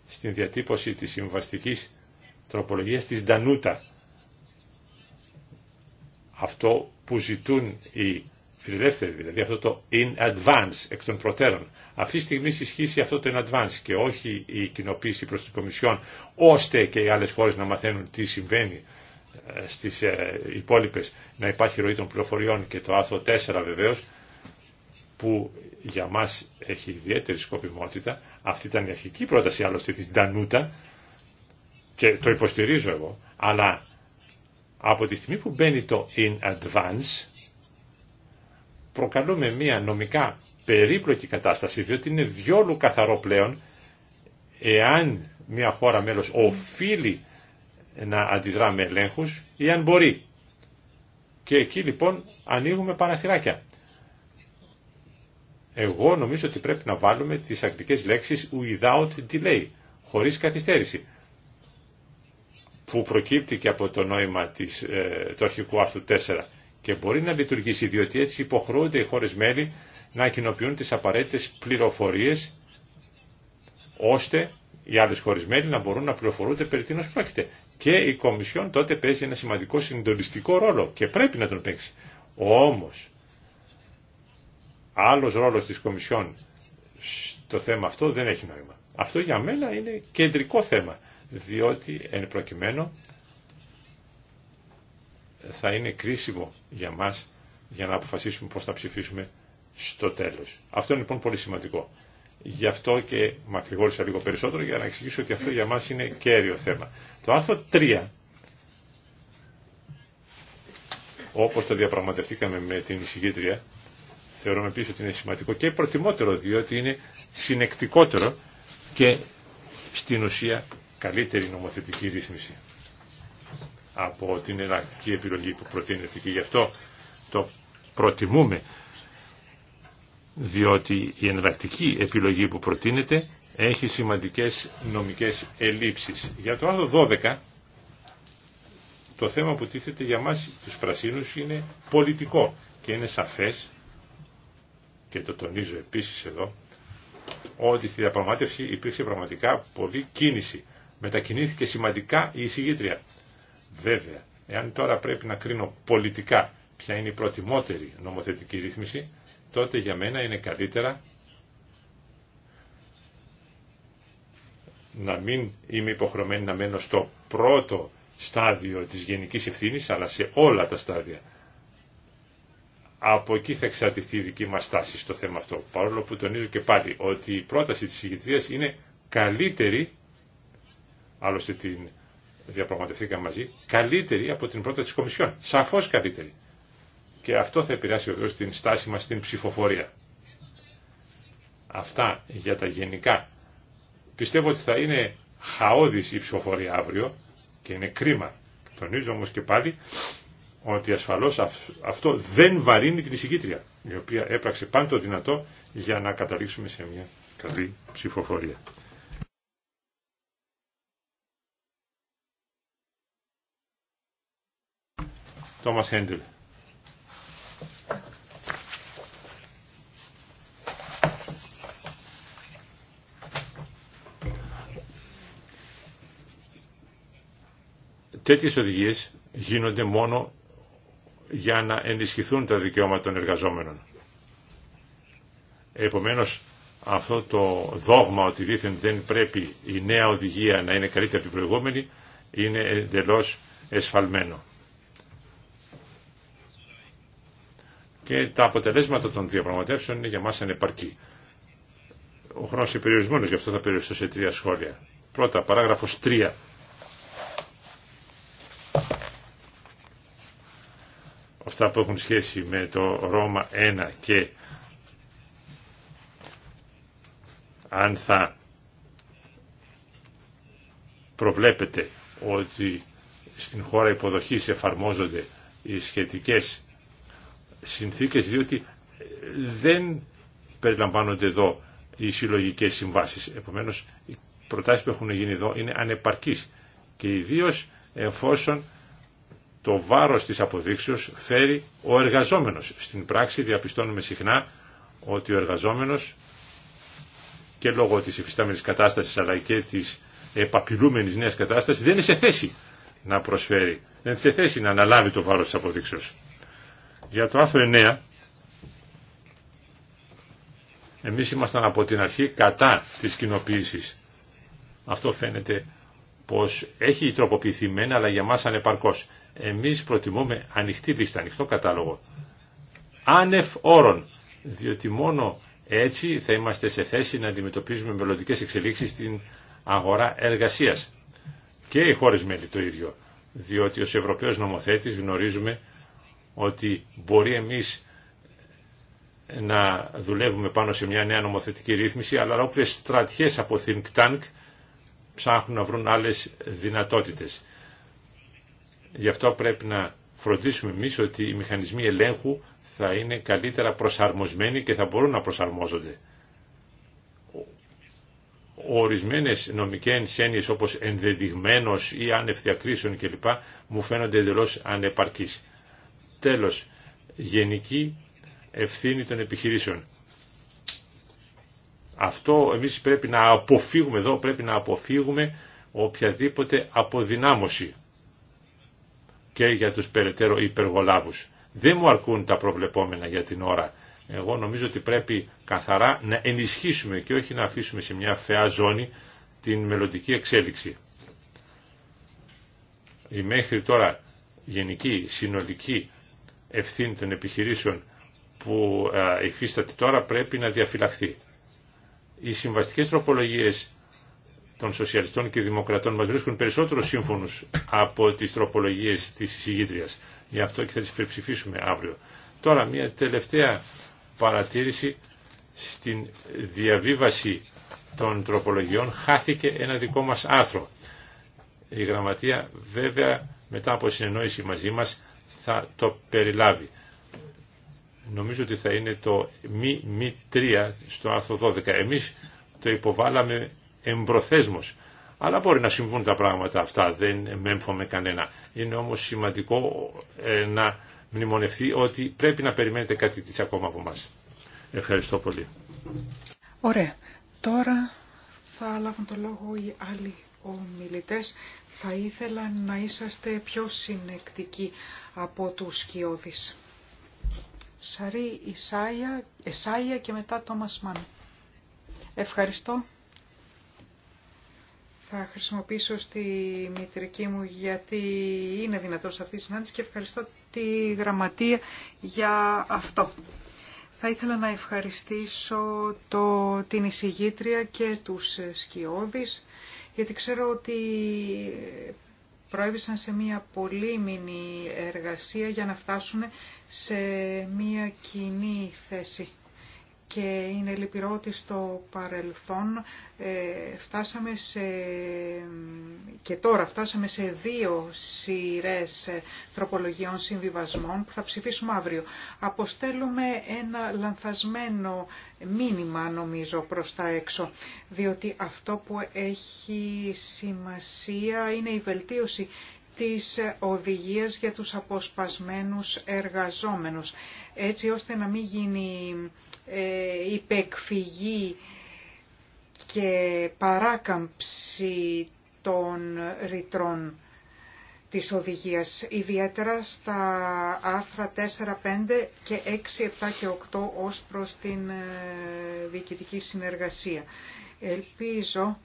στην διατύπωση της συμβαστικής τροπολογίας της Ντανούτα. Αυτό που ζητούν οι φιλελεύθεροι, δηλαδή αυτό το in advance, εκ των προτέρων. Αυτή τη στιγμή ισχύσει αυτό το in advance και όχι η κοινοποίηση προς την Κομισιόν, ώστε και οι άλλες χώρες να μαθαίνουν τι συμβαίνει ε, στις ε, υπόλοιπες, να υπάρχει ροή των πληροφοριών και το άρθρο 4 βεβαίως, που για μας έχει ιδιαίτερη σκοπιμότητα. Αυτή ήταν η αρχική πρόταση άλλωστε της Ντανούτα και το υποστηρίζω εγώ, αλλά από τη στιγμή που μπαίνει το in advance προκαλούμε μια νομικά περίπλοκη κατάσταση διότι είναι διόλου καθαρό πλέον εάν μια χώρα μέλος οφείλει να αντιδρά με ελέγχους ή αν μπορεί. Και εκεί λοιπόν ανοίγουμε παραθυράκια. Εγώ νομίζω ότι πρέπει να βάλουμε τις αγγλικές λέξεις without delay, χωρίς καθυστέρηση, που προκύπτει και από το νόημα της, ε, του αρχικού άρθρου 4 και μπορεί να λειτουργήσει, διότι έτσι υποχρεούνται οι χώρες μέλη να κοινοποιούν τις απαραίτητες πληροφορίες, ώστε οι άλλες χώρες μέλη να μπορούν να πληροφορούνται περί τίνος πρόκειται. Και η Κομισιόν τότε παίζει ένα σημαντικό συντονιστικό ρόλο και πρέπει να τον παίξει. Όμως, άλλος ρόλος της Κομισιόν στο θέμα αυτό δεν έχει νόημα. Αυτό για μένα είναι κεντρικό θέμα, διότι εν προκειμένου θα είναι κρίσιμο για μας για να αποφασίσουμε πώς θα ψηφίσουμε στο τέλος. Αυτό είναι λοιπόν πολύ σημαντικό. Γι' αυτό και μακρηγόρησα λίγο περισσότερο για να εξηγήσω ότι αυτό για μας είναι κέριο θέμα. Το άρθρο 3, όπως το διαπραγματευτήκαμε με την εισηγήτρια, Θεωρούμε επίσης ότι είναι σημαντικό και προτιμότερο διότι είναι συνεκτικότερο και στην ουσία καλύτερη νομοθετική ρύθμιση από την εναλλακτική επιλογή που προτείνεται και γι' αυτό το προτιμούμε διότι η εναλλακτική επιλογή που προτείνεται έχει σημαντικές νομικές ελλείψεις. Για το άλλο 12 το θέμα που τίθεται για μας τους πρασίνους είναι πολιτικό και είναι σαφές και το τονίζω επίσης εδώ, ότι στη διαπραγμάτευση υπήρξε πραγματικά πολλή κίνηση. Μετακινήθηκε σημαντικά η εισηγήτρια. Βέβαια, εάν τώρα πρέπει να κρίνω πολιτικά ποια είναι η προτιμότερη νομοθετική ρύθμιση, τότε για μένα είναι καλύτερα να μην είμαι υποχρεωμένη να μένω στο πρώτο στάδιο της γενικής ευθύνης, αλλά σε όλα τα στάδια από εκεί θα εξαρτηθεί η δική μας στάση στο θέμα αυτό. Παρόλο που τονίζω και πάλι ότι η πρόταση της ηγητρίας είναι καλύτερη, άλλωστε την διαπραγματευθήκαμε μαζί, καλύτερη από την πρόταση της Κομισιόν. Σαφώς καλύτερη. Και αυτό θα επηρεάσει βεβαίως την στάση μας στην ψηφοφορία. Αυτά για τα γενικά. Πιστεύω ότι θα είναι χαόδης η ψηφοφορία αύριο και είναι κρίμα. Τονίζω όμως και πάλι ότι ασφαλώς αυτό δεν βαρύνει την εισηγήτρια, η οποία έπραξε πάντα το δυνατό για να καταλήξουμε σε μια καλή ψηφοφορία. Τόμας Χέντελ. Τέτοιες οδηγίες γίνονται μόνο για να ενισχυθούν τα δικαιώματα των εργαζόμενων. Επομένως, αυτό το δόγμα ότι δήθεν δεν πρέπει η νέα οδηγία να είναι καλύτερη από την προηγούμενη είναι εντελώς εσφαλμένο. Και τα αποτελέσματα των διαπραγματεύσεων είναι για μας ανεπαρκή. Ο χρόνος είναι περιορισμένος, γι' αυτό θα περιοριστώ σε τρία σχόλια. Πρώτα, παράγραφος 3 αυτά που έχουν σχέση με το Ρώμα 1 και αν θα προβλέπετε ότι στην χώρα υποδοχής εφαρμόζονται οι σχετικές συνθήκες διότι δεν περιλαμβάνονται εδώ οι συλλογικές συμβάσεις. Επομένως, οι προτάσεις που έχουν γίνει εδώ είναι ανεπαρκείς και ιδίως εφόσον το βάρος της αποδείξεως φέρει ο εργαζόμενος. Στην πράξη διαπιστώνουμε συχνά ότι ο εργαζόμενος και λόγω της υφιστάμενης κατάστασης αλλά και της επαπειλούμενης νέας κατάστασης δεν είναι σε θέση να προσφέρει, δεν είναι σε θέση να αναλάβει το βάρος της αποδείξεως. Για το άρθρο 9, εμείς ήμασταν από την αρχή κατά της κοινοποίηση. Αυτό φαίνεται πως έχει τροποποιηθεί μένα αλλά για μας ανεπαρκώς. Εμείς προτιμούμε ανοιχτή λίστα, ανοιχτό κατάλογο. Άνευ όρων, διότι μόνο έτσι θα είμαστε σε θέση να αντιμετωπίζουμε μελλοντικές εξελίξεις στην αγορά εργασίας. Και οι χώρες μέλη το ίδιο, διότι ως Ευρωπαίος νομοθέτης γνωρίζουμε ότι μπορεί εμείς να δουλεύουμε πάνω σε μια νέα νομοθετική ρύθμιση, αλλά όποιες στρατιές από think tank ψάχνουν να βρουν άλλες δυνατότητες. Γι' αυτό πρέπει να φροντίσουμε εμεί ότι οι μηχανισμοί ελέγχου θα είναι καλύτερα προσαρμοσμένοι και θα μπορούν να προσαρμόζονται. Ορισμένες νομικέ έννοιες όπως ενδεδειγμένο ή ανευθιακρίσεων κλπ. μου φαίνονται εντελώ ανεπαρκείς. Τέλος, γενική ευθύνη των επιχειρήσεων. Αυτό εμείς πρέπει να αποφύγουμε εδώ, πρέπει να αποφύγουμε οποιαδήποτε αποδυνάμωση και για τους περαιτέρω υπεργολάβους. Δεν μου αρκούν τα προβλεπόμενα για την ώρα. Εγώ νομίζω ότι πρέπει καθαρά να ενισχύσουμε και όχι να αφήσουμε σε μια φαιά ζώνη την μελλοντική εξέλιξη. Η μέχρι τώρα γενική, συνολική ευθύνη των επιχειρήσεων που ε, υφίσταται τώρα πρέπει να διαφυλαχθεί. Οι συμβαστικές τροπολογίες των Σοσιαλιστών και Δημοκρατών μας βρίσκουν περισσότερο σύμφωνους από τις τροπολογίες της Συγγήτριας. Γι' αυτό και θα τις υπερψηφίσουμε αύριο. Τώρα μια τελευταία παρατήρηση στην διαβίβαση των τροπολογιών χάθηκε ένα δικό μας άρθρο. Η γραμματεία βέβαια μετά από συνεννόηση μαζί μας θα το περιλάβει. Νομίζω ότι θα είναι το μη μη 3 στο άρθρο 12. Εμείς το υποβάλαμε εμπροθέσμος. Αλλά μπορεί να συμβούν τα πράγματα αυτά, δεν με κανένα. Είναι όμως σημαντικό ε, να μνημονευτεί ότι πρέπει να περιμένετε κάτι της ακόμα από μας. Ευχαριστώ πολύ. Ωραία. Τώρα θα λάβουν το λόγο οι άλλοι ομιλητές. Θα ήθελα να είσαστε πιο συνεκτικοί από τους σκιώδεις. Σαρή Ισάια, Εσάια και μετά Τόμας Μάν. Ευχαριστώ θα χρησιμοποιήσω στη μητρική μου γιατί είναι δυνατό σε αυτή τη συνάντηση και ευχαριστώ τη Γραμματεία για αυτό. Θα ήθελα να ευχαριστήσω το, την εισηγήτρια και τους σκιώδεις γιατί ξέρω ότι προέβησαν σε μια πολύμηνη εργασία για να φτάσουν σε μια κοινή θέση και είναι λυπηρό ότι στο παρελθόν ε, φτάσαμε σε, και τώρα φτάσαμε σε δύο σειρές ε, τροπολογιών συμβιβασμών που θα ψηφίσουμε αύριο. Αποστέλουμε ένα λανθασμένο μήνυμα νομίζω προς τα έξω, διότι αυτό που έχει σημασία είναι η βελτίωση της οδηγίας για τους αποσπασμένους εργαζόμενους, έτσι ώστε να μην γίνει ε, υπεκφυγή και παράκαμψη των ρητρών της οδηγίας, ιδιαίτερα στα άρθρα 4, 5 και 6, 7 και 8 ως προς την ε, διοικητική συνεργασία. Ελπίζω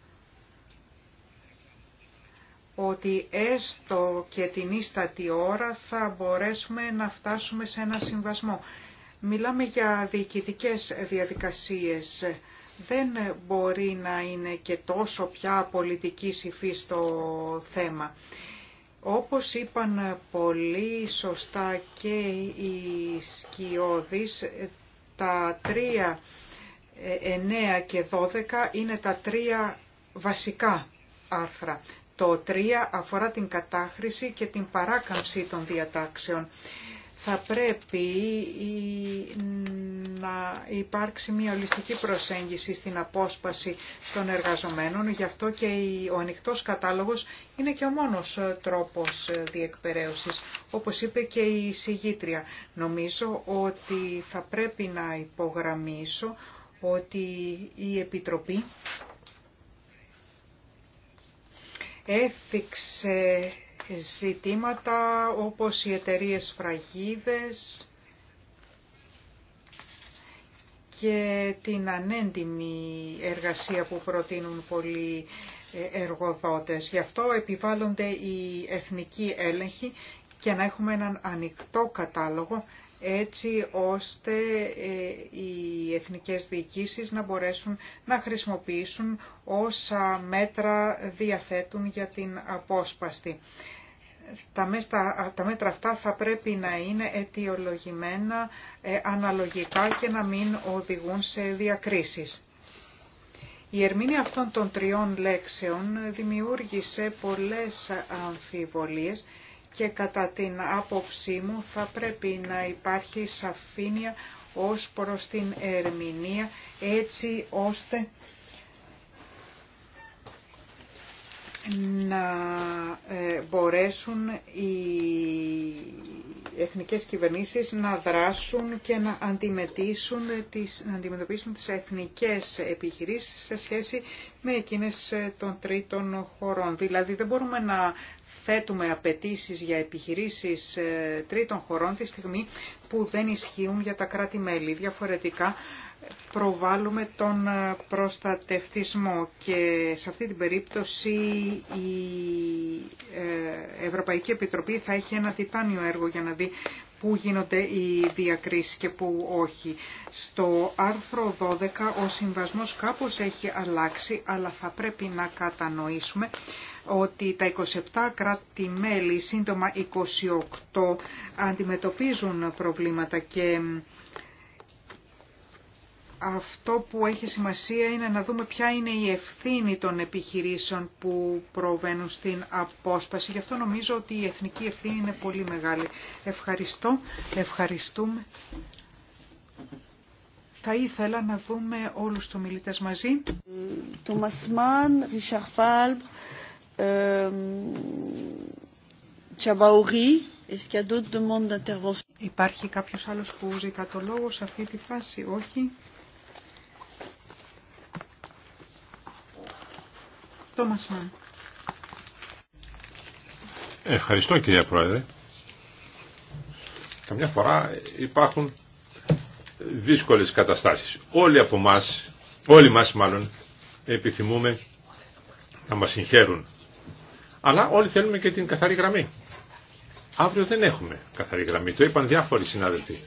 ότι έστω και την ίστατη ώρα θα μπορέσουμε να φτάσουμε σε ένα συμβασμό. Μιλάμε για διοικητικές διαδικασίες. Δεν μπορεί να είναι και τόσο πια πολιτική υφή το θέμα. Όπως είπαν πολύ σωστά και οι σκιώδεις, τα 3, 9 ε, και 12 είναι τα τρία βασικά άρθρα. Το 3 αφορά την κατάχρηση και την παράκαμψη των διατάξεων. Θα πρέπει να υπάρξει μια ολιστική προσέγγιση στην απόσπαση των εργαζομένων, γι' αυτό και ο ανοιχτό κατάλογος είναι και ο μόνος ε, τρόπος ε, διεκπαιρέωσης, όπως είπε και η συγγήτρια. Νομίζω ότι θα πρέπει να υπογραμμίσω ότι η Επιτροπή έθιξε ζητήματα όπως οι εταιρείες φραγίδες και την ανέντιμη εργασία που προτείνουν πολλοί ε, εργοδότες. Γι' αυτό επιβάλλονται οι εθνικοί έλεγχοι και να έχουμε έναν ανοιχτό κατάλογο έτσι ώστε ε, οι εθνικές διοικήσεις να μπορέσουν να χρησιμοποιήσουν όσα μέτρα διαθέτουν για την απόσπαστη. Τα, μέτρα αυτά θα πρέπει να είναι αιτιολογημένα, ε, αναλογικά και να μην οδηγούν σε διακρίσεις. Η ερμήνεια αυτών των τριών λέξεων δημιούργησε πολλές αμφιβολίες και κατά την άποψή μου θα πρέπει να υπάρχει σαφήνεια ως προς την ερμηνεία έτσι ώστε να ε, μπορέσουν οι εθνικές κυβερνήσεις να δράσουν και να αντιμετήσουν τις, αντιμετωπίσουν τις εθνικές επιχειρήσεις σε σχέση με εκείνες των τρίτων χωρών. Δηλαδή δεν μπορούμε να θέτουμε απαιτήσει για επιχειρήσει ε, τρίτων χωρών τη στιγμή που δεν ισχύουν για τα κράτη-μέλη. Διαφορετικά προβάλλουμε τον ε, προστατευτισμό και σε αυτή την περίπτωση η ε, Ευρωπαϊκή Επιτροπή θα έχει ένα τιτάνιο έργο για να δει πού γίνονται οι διακρίσεις και πού όχι. Στο άρθρο 12 ο συμβασμός κάπως έχει αλλάξει, αλλά θα πρέπει να κατανοήσουμε ότι τα 27 κράτη-μέλη, σύντομα 28, αντιμετωπίζουν προβλήματα και αυτό που έχει σημασία είναι να δούμε ποια είναι η ευθύνη των επιχειρήσεων που προβαίνουν στην απόσπαση. Γι' αυτό νομίζω ότι η εθνική ευθύνη είναι πολύ μεγάλη. Ευχαριστώ, ευχαριστούμε. Θα ήθελα να δούμε όλους τους μιλητές μαζί. Μασμάν ε, Υπάρχει κάποιος άλλος που ζητά το λόγο σε αυτή τη φάση, όχι. Τόμας Ευχαριστώ κυρία Πρόεδρε. Καμιά φορά υπάρχουν δύσκολες καταστάσεις. Όλοι από μας, όλοι μας μάλλον, επιθυμούμε να μας συγχαίρουν αλλά όλοι θέλουμε και την καθαρή γραμμή. Αύριο δεν έχουμε καθαρή γραμμή. Το είπαν διάφοροι συνάδελφοι.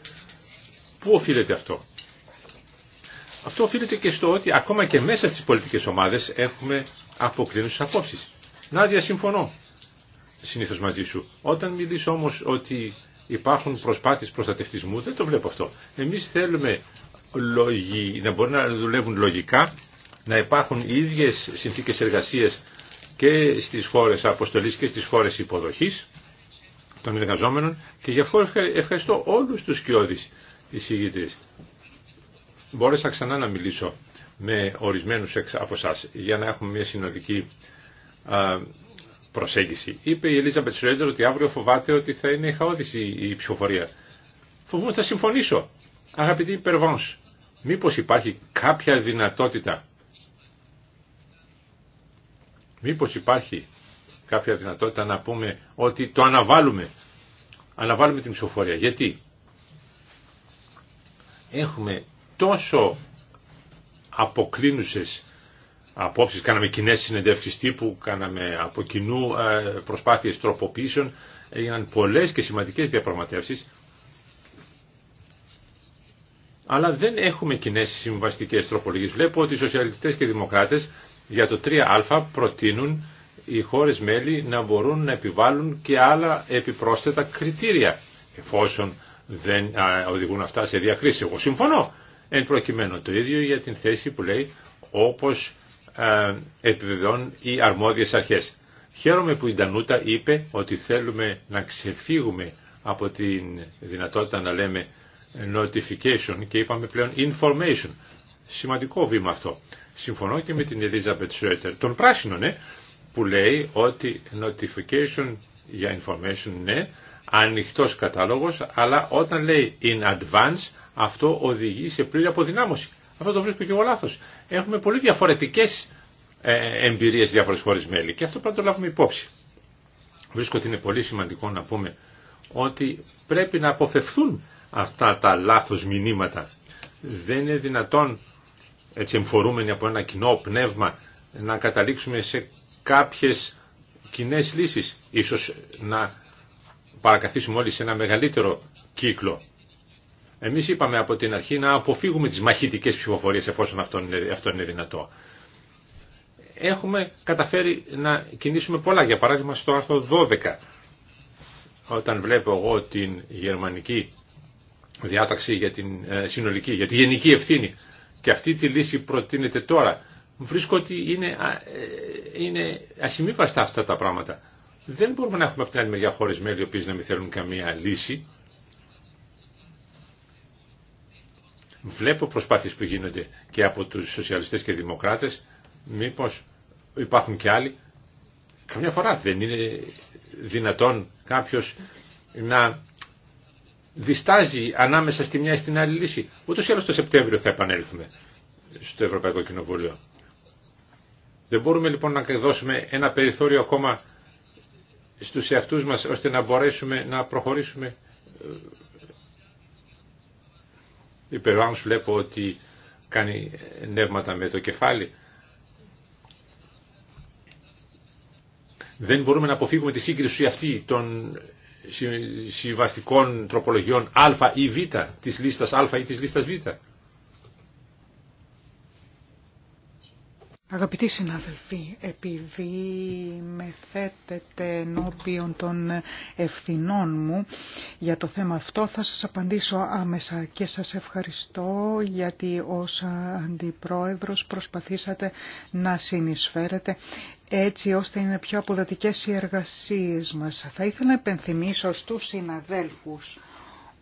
Πού οφείλεται αυτό. Αυτό οφείλεται και στο ότι ακόμα και μέσα στις πολιτικές ομάδες έχουμε αποκλίνουσες απόψεις. Να διασυμφωνώ συνήθως μαζί σου. Όταν μιλήσω όμως ότι υπάρχουν προσπάθειες προστατευτισμού, δεν το βλέπω αυτό. Εμείς θέλουμε να μπορεί να δουλεύουν λογικά, να υπάρχουν οι ίδιες συνθήκες εργασίας και στις χώρες αποστολής και στις χώρες υποδοχής των εργαζόμενων και γι' αυτό ευχαριστώ όλους τους κοιόδης εισηγητής. Μπόρεσα ξανά να μιλήσω με ορισμένους από εσά για να έχουμε μια συνολική προσέγγιση. Είπε η Ελίζα Μπετσουρέντερ ότι αύριο φοβάται ότι θα είναι χαόδηση η ψηφοφορία. Φοβούμαι ότι θα συμφωνήσω. Αγαπητή Περβάνς, μήπως υπάρχει κάποια δυνατότητα Μήπως υπάρχει κάποια δυνατότητα να πούμε ότι το αναβάλουμε. Αναβάλουμε την ψηφοφορία. Γιατί έχουμε τόσο αποκλίνουσες απόψεις, κάναμε κοινέ συνεντεύξεις τύπου, κάναμε από κοινού ε, προσπάθειες τροποποίησεων, έγιναν πολλές και σημαντικές διαπραγματεύσεις, αλλά δεν έχουμε κοινέ συμβαστικές τροπολογίε. Βλέπω ότι οι σοσιαλιστέ και οι δημοκράτες για το 3α προτείνουν οι χώρες μέλη να μπορούν να επιβάλλουν και άλλα επιπρόσθετα κριτήρια εφόσον δεν οδηγούν αυτά σε διακρίση. Εγώ συμφωνώ. Εν προκειμένου το ίδιο για την θέση που λέει όπως επιβεβαιώνουν οι αρμόδιες αρχές. Χαίρομαι που η Ντανούτα είπε ότι θέλουμε να ξεφύγουμε από τη δυνατότητα να λέμε notification και είπαμε πλέον information. Σημαντικό βήμα αυτό. Συμφωνώ και με την Elizabeth Βετσουέτερ, τον πράσινων, ναι, που λέει ότι notification για information, ναι, ανοιχτός κατάλογος, αλλά όταν λέει in advance, αυτό οδηγεί σε πλήρη αποδυνάμωση. Αυτό το βρίσκω και εγώ λάθος. Έχουμε πολύ διαφορετικές εμπειρίε εμπειρίες διάφορες χώρες μέλη και αυτό πρέπει να το λάβουμε υπόψη. Βρίσκω ότι είναι πολύ σημαντικό να πούμε ότι πρέπει να αποφευθούν αυτά τα λάθος μηνύματα. Δεν είναι δυνατόν έτσι εμφορούμενοι από ένα κοινό πνεύμα να καταλήξουμε σε κάποιες κοινέ λύσεις. Ίσως να παρακαθίσουμε όλοι σε ένα μεγαλύτερο κύκλο. Εμείς είπαμε από την αρχή να αποφύγουμε τις μαχητικές ψηφοφορίες εφόσον αυτό είναι, αυτό είναι δυνατό. Έχουμε καταφέρει να κινήσουμε πολλά. Για παράδειγμα στο άρθρο 12 όταν βλέπω εγώ την γερμανική διάταξη για την ε, συνολική, για τη γενική ευθύνη και αυτή τη λύση προτείνεται τώρα. Βρίσκω ότι είναι, ε, είναι ασημίβαστα αυτά τα πράγματα. Δεν μπορούμε να έχουμε από την άλλη μεριά χώρες μέλη οι οποίες να μην θέλουν καμία λύση. Βλέπω προσπάθειες που γίνονται και από τους σοσιαλιστές και δημοκράτες. Μήπως υπάρχουν και άλλοι. Καμιά φορά δεν είναι δυνατόν κάποιος να διστάζει ανάμεσα στη μια ή στην άλλη λύση. Ούτως ή άλλως το Σεπτέμβριο θα επανέλθουμε στο Ευρωπαϊκό Κοινοβούλιο. Δεν μπορούμε λοιπόν να δώσουμε ένα περιθώριο ακόμα στους εαυτούς μας ώστε να μπορέσουμε να προχωρήσουμε. Η ε, Περβάνος βλέπω ότι κάνει προχωρησουμε η σου βλεπω οτι κανει νευματα με το κεφάλι. Δεν μπορούμε να αποφύγουμε τη σύγκριση αυτή των συμβαστικών τροπολογιών α ή β, της λίστας α ή της λίστας β. Αγαπητοί συνάδελφοι, επειδή με θέτετε ενώπιον των ευθυνών μου για το θέμα αυτό, θα σας απαντήσω άμεσα και σας ευχαριστώ γιατί ως αντιπρόεδρος προσπαθήσατε να συνεισφέρετε έτσι ώστε είναι πιο αποδοτικές οι εργασίες μας. Θα ήθελα να επενθυμίσω στους συναδέλφους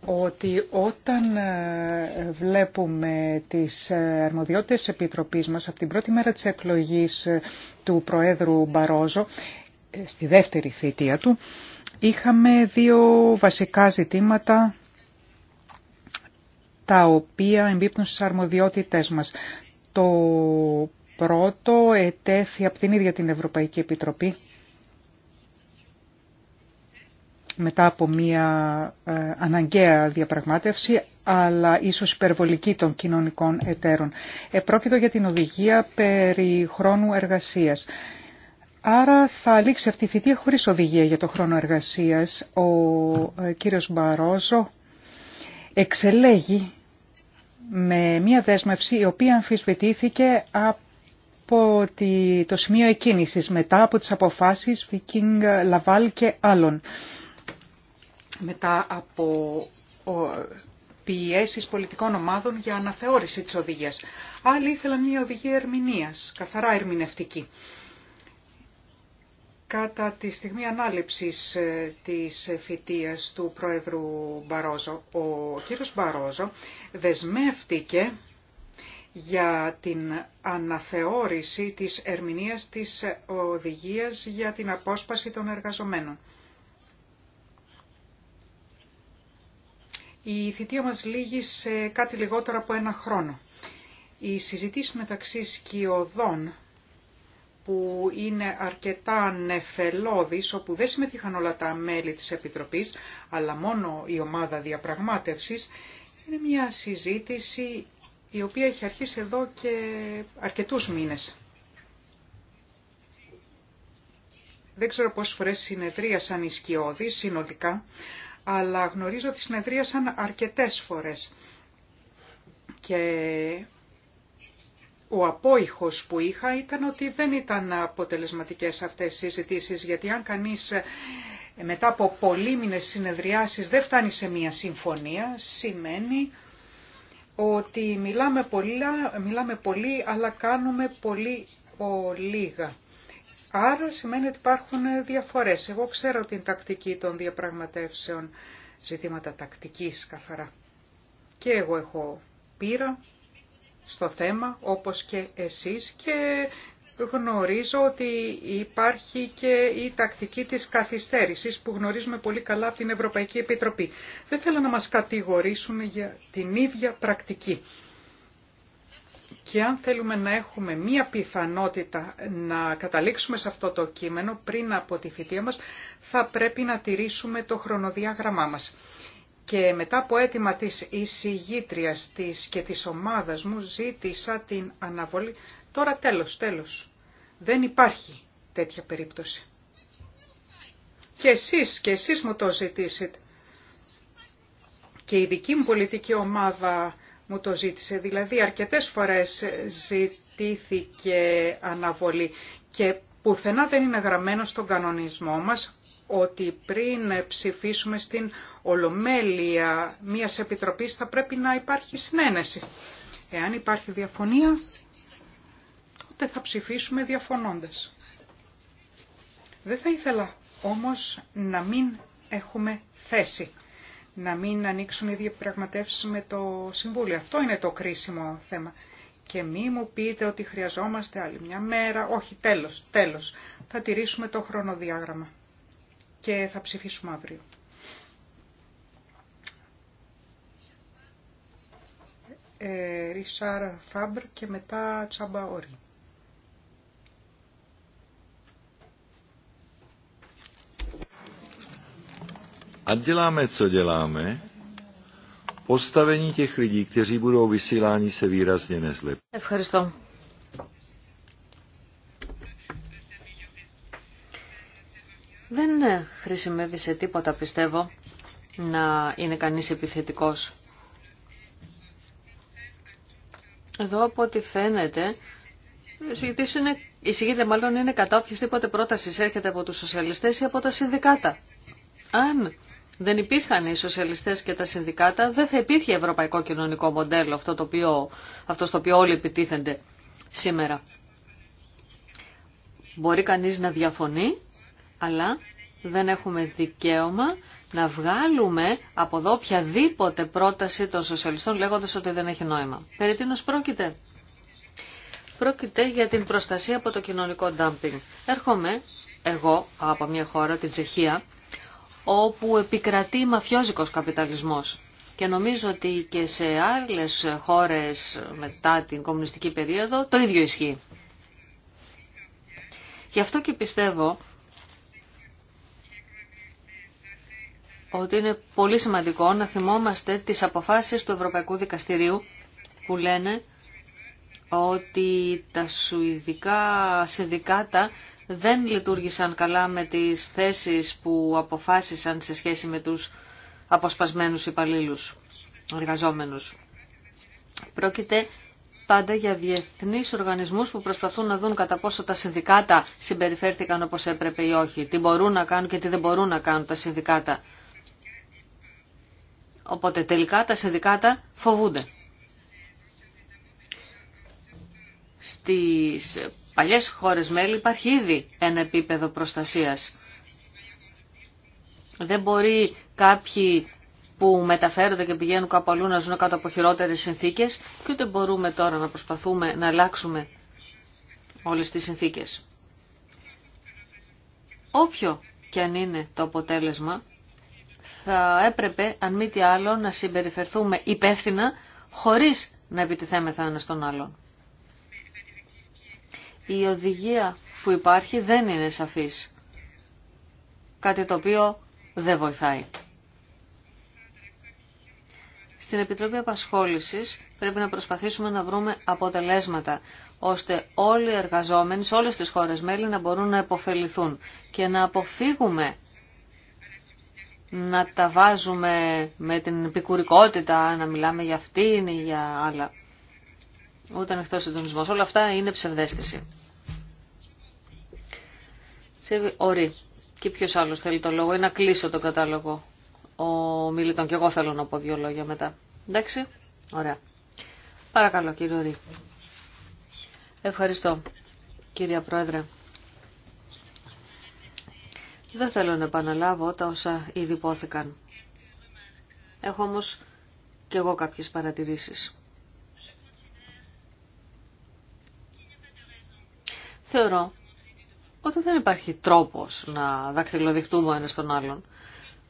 ότι όταν ε, βλέπουμε τις ε, αρμοδιότητες της Επιτροπής μας από την πρώτη μέρα της εκλογής ε, του Προέδρου Μπαρόζο, στη δεύτερη θητεία του, είχαμε δύο βασικά ζητήματα τα οποία εμπίπτουν στις αρμοδιότητες μας. Το πρώτο ετέθη από την ίδια την Ευρωπαϊκή Επιτροπή μετά από μια ε, αναγκαία διαπραγμάτευση, αλλά ίσως υπερβολική των κοινωνικών εταίρων. Επρόκειτο για την οδηγία περί χρόνου εργασίας. Άρα θα λήξει αυτή η θητεία χωρίς οδηγία για το χρόνο εργασίας. Ο ε, κύριος Μπαρόζο εξελέγει με μια δέσμευση η οποία αμφισβητήθηκε από το σημείο εκκίνησης μετά από τις αποφάσεις Viking Λαβάλ και άλλων μετά από πιέσεις πολιτικών ομάδων για αναθεώρηση της οδηγίας. Άλλοι ήθελαν μια οδηγία ερμηνείας, καθαρά ερμηνευτική. Κατά τη στιγμή ανάληψης ε, της φοιτείας του Πρόεδρου Μπαρόζο, ο κύριος Μπαρόζο δεσμεύτηκε για την αναθεώρηση της ερμηνείας της οδηγίας για την απόσπαση των εργαζομένων. Η θητεία μας λύγει σε κάτι λιγότερο από ένα χρόνο. Η συζήτηση μεταξύ σκιωδών που είναι αρκετά νεφελώδης, όπου δεν συμμετείχαν όλα τα μέλη της Επιτροπής, αλλά μόνο η ομάδα διαπραγμάτευσης, είναι μια συζήτηση η οποία έχει αρχίσει εδώ και αρκετούς μήνες. Δεν ξέρω πόσες φορές συνεδρίασαν οι σκιώδεις συνολικά, αλλά γνωρίζω ότι συνεδρίασαν αρκετές φορές. Και ο απόϊχος που είχα ήταν ότι δεν ήταν αποτελεσματικές αυτές οι συζητήσεις, γιατί αν κανείς ε, μετά από πολλοί μήνες συνεδριάσεις δεν φτάνει σε μία συμφωνία, σημαίνει ότι μιλάμε, πολλά, μιλάμε πολύ αλλά κάνουμε πολύ ο, λίγα. Άρα σημαίνει ότι υπάρχουν διαφορές. Εγώ ξέρω την τακτική των διαπραγματεύσεων, ζητήματα τακτικής καθαρά. Και εγώ έχω πείρα στο θέμα, όπως και εσείς, και γνωρίζω ότι υπάρχει και η τακτική της καθυστέρησης που γνωρίζουμε πολύ καλά από την Ευρωπαϊκή Επιτροπή. Δεν θέλω να μας κατηγορήσουν για την ίδια πρακτική. Και αν θέλουμε να έχουμε μία πιθανότητα να καταλήξουμε σε αυτό το κείμενο πριν από τη φοιτεία μας, θα πρέπει να τηρήσουμε το χρονοδιάγραμμά μας. Και μετά από αίτημα της εισηγήτριας της και της ομάδας μου ζήτησα την αναβολή. Τώρα τέλος, τέλος. Δεν υπάρχει τέτοια περίπτωση. Και εσείς, και εσείς μου το ζητήσετε. Και η δική μου πολιτική ομάδα μου το ζήτησε. Δηλαδή αρκετές φορές ζητήθηκε αναβολή και πουθενά δεν είναι γραμμένο στον κανονισμό μας ότι πριν ψηφίσουμε στην ολομέλεια μιας επιτροπής θα πρέπει να υπάρχει συνένεση. Εάν υπάρχει διαφωνία, τότε θα ψηφίσουμε διαφωνώντας. Δεν θα ήθελα όμως να μην έχουμε θέση να μην ανοίξουν οι διαπραγματεύσει με το Συμβούλιο. Αυτό είναι το κρίσιμο θέμα. Και μη μου πείτε ότι χρειαζόμαστε άλλη μια μέρα. Όχι, τέλος, τέλος. Θα τηρήσουμε το χρονοδιάγραμμα και θα ψηφίσουμε αύριο. Ε, Ρισάρ Φάμπρ και μετά Τσάμπα Όρη. a děláme, co děláme, postavení těch lidí, kteří budou vysíláni, se výrazně nezlepší. Ευχαριστώ. Δεν χρησιμεύει σε τίποτα, πιστεύω, να είναι κανείς επιθετικός. Εδώ από ό,τι φαίνεται, η συγκίτρια μάλλον είναι κατά οποιασδήποτε πρόταση έρχεται από τους σοσιαλιστές ή από τα συνδικάτα. Αν δεν υπήρχαν οι σοσιαλιστές και τα συνδικάτα, δεν θα υπήρχε ευρωπαϊκό κοινωνικό μοντέλο, αυτό, το οποίο, αυτό στο οποίο όλοι επιτίθενται σήμερα. Μπορεί κανείς να διαφωνεί, αλλά δεν έχουμε δικαίωμα να βγάλουμε από εδώ οποιαδήποτε πρόταση των σοσιαλιστών λέγοντας ότι δεν έχει νόημα. Περί τίνος πρόκειται. Πρόκειται για την προστασία από το κοινωνικό ντάμπινγκ. Έρχομαι εγώ από μια χώρα, την Τσεχία, όπου επικρατεί μαφιόζικος καπιταλισμός. Και νομίζω ότι και σε άλλες χώρες μετά την κομμουνιστική περίοδο το ίδιο ισχύει. Γι' αυτό και πιστεύω ότι είναι πολύ σημαντικό να θυμόμαστε τις αποφάσεις του Ευρωπαϊκού Δικαστηρίου που λένε ότι τα σουηδικά συνδικάτα δεν λειτουργήσαν καλά με τις θέσεις που αποφάσισαν σε σχέση με τους αποσπασμένους υπαλλήλους, εργαζόμενους. Πρόκειται πάντα για διεθνείς οργανισμούς που προσπαθούν να δουν κατά πόσο τα συνδικάτα συμπεριφέρθηκαν όπως έπρεπε ή όχι, τι μπορούν να κάνουν και τι δεν μπορούν να κάνουν τα συνδικάτα. Οπότε τελικά τα συνδικάτα φοβούνται. Στις παλιές χώρες μέλη υπάρχει ήδη ένα επίπεδο προστασίας. Δεν μπορεί κάποιοι που μεταφέρονται και πηγαίνουν κάπου αλλού να ζουν κάτω από χειρότερες συνθήκες και ούτε μπορούμε τώρα να προσπαθούμε να αλλάξουμε όλες τις συνθήκες. Όποιο και αν είναι το αποτέλεσμα, θα έπρεπε, αν μη τι άλλο, να συμπεριφερθούμε υπεύθυνα, χωρίς να επιτιθέμεθα ένα στον άλλον η οδηγία που υπάρχει δεν είναι σαφής. Κάτι το οποίο δεν βοηθάει. Στην Επιτροπή Απασχόλησης πρέπει να προσπαθήσουμε να βρούμε αποτελέσματα, ώστε όλοι οι εργαζόμενοι σε όλες τις χώρες μέλη να μπορούν να επωφεληθούν και να αποφύγουμε να τα βάζουμε με την επικουρικότητα, να μιλάμε για αυτήν ή για άλλα ούτε ανοιχτό συντονισμό. Όλα αυτά είναι ψευδέστηση. Τσίβι, Και ποιο άλλο θέλει το λόγο, ή να κλείσω τον κατάλογο. Ο Μίλητον, και εγώ θέλω να πω δύο λόγια μετά. Εντάξει, ωραία. Παρακαλώ, κύριε Ορί. Ευχαριστώ, κυρία Πρόεδρε. Δεν θέλω να επαναλάβω τα όσα ήδη υπόθηκαν. Έχω όμως και εγώ κάποιες παρατηρήσεις. θεωρώ ότι δεν υπάρχει τρόπος να δακτυλοδειχτούμε ο ένας τον άλλον.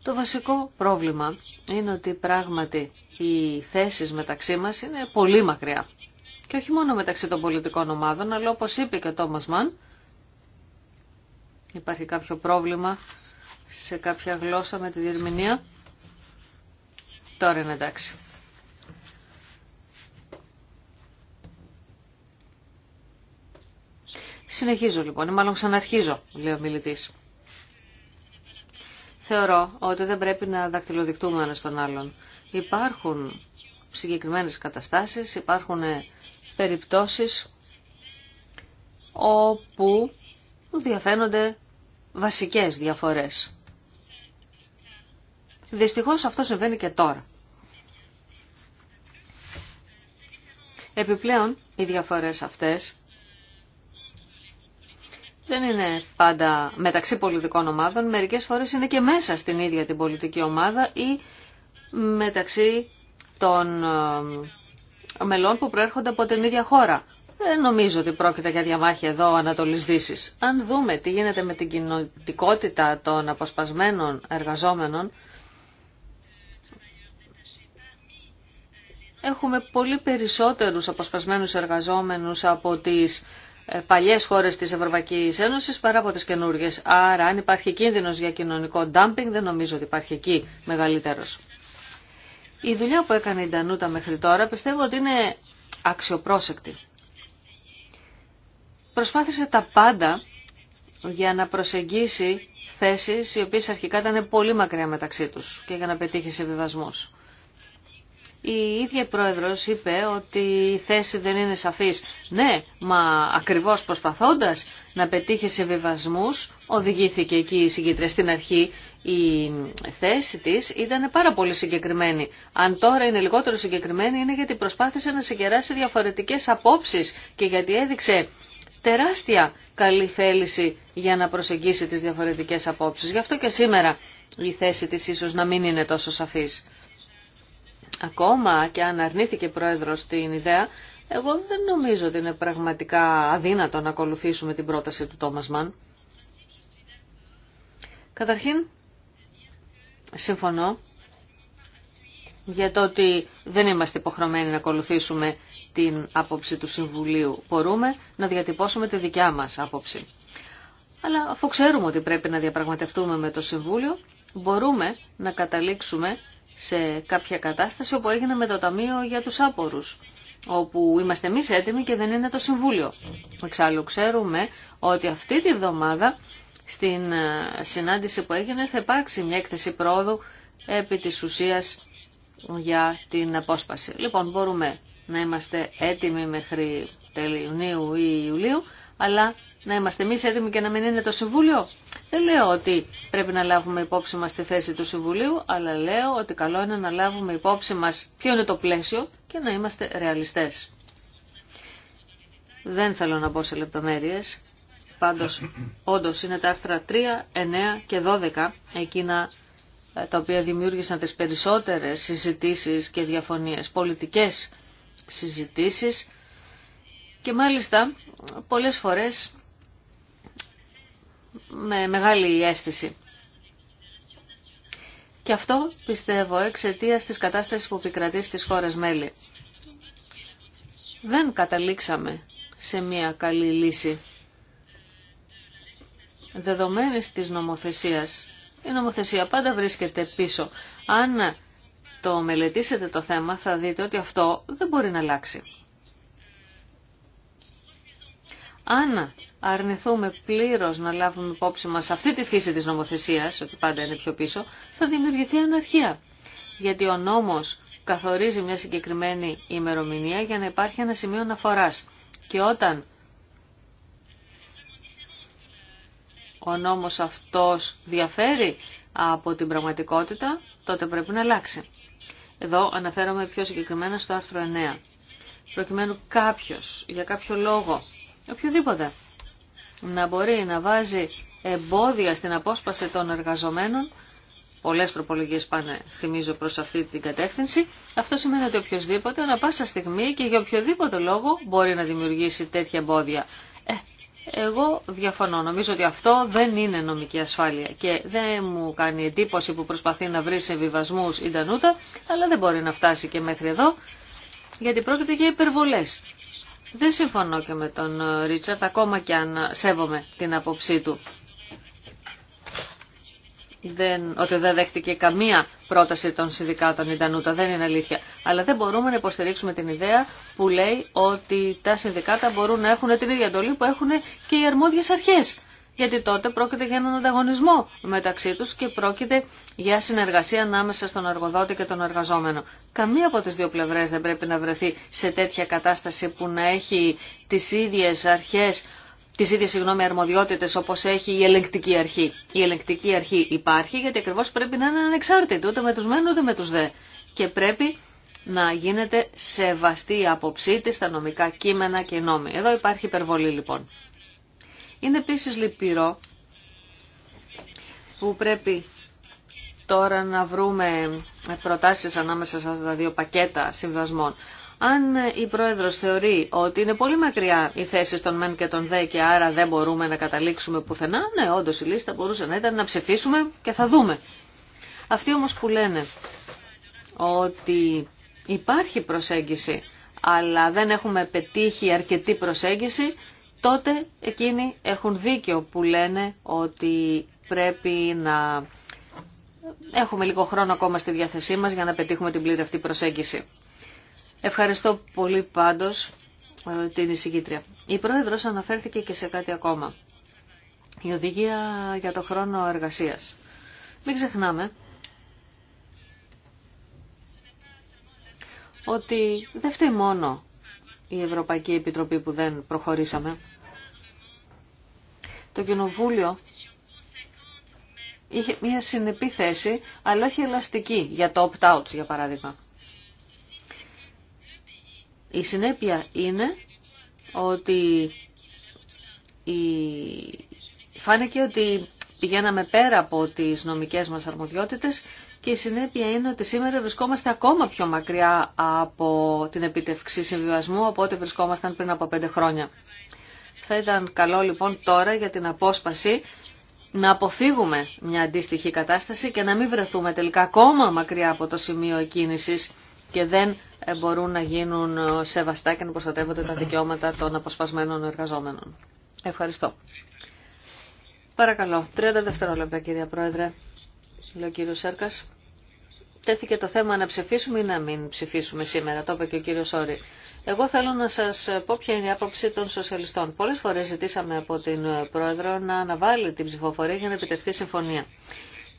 Το βασικό πρόβλημα είναι ότι πράγματι οι θέσεις μεταξύ μας είναι πολύ μακριά. Και όχι μόνο μεταξύ των πολιτικών ομάδων, αλλά όπως είπε και ο Τόμας Μαν, υπάρχει κάποιο πρόβλημα σε κάποια γλώσσα με τη διερμηνία. Τώρα είναι εντάξει. Συνεχίζω λοιπόν, ή μάλλον ξαναρχίζω, λέει ο μιλητής. Θεωρώ ότι δεν πρέπει να δακτυλοδεικτούμε ένα τον άλλον. Υπάρχουν συγκεκριμένες καταστάσεις, υπάρχουν ε, περιπτώσεις όπου διαφαίνονται βασικές διαφορές. Δυστυχώς αυτό συμβαίνει και τώρα. Επιπλέον, οι διαφορές αυτές δεν είναι πάντα μεταξύ πολιτικών ομάδων, μερικές φορές είναι και μέσα στην ίδια την πολιτική ομάδα ή μεταξύ των ε, μελών που προέρχονται από την ίδια χώρα. Δεν νομίζω ότι πρόκειται για διαμάχη εδώ Ανατολής Δύσης. Αν δούμε τι γίνεται με την κοινωτικότητα των αποσπασμένων εργαζόμενων, έχουμε πολύ περισσότερους αποσπασμένους εργαζόμενους από τις ε, παλιές χώρες της Ευρωπαϊκής Ένωσης παρά από τις καινούργιες. Άρα αν υπάρχει κίνδυνος για κοινωνικό ντάμπινγκ δεν νομίζω ότι υπάρχει εκεί μεγαλύτερος. Η δουλειά που έκανε η Ντανούτα μέχρι τώρα πιστεύω ότι είναι αξιοπρόσεκτη. Προσπάθησε τα πάντα για να προσεγγίσει θέσεις οι οποίες αρχικά ήταν πολύ μακριά μεταξύ τους και για να πετύχει σε βιβασμούς η ίδια η πρόεδρος είπε ότι η θέση δεν είναι σαφής. Ναι, μα ακριβώς προσπαθώντας να πετύχει σε βιβασμούς, οδηγήθηκε εκεί η συγκήτρια στην αρχή. Η θέση της ήταν πάρα πολύ συγκεκριμένη. Αν τώρα είναι λιγότερο συγκεκριμένη είναι γιατί προσπάθησε να συγκεράσει διαφορετικές απόψεις και γιατί έδειξε τεράστια καλή θέληση για να προσεγγίσει τις διαφορετικές απόψεις. Γι' αυτό και σήμερα η θέση της ίσως να μην είναι τόσο σαφής. Ακόμα και αν αρνήθηκε πρόεδρος την ιδέα, εγώ δεν νομίζω ότι είναι πραγματικά αδύνατο να ακολουθήσουμε την πρόταση του Τόμας Μαν. Καταρχήν, συμφωνώ για το ότι δεν είμαστε υποχρεωμένοι να ακολουθήσουμε την άποψη του Συμβουλίου. Μπορούμε να διατυπώσουμε τη δικιά μας άποψη. Αλλά αφού ξέρουμε ότι πρέπει να διαπραγματευτούμε με το Συμβούλιο, μπορούμε να καταλήξουμε σε κάποια κατάσταση όπου έγινε με το Ταμείο για τους Άπορους όπου είμαστε εμείς έτοιμοι και δεν είναι το Συμβούλιο. Εξάλλου ξέρουμε ότι αυτή τη εβδομάδα στην ε, συνάντηση που έγινε θα υπάρξει μια έκθεση πρόοδου επί της ουσίας για την απόσπαση. Λοιπόν, μπορούμε να είμαστε έτοιμοι μέχρι τέλη Ιουνίου ή Ιουλίου, αλλά να είμαστε εμεί έτοιμοι και να μην είναι το Συμβούλιο. Δεν λέω ότι πρέπει να λάβουμε υπόψη μα τη θέση του Συμβουλίου, αλλά λέω ότι καλό είναι να λάβουμε υπόψη μα ποιο είναι το πλαίσιο και να είμαστε ρεαλιστέ. Δεν θέλω να μπω σε λεπτομέρειε. Πάντω, όντω είναι τα άρθρα 3, 9 και 12 εκείνα ε, τα οποία δημιούργησαν τις περισσότερες συζητήσεις και διαφωνίες, πολιτικές συζητήσεις και μάλιστα πολλές φορές με μεγάλη αίσθηση. Και αυτό πιστεύω εξαιτία της κατάστασης που επικρατεί στις χώρες μέλη. Δεν καταλήξαμε σε μια καλή λύση. Δεδομένης της νομοθεσίας, η νομοθεσία πάντα βρίσκεται πίσω. Αν το μελετήσετε το θέμα θα δείτε ότι αυτό δεν μπορεί να αλλάξει. Αν αρνηθούμε πλήρως να λάβουμε υπόψη μας αυτή τη φύση της νομοθεσίας, ότι πάντα είναι πιο πίσω, θα δημιουργηθεί αναρχία. Γιατί ο νόμος καθορίζει μια συγκεκριμένη ημερομηνία για να υπάρχει ένα σημείο αναφοράς. Και όταν ο νόμος αυτός διαφέρει από την πραγματικότητα, τότε πρέπει να αλλάξει. Εδώ αναφέρομαι πιο συγκεκριμένα στο άρθρο 9. Προκειμένου κάποιος, για κάποιο λόγο, οποιοδήποτε, να μπορεί να βάζει εμπόδια στην απόσπαση των εργαζομένων, πολλέ τροπολογίε πάνε, θυμίζω, προ αυτή την κατεύθυνση, αυτό σημαίνει ότι οποιοδήποτε, ανά πάσα στιγμή και για οποιοδήποτε λόγο μπορεί να δημιουργήσει τέτοια εμπόδια. Ε, εγώ διαφωνώ. Νομίζω ότι αυτό δεν είναι νομική ασφάλεια και δεν μου κάνει εντύπωση που προσπαθεί να βρει σε βιβασμού η Ντανούτα, αλλά δεν μπορεί να φτάσει και μέχρι εδώ, γιατί πρόκειται για υπερβολές. Δεν συμφωνώ και με τον ε, Ρίτσαρτ, ακόμα και αν ε, σέβομαι την άποψή του. Δεν, ότι δεν δέχτηκε καμία πρόταση των συνδικάτων η Ντανούτα, δεν είναι αλήθεια. Αλλά δεν μπορούμε να υποστηρίξουμε την ιδέα που λέει ότι τα συνδικάτα μπορούν να έχουν την ίδια εντολή που έχουν και οι αρμόδιες αρχές γιατί τότε πρόκειται για έναν ανταγωνισμό μεταξύ τους και πρόκειται για συνεργασία ανάμεσα στον εργοδότη και τον εργαζόμενο. Καμία από τις δύο πλευρές δεν πρέπει να βρεθεί σε τέτοια κατάσταση που να έχει τις ίδιες αρχές τι ίδιε συγγνώμη αρμοδιότητε όπω έχει η ελεγκτική αρχή. Η ελεγκτική αρχή υπάρχει γιατί ακριβώ πρέπει να είναι ανεξάρτητη ούτε με του μεν ούτε με του δε. Και πρέπει να γίνεται σεβαστή η άποψή τη στα νομικά κείμενα και νόμοι. Εδώ υπάρχει υπερβολή λοιπόν. Είναι επίσης λυπηρό που πρέπει τώρα να βρούμε προτάσεις ανάμεσα σε αυτά τα δύο πακέτα συμβασμών. Αν η Πρόεδρος θεωρεί ότι είναι πολύ μακριά οι θέση των ΜΕΝ και των ΔΕ και άρα δεν μπορούμε να καταλήξουμε πουθενά, ναι, όντως η λίστα μπορούσε να ήταν να ψηφίσουμε και θα δούμε. Αυτοί όμως που λένε ότι υπάρχει προσέγγιση αλλά δεν έχουμε πετύχει αρκετή προσέγγιση, τότε εκείνοι έχουν δίκιο που λένε ότι πρέπει να έχουμε λίγο χρόνο ακόμα στη διάθεσή μας για να πετύχουμε την πλήρη αυτή προσέγγιση. Ευχαριστώ πολύ πάντως ε, την εισηγήτρια. Η Πρόεδρος αναφέρθηκε και σε κάτι ακόμα. Η οδηγία για το χρόνο εργασίας. Μην ξεχνάμε ότι δεν φταίει μόνο η Ευρωπαϊκή Επιτροπή που δεν προχωρήσαμε το Κοινοβούλιο είχε μια συνεπή θέση, αλλά όχι ελαστική για το opt-out, για παράδειγμα. Η συνέπεια είναι ότι η... φάνηκε ότι πηγαίναμε πέρα από τις νομικές μας αρμοδιότητες και η συνέπεια είναι ότι σήμερα βρισκόμαστε ακόμα πιο μακριά από την επιτευξή συμβιβασμού από ό,τι βρισκόμασταν πριν από πέντε χρόνια. Θα ήταν καλό λοιπόν τώρα για την απόσπαση να αποφύγουμε μια αντίστοιχη κατάσταση και να μην βρεθούμε τελικά ακόμα μακριά από το σημείο εκκίνησης και δεν ε, μπορούν να γίνουν ε, σεβαστά και να προστατεύονται τα δικαιώματα των αποσπασμένων εργαζόμενων. Ευχαριστώ. Παρακαλώ. 30 δευτερόλεπτα κύριε Πρόεδρε. ο κύριο Σέρκας. Τέθηκε το θέμα να ψηφίσουμε ή να μην ψηφίσουμε σήμερα. Το είπε και ο κύριος Όρη. Εγώ θέλω να σας πω ποια είναι η άποψη των σοσιαλιστών. Πολλέ φορέ ζητήσαμε από την Πρόεδρο να αναβάλει την ψηφοφορία για να επιτευχθεί συμφωνία.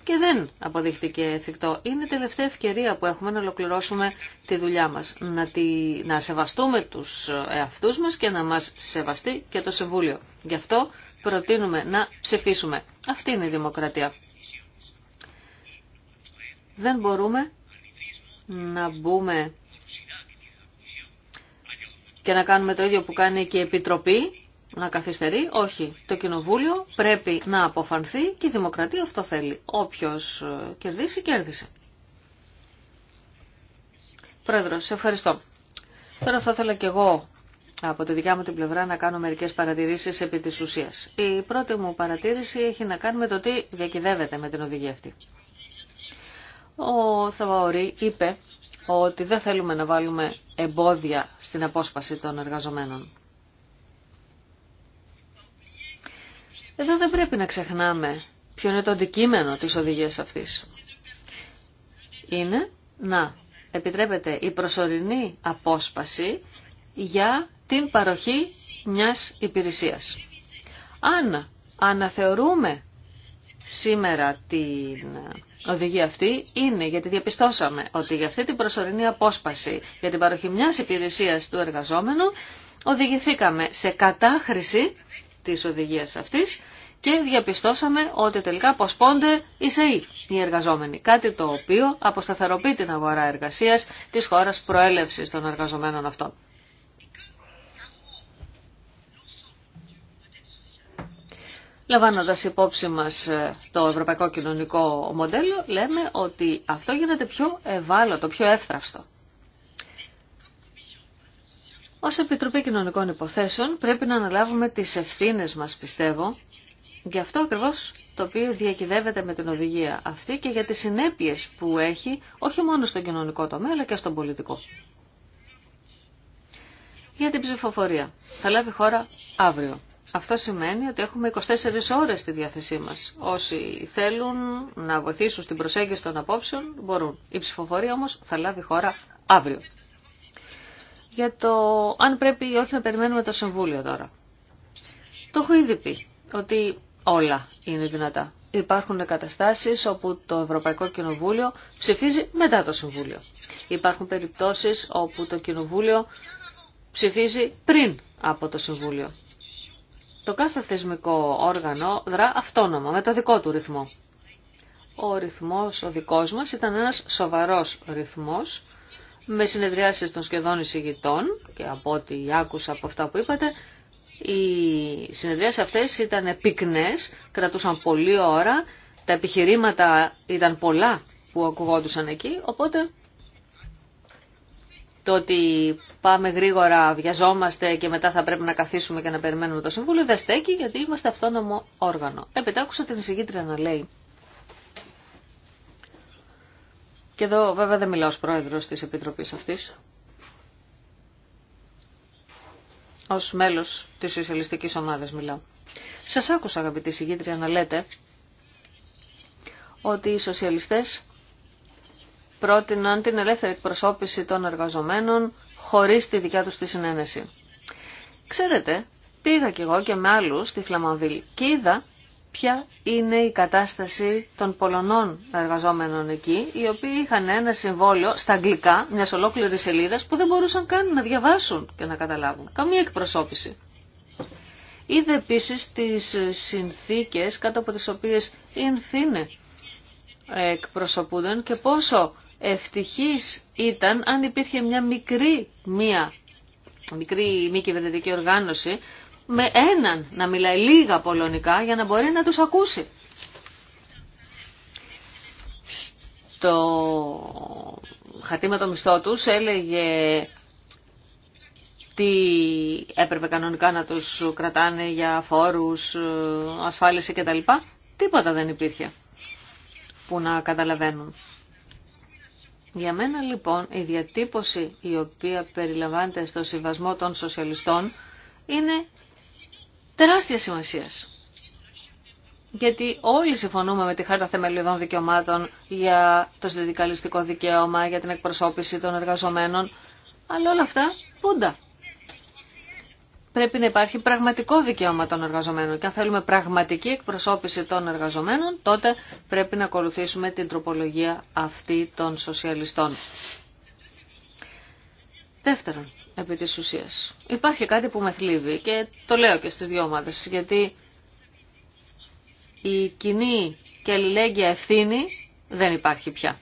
Και δεν αποδείχθηκε εφικτό. Είναι τελευταία ευκαιρία που έχουμε να ολοκληρώσουμε τη δουλειά μας. Να, τη... να σεβαστούμε τους εαυτούς μας και να μας σεβαστεί και το Συμβούλιο. Γι' αυτό προτείνουμε να ψηφίσουμε. Αυτή είναι η δημοκρατία. Δεν μπορούμε να μπούμε και να κάνουμε το ίδιο που κάνει και η Επιτροπή, να καθυστερεί. Όχι. Το Κοινοβούλιο πρέπει να αποφανθεί και η Δημοκρατία αυτό θέλει. Όποιος ε, κερδίσει, κέρδισε. Πρόεδρο, σε ευχαριστώ. Τώρα θα ήθελα και εγώ από τη δικιά μου την πλευρά να κάνω μερικές παρατηρήσεις επί της ουσίας. Η πρώτη μου παρατήρηση έχει να κάνει με το τι διακυδεύεται με την οδηγία αυτή. Ο Θαβαωρή είπε ότι δεν θέλουμε να βάλουμε εμπόδια στην απόσπαση των εργαζομένων. Εδώ δεν πρέπει να ξεχνάμε ποιο είναι το αντικείμενο της οδηγίας αυτής. Είναι να επιτρέπεται η προσωρινή απόσπαση για την παροχή μιας υπηρεσίας. Αν αναθεωρούμε σήμερα την οδηγία αυτή είναι γιατί διαπιστώσαμε ότι για αυτή την προσωρινή απόσπαση για την παροχή μια υπηρεσίας του εργαζόμενου οδηγηθήκαμε σε κατάχρηση της οδηγίας αυτής και διαπιστώσαμε ότι τελικά αποσπώνται οι ΣΕΗ, οι εργαζόμενοι, κάτι το οποίο αποσταθεροποιεί την αγορά εργασίας της χώρας προέλευσης των εργαζομένων αυτών. Λαμβάνοντα υπόψη μα ε, το ευρωπαϊκό κοινωνικό μοντέλο, λέμε ότι αυτό γίνεται πιο ευάλωτο, πιο εύθραυστο. Ω Επιτροπή Κοινωνικών Υποθέσεων πρέπει να αναλάβουμε τις ευθύνε μας, πιστεύω, για αυτό ακριβώ το οποίο διακυδεύεται με την οδηγία αυτή και για τις συνέπειες που έχει όχι μόνο στον κοινωνικό τομέα αλλά και στον πολιτικό. Για την ψηφοφορία. Θα λάβει χώρα αύριο. Αυτό σημαίνει ότι έχουμε 24 ώρες στη διάθεσή μας. Όσοι θέλουν να βοηθήσουν στην προσέγγιση των απόψεων μπορούν. Η ψηφοφορία όμως θα λάβει χώρα αύριο. Για το αν πρέπει ή όχι να περιμένουμε το Συμβούλιο τώρα. Το έχω ήδη πει ότι όλα είναι δυνατά. Υπάρχουν καταστάσεις όπου το Ευρωπαϊκό Κοινοβούλιο ψηφίζει μετά το Συμβούλιο. Υπάρχουν περιπτώσεις όπου το Κοινοβούλιο ψηφίζει πριν από το Συμβούλιο. Το κάθε θεσμικό όργανο δρά αυτόνομα, με το δικό του ρυθμό. Ο ρυθμός ο δικός μας ήταν ένας σοβαρός ρυθμός, με συνεδριάσεις των σχεδόν εισηγητών, και από ό,τι άκουσα από αυτά που είπατε, οι συνεδριάσεις αυτές ήταν πυκνές, κρατούσαν πολλή ώρα, τα επιχειρήματα ήταν πολλά που ακουγόντουσαν εκεί, οπότε το ότι πάμε γρήγορα, βιαζόμαστε και μετά θα πρέπει να καθίσουμε και να περιμένουμε το Συμβούλιο, δεν στέκει γιατί είμαστε αυτόνομο όργανο. Έπειτα άκουσα την εισηγήτρια να λέει. Και εδώ βέβαια δεν μιλάω ως πρόεδρος της Επιτροπής αυτής. Ως μέλος της Σοσιαλιστικής Ομάδας μιλάω. Σας άκουσα αγαπητή συγκίτρια να λέτε ότι οι σοσιαλιστές πρότειναν την ελεύθερη εκπροσώπηση των εργαζομένων χωρίς τη δικιά τους τη συνένεση. Ξέρετε, πήγα κι εγώ και με άλλους στη Φλαμανδίλη και είδα ποια είναι η κατάσταση των Πολωνών εργαζόμενων εκεί, οι οποίοι είχαν ένα συμβόλαιο στα αγγλικά μια ολόκληρη σελίδα που δεν μπορούσαν καν να διαβάσουν και να καταλάβουν. Καμία εκπροσώπηση. Είδε επίσης τις συνθήκες κάτω από τις οποίες οι εκπροσωπούνταν και πόσο ευτυχής ήταν αν υπήρχε μια μικρή μία, μικρή μη κυβερνητική οργάνωση με έναν να μιλάει λίγα πολωνικά για να μπορεί να τους ακούσει. Στο χαρτί με το μισθό τους έλεγε τι έπρεπε κανονικά να τους κρατάνε για φόρους, ασφάλιση κτλ. Τίποτα δεν υπήρχε που να καταλαβαίνουν. Για μένα λοιπόν η διατύπωση η οποία περιλαμβάνεται στο συμβασμό των σοσιαλιστών είναι τεράστια σημασίας. Γιατί όλοι συμφωνούμε με τη Χάρτα Θεμελιωδών Δικαιωμάτων για το συνδικαλιστικό δικαίωμα, για την εκπροσώπηση των εργαζομένων, αλλά όλα αυτά πούντα πρέπει να υπάρχει πραγματικό δικαίωμα των εργαζομένων. Και αν θέλουμε πραγματική εκπροσώπηση των εργαζομένων, τότε πρέπει να ακολουθήσουμε την τροπολογία αυτή των σοσιαλιστών. Δεύτερον, επί της ουσίας, υπάρχει κάτι που με θλίβει και το λέω και στις δυο ομάδες, γιατί η κοινή και αλληλέγγυα ευθύνη δεν υπάρχει πια.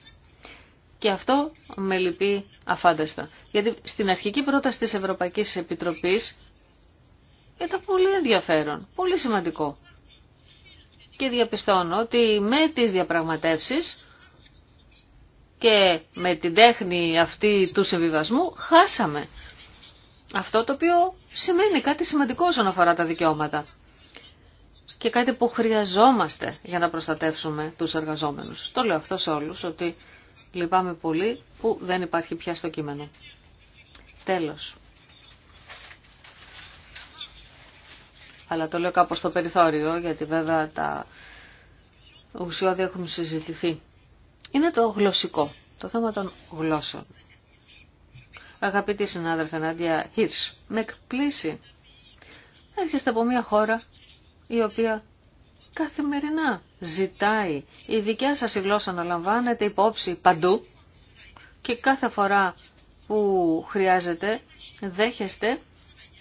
Και αυτό με λυπεί αφάνταστα. Γιατί στην αρχική πρόταση της Ευρωπαϊκής Επιτροπής ήταν ε, πολύ ενδιαφέρον, πολύ σημαντικό. Και διαπιστώνω ότι με τις διαπραγματεύσεις και με την τέχνη αυτή του συμβιβασμού χάσαμε. Αυτό το οποίο σημαίνει κάτι σημαντικό όσον αφορά τα δικαιώματα και κάτι που χρειαζόμαστε για να προστατεύσουμε τους εργαζόμενους. Το λέω αυτό σε όλους ότι λυπάμαι πολύ που δεν υπάρχει πια στο κείμενο. Τέλος. αλλά το λέω κάπως στο περιθώριο, γιατί βέβαια τα ουσιώδη έχουν συζητηθεί. Είναι το γλωσσικό, το θέμα των γλώσσων. Αγαπητοί συνάδελφοι, Νάντια Χίρς, με εκπλήσει. Έρχεστε από μια χώρα η οποία καθημερινά ζητάει η δικιά σας η γλώσσα να λαμβάνετε υπόψη παντού και κάθε φορά που χρειάζεται δέχεστε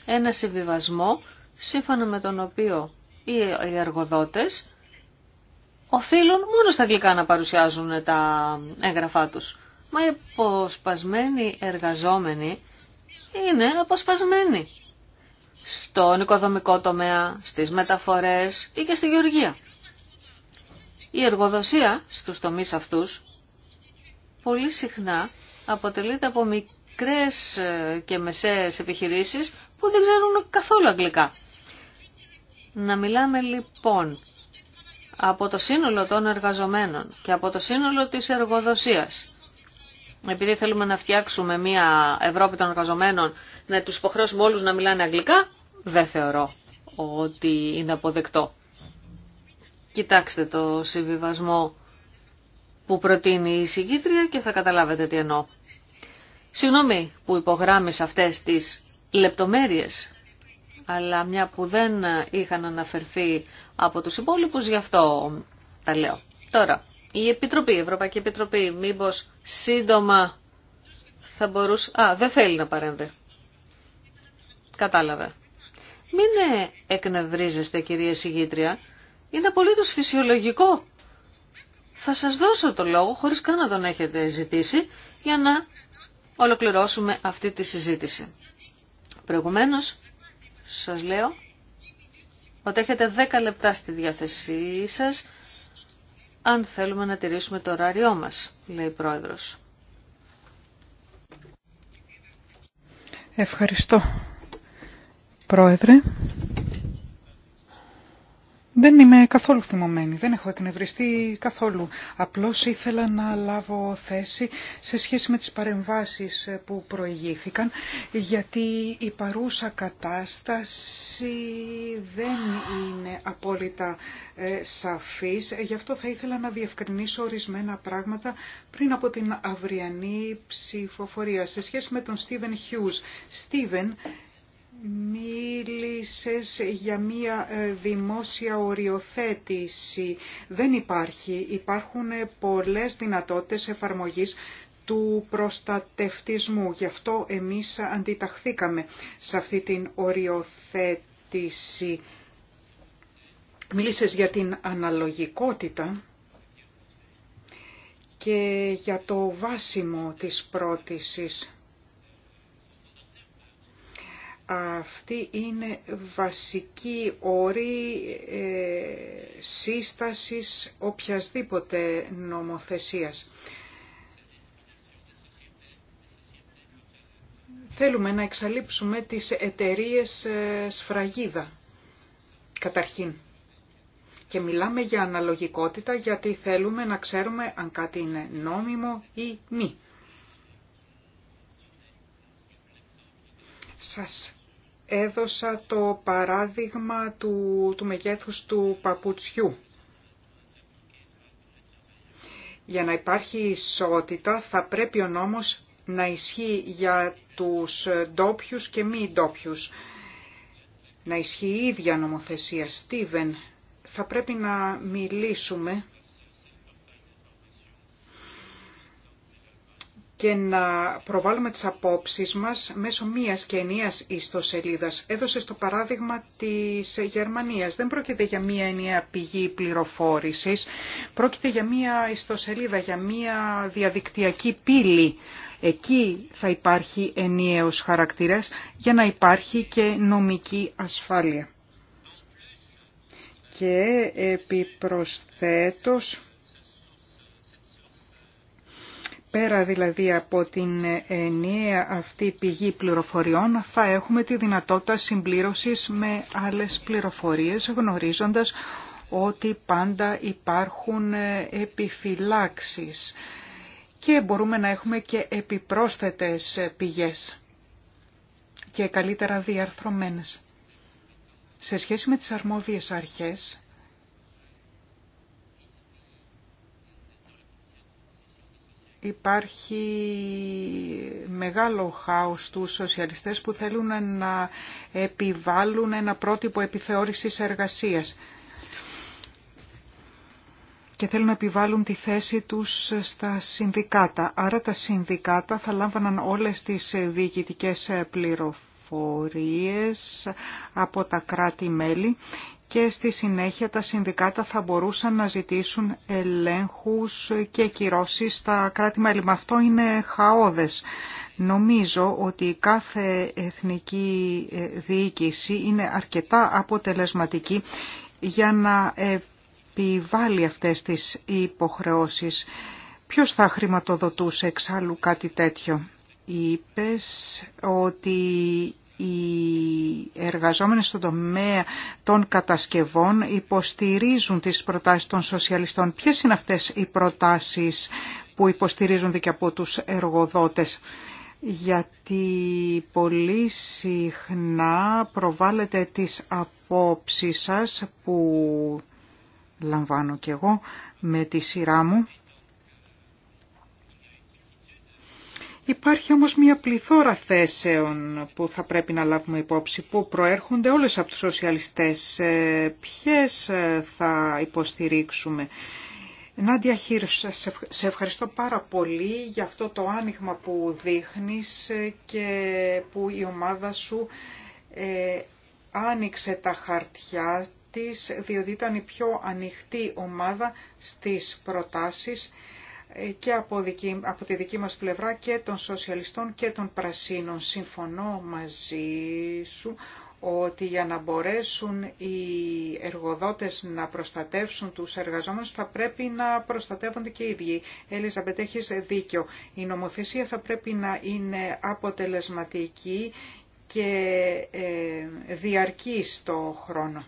ένα συμβιβασμό σύμφωνα με τον οποίο οι εργοδότες οφείλουν μόνο στα αγγλικά να παρουσιάζουν τα έγγραφά τους. Μα οι αποσπασμένοι εργαζόμενοι είναι αποσπασμένοι στον οικοδομικό τομέα, στις μεταφορές ή και στη γεωργία. Η εργοδοσία στους τομείς αυτούς πολύ συχνά αποτελείται από μικρές και μεσαίες επιχειρήσεις που δεν ξέρουν καθόλου αγγλικά. Να μιλάμε λοιπόν από το σύνολο των εργαζομένων και από το σύνολο της εργοδοσίας. Επειδή θέλουμε να φτιάξουμε μια Ευρώπη των εργαζομένων, να τους υποχρεώσουμε όλους να μιλάνε αγγλικά, δεν θεωρώ ότι είναι αποδεκτό. Κοιτάξτε το συμβιβασμό που προτείνει η συγκήτρια και θα καταλάβετε τι εννοώ. Συγγνώμη που υπογράμμισα αυτές τις λεπτομέρειες αλλά μια που δεν είχαν αναφερθεί από τους υπόλοιπους, γι' αυτό τα λέω. Τώρα, η Επιτροπή, η Ευρωπαϊκή Επιτροπή, μήπως σύντομα θα μπορούσε... Α, δεν θέλει να παρέμβει. Κατάλαβε. Μην εκνευρίζεστε, κυρία Συγήτρια. Είναι απολύτως φυσιολογικό. Θα σας δώσω το λόγο, χωρίς καν να τον έχετε ζητήσει, για να ολοκληρώσουμε αυτή τη συζήτηση. Προηγουμένως, σας λέω ότι έχετε 10 λεπτά στη διάθεσή σας αν θέλουμε να τηρήσουμε το ωράριό μας, λέει η Πρόεδρος. Ευχαριστώ, Πρόεδρε. Δεν είμαι καθόλου θυμωμένη, δεν έχω εκνευριστεί καθόλου. Απλώς ήθελα να λάβω θέση σε σχέση με τις παρεμβάσεις που προηγήθηκαν, γιατί η παρούσα κατάσταση δεν είναι απόλυτα ε, σαφής. Γι' αυτό θα ήθελα να διευκρινίσω ορισμένα πράγματα πριν από την αυριανή ψηφοφορία. Σε σχέση με τον Στίβεν Χιούς. Στίβεν, Μίλησες για μία ε, δημόσια οριοθέτηση. Δεν υπάρχει. Υπάρχουν ε, πολλές δυνατότητες εφαρμογής του προστατευτισμού. Γι' αυτό εμείς αντιταχθήκαμε σε αυτή την οριοθέτηση. Μίλησες για την αναλογικότητα και για το βάσιμο της πρότησης. Αυτή είναι βασική όρη ε, σύστασης οποιασδήποτε νομοθεσίας. Θέλουμε να εξαλείψουμε τις εταιρείες ε, σφραγίδα, καταρχήν. Και μιλάμε για αναλογικότητα γιατί θέλουμε να ξέρουμε αν κάτι είναι νόμιμο ή μη. Σας έδωσα το παράδειγμα του, του μεγέθους του παπουτσιού. Για να υπάρχει ισότητα θα πρέπει ο νόμος να ισχύει για τους ντόπιου και μη ντόπιου. Να ισχύει η ίδια νομοθεσία. Στίβεν, θα πρέπει να μιλήσουμε και να προβάλλουμε τις απόψεις μας μέσω μίας και ενίας ιστοσελίδας. Έδωσε στο παράδειγμα της Γερμανίας. Δεν πρόκειται για μία ενιαία πηγή πληροφόρησης, πρόκειται για μία ιστοσελίδα, για μία διαδικτυακή πύλη. Εκεί θα υπάρχει ενιαίος χαρακτήρας για να υπάρχει και νομική ασφάλεια. Και επιπροσθέτως πέρα δηλαδή από την ενιαία αυτή πηγή πληροφοριών θα έχουμε τη δυνατότητα συμπλήρωσης με άλλες πληροφορίες γνωρίζοντας ότι πάντα υπάρχουν επιφυλάξεις και μπορούμε να έχουμε και επιπρόσθετες πηγές και καλύτερα διαρθρωμένες. Σε σχέση με τις αρμόδιες αρχές, Υπάρχει μεγάλο χάος στους σοσιαλιστές που θέλουν να επιβάλλουν ένα πρότυπο επιθεώρησης εργασίας και θέλουν να επιβάλλουν τη θέση τους στα συνδικάτα. Άρα τα συνδικάτα θα λάμβαναν όλες τις διοικητικές πληροφορίες από τα κράτη-μέλη και στη συνέχεια τα συνδικάτα θα μπορούσαν να ζητήσουν ελέγχους και κυρώσεις στα κράτη-μέλη. Αυτό είναι χαόδες. Νομίζω ότι κάθε εθνική ε, διοίκηση είναι αρκετά αποτελεσματική για να επιβάλλει αυτές τις υποχρεώσεις. Ποιος θα χρηματοδοτούσε εξάλλου κάτι τέτοιο. Είπες ότι οι εργαζόμενοι στον τομέα των κατασκευών υποστηρίζουν τις προτάσεις των σοσιαλιστών. Ποιες είναι αυτές οι προτάσεις που υποστηρίζονται και από τους εργοδότες. Γιατί πολύ συχνά προβάλλεται τις απόψεις σας που λαμβάνω και εγώ με τη σειρά μου Υπάρχει όμως μια πληθώρα θέσεων που θα πρέπει να λάβουμε υπόψη, που προέρχονται όλες από τους σοσιαλιστές. Ε, ποιες ε, θα υποστηρίξουμε. Νάντια Χίρ, σε ευχαριστώ πάρα πολύ για αυτό το άνοιγμα που δείχνεις ε, και που η ομάδα σου άνοιξε τα χαρτιά της, διότι ήταν η πιο ανοιχτή ομάδα στις προτάσεις και από, τη δική μας πλευρά και των σοσιαλιστών και των πρασίνων. Συμφωνώ μαζί σου ότι για να μπορέσουν οι εργοδότες να προστατεύσουν τους εργαζόμενους θα πρέπει να προστατεύονται και οι ίδιοι. Ελίζαμπετ, έχεις δίκιο. Η νομοθεσία θα πρέπει να είναι αποτελεσματική και ε, διαρκή στο χρόνο.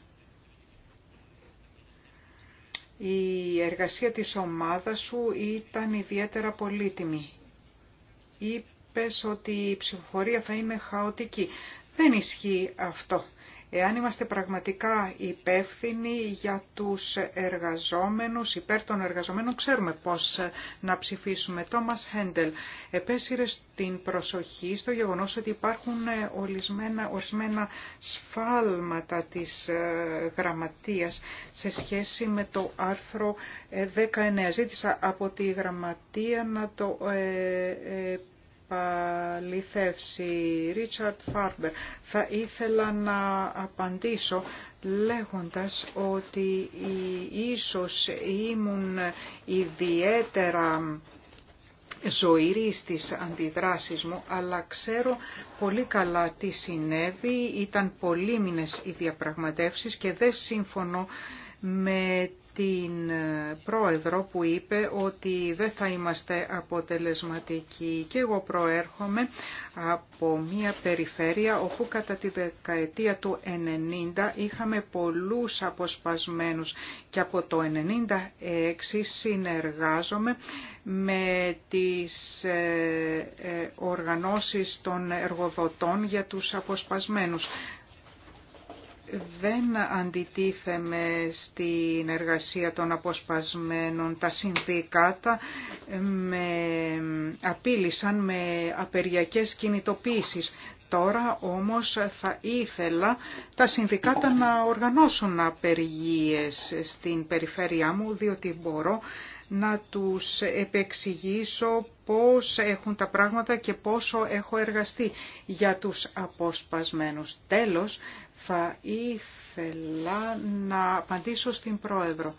Η εργασία της ομάδας σου ήταν ιδιαίτερα πολύτιμη. Είπες ότι η ψηφοφορία θα είναι χαοτική. Δεν ισχύει αυτό εάν είμαστε πραγματικά υπεύθυνοι για τους εργαζόμενους, υπέρ των εργαζομένων, ξέρουμε πώς να ψηφίσουμε. Τόμας Χέντελ επέσυρε την προσοχή στο γεγονός ότι υπάρχουν ε, ορισμένα, ορισμένα σφάλματα της ε, γραμματείας σε σχέση με το άρθρο 19. Ε, Ζήτησα από τη γραμματεία να το επαληθεύσει. Richard θα ήθελα να απαντήσω λέγοντας ότι ίσως ήμουν ιδιαίτερα ζωηρή στις αντιδράσεις μου, αλλά ξέρω πολύ καλά τι συνέβη. Ήταν πολύ οι διαπραγματεύσεις και δεν σύμφωνο με την ε, πρόεδρο που είπε ότι δεν θα είμαστε αποτελεσματικοί και εγώ προέρχομαι από μια περιφέρεια όπου κατά τη δεκαετία του 90 είχαμε πολλούς αποσπασμένους και από το 96 συνεργάζομαι με τις ε, ε, οργανώσεις των εργοδοτών για τους αποσπασμένους δεν αντιτίθεμε στην εργασία των αποσπασμένων. Τα συνδικάτα ε, με απείλησαν με απεριακές κινητοποίησεις. Τώρα όμως θα ήθελα τα συνδικάτα να οργανώσουν απεργίες στην περιφέρειά μου, διότι μπορώ να τους επεξηγήσω πώς έχουν τα πράγματα και πόσο έχω εργαστεί για τους αποσπασμένους. Τέλος, θα ήθελα να απαντήσω στην Πρόεδρο.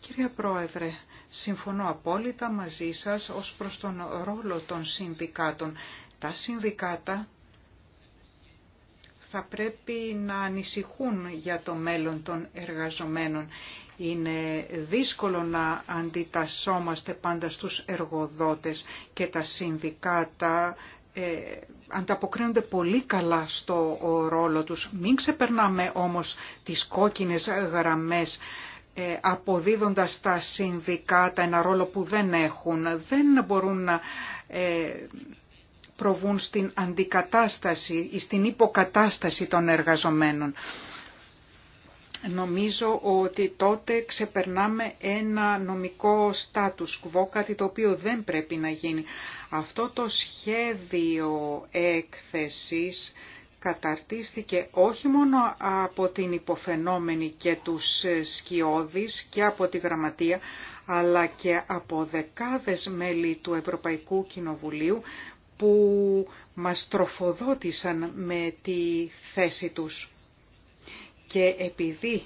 Κύριε Πρόεδρε, συμφωνώ απόλυτα μαζί σας ως προς τον ρόλο των συνδικάτων. Τα συνδικάτα θα πρέπει να ανησυχούν για το μέλλον των εργαζομένων. Είναι δύσκολο να αντιτασσόμαστε πάντα στους εργοδότες και τα συνδικάτα ε, ανταποκρίνονται πολύ καλά στο ρόλο τους. Μην ξεπερνάμε όμως τις κόκκινες γραμμές ε, αποδίδοντας τα συνδικάτα ένα ρόλο που δεν έχουν. Δεν μπορούν να ε, προβούν στην αντικατάσταση ή στην υποκατάσταση των εργαζομένων. Νομίζω ότι τότε ξεπερνάμε ένα νομικό στάτους κβό, κάτι το οποίο δεν πρέπει να γίνει. Αυτό το σχέδιο έκθεσης καταρτίστηκε όχι μόνο από την υποφαινόμενη και τους σκιώδεις και από τη γραμματεία, αλλά και από δεκάδες μέλη του Ευρωπαϊκού Κοινοβουλίου που μας τροφοδότησαν με τη θέση τους. Και επειδή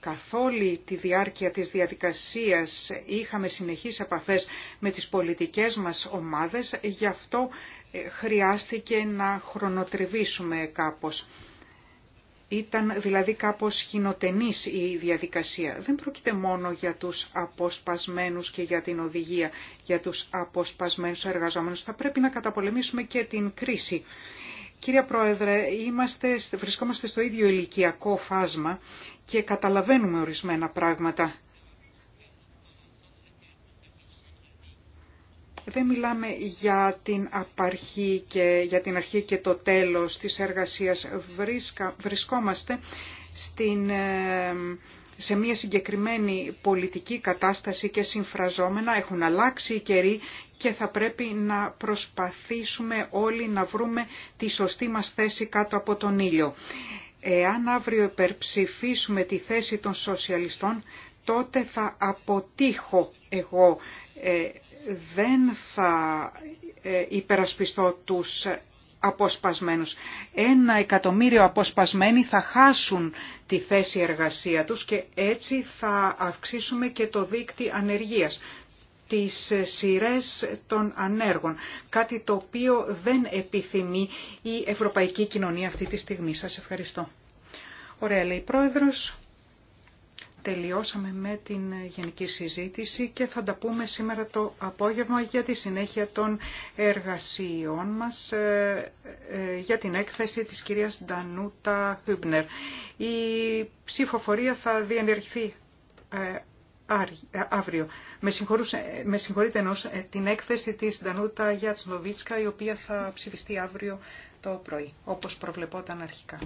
καθ' όλη τη διάρκεια της διαδικασίας είχαμε συνεχείς επαφές με τις πολιτικές μας ομάδες, γι' αυτό ε, χρειάστηκε να χρονοτριβήσουμε κάπως. Ήταν δηλαδή κάπως χινοτενής η διαδικασία. Δεν πρόκειται μόνο για τους αποσπασμένους και για την οδηγία, για τους αποσπασμένους εργαζόμενους. Θα πρέπει να καταπολεμήσουμε και την κρίση. Κύριε Πρόεδρε, είμαστε, βρισκόμαστε στο ίδιο ηλικιακό φάσμα και καταλαβαίνουμε ορισμένα πράγματα. Δεν μιλάμε για την απαρχή και για την αρχή και το τέλος της εργασίας. Βρισκα, βρισκόμαστε στην ε, σε μια συγκεκριμένη πολιτική κατάσταση και συμφραζόμενα έχουν αλλάξει οι καιροί και θα πρέπει να προσπαθήσουμε όλοι να βρούμε τη σωστή μας θέση κάτω από τον ήλιο. Εάν αύριο υπερψηφίσουμε τη θέση των σοσιαλιστών, τότε θα αποτύχω εγώ. Ε, δεν θα ε, υπερασπιστώ τους αποσπασμένους. Ένα εκατομμύριο αποσπασμένοι θα χάσουν τη θέση εργασία τους και έτσι θα αυξήσουμε και το δίκτυο ανεργίας τις σειρές των ανέργων, κάτι το οποίο δεν επιθυμεί η ευρωπαϊκή κοινωνία αυτή τη στιγμή. Σας ευχαριστώ. Ωραία, η Πρόεδρος. Τελειώσαμε με την γενική συζήτηση και θα τα πούμε σήμερα το απόγευμα για τη συνέχεια των εργασιών μας ε, ε, για την έκθεση της κυρίας Ντανούτα Χούμπνερ. Η ψηφοφορία θα διενεργηθεί ε, αύριο. Με, με συγχωρείτε ενό την έκθεση της Ντανούτα Γιατσλοβίτσκα η οποία θα ψηφιστεί αύριο το πρωί όπως προβλεπόταν αρχικά.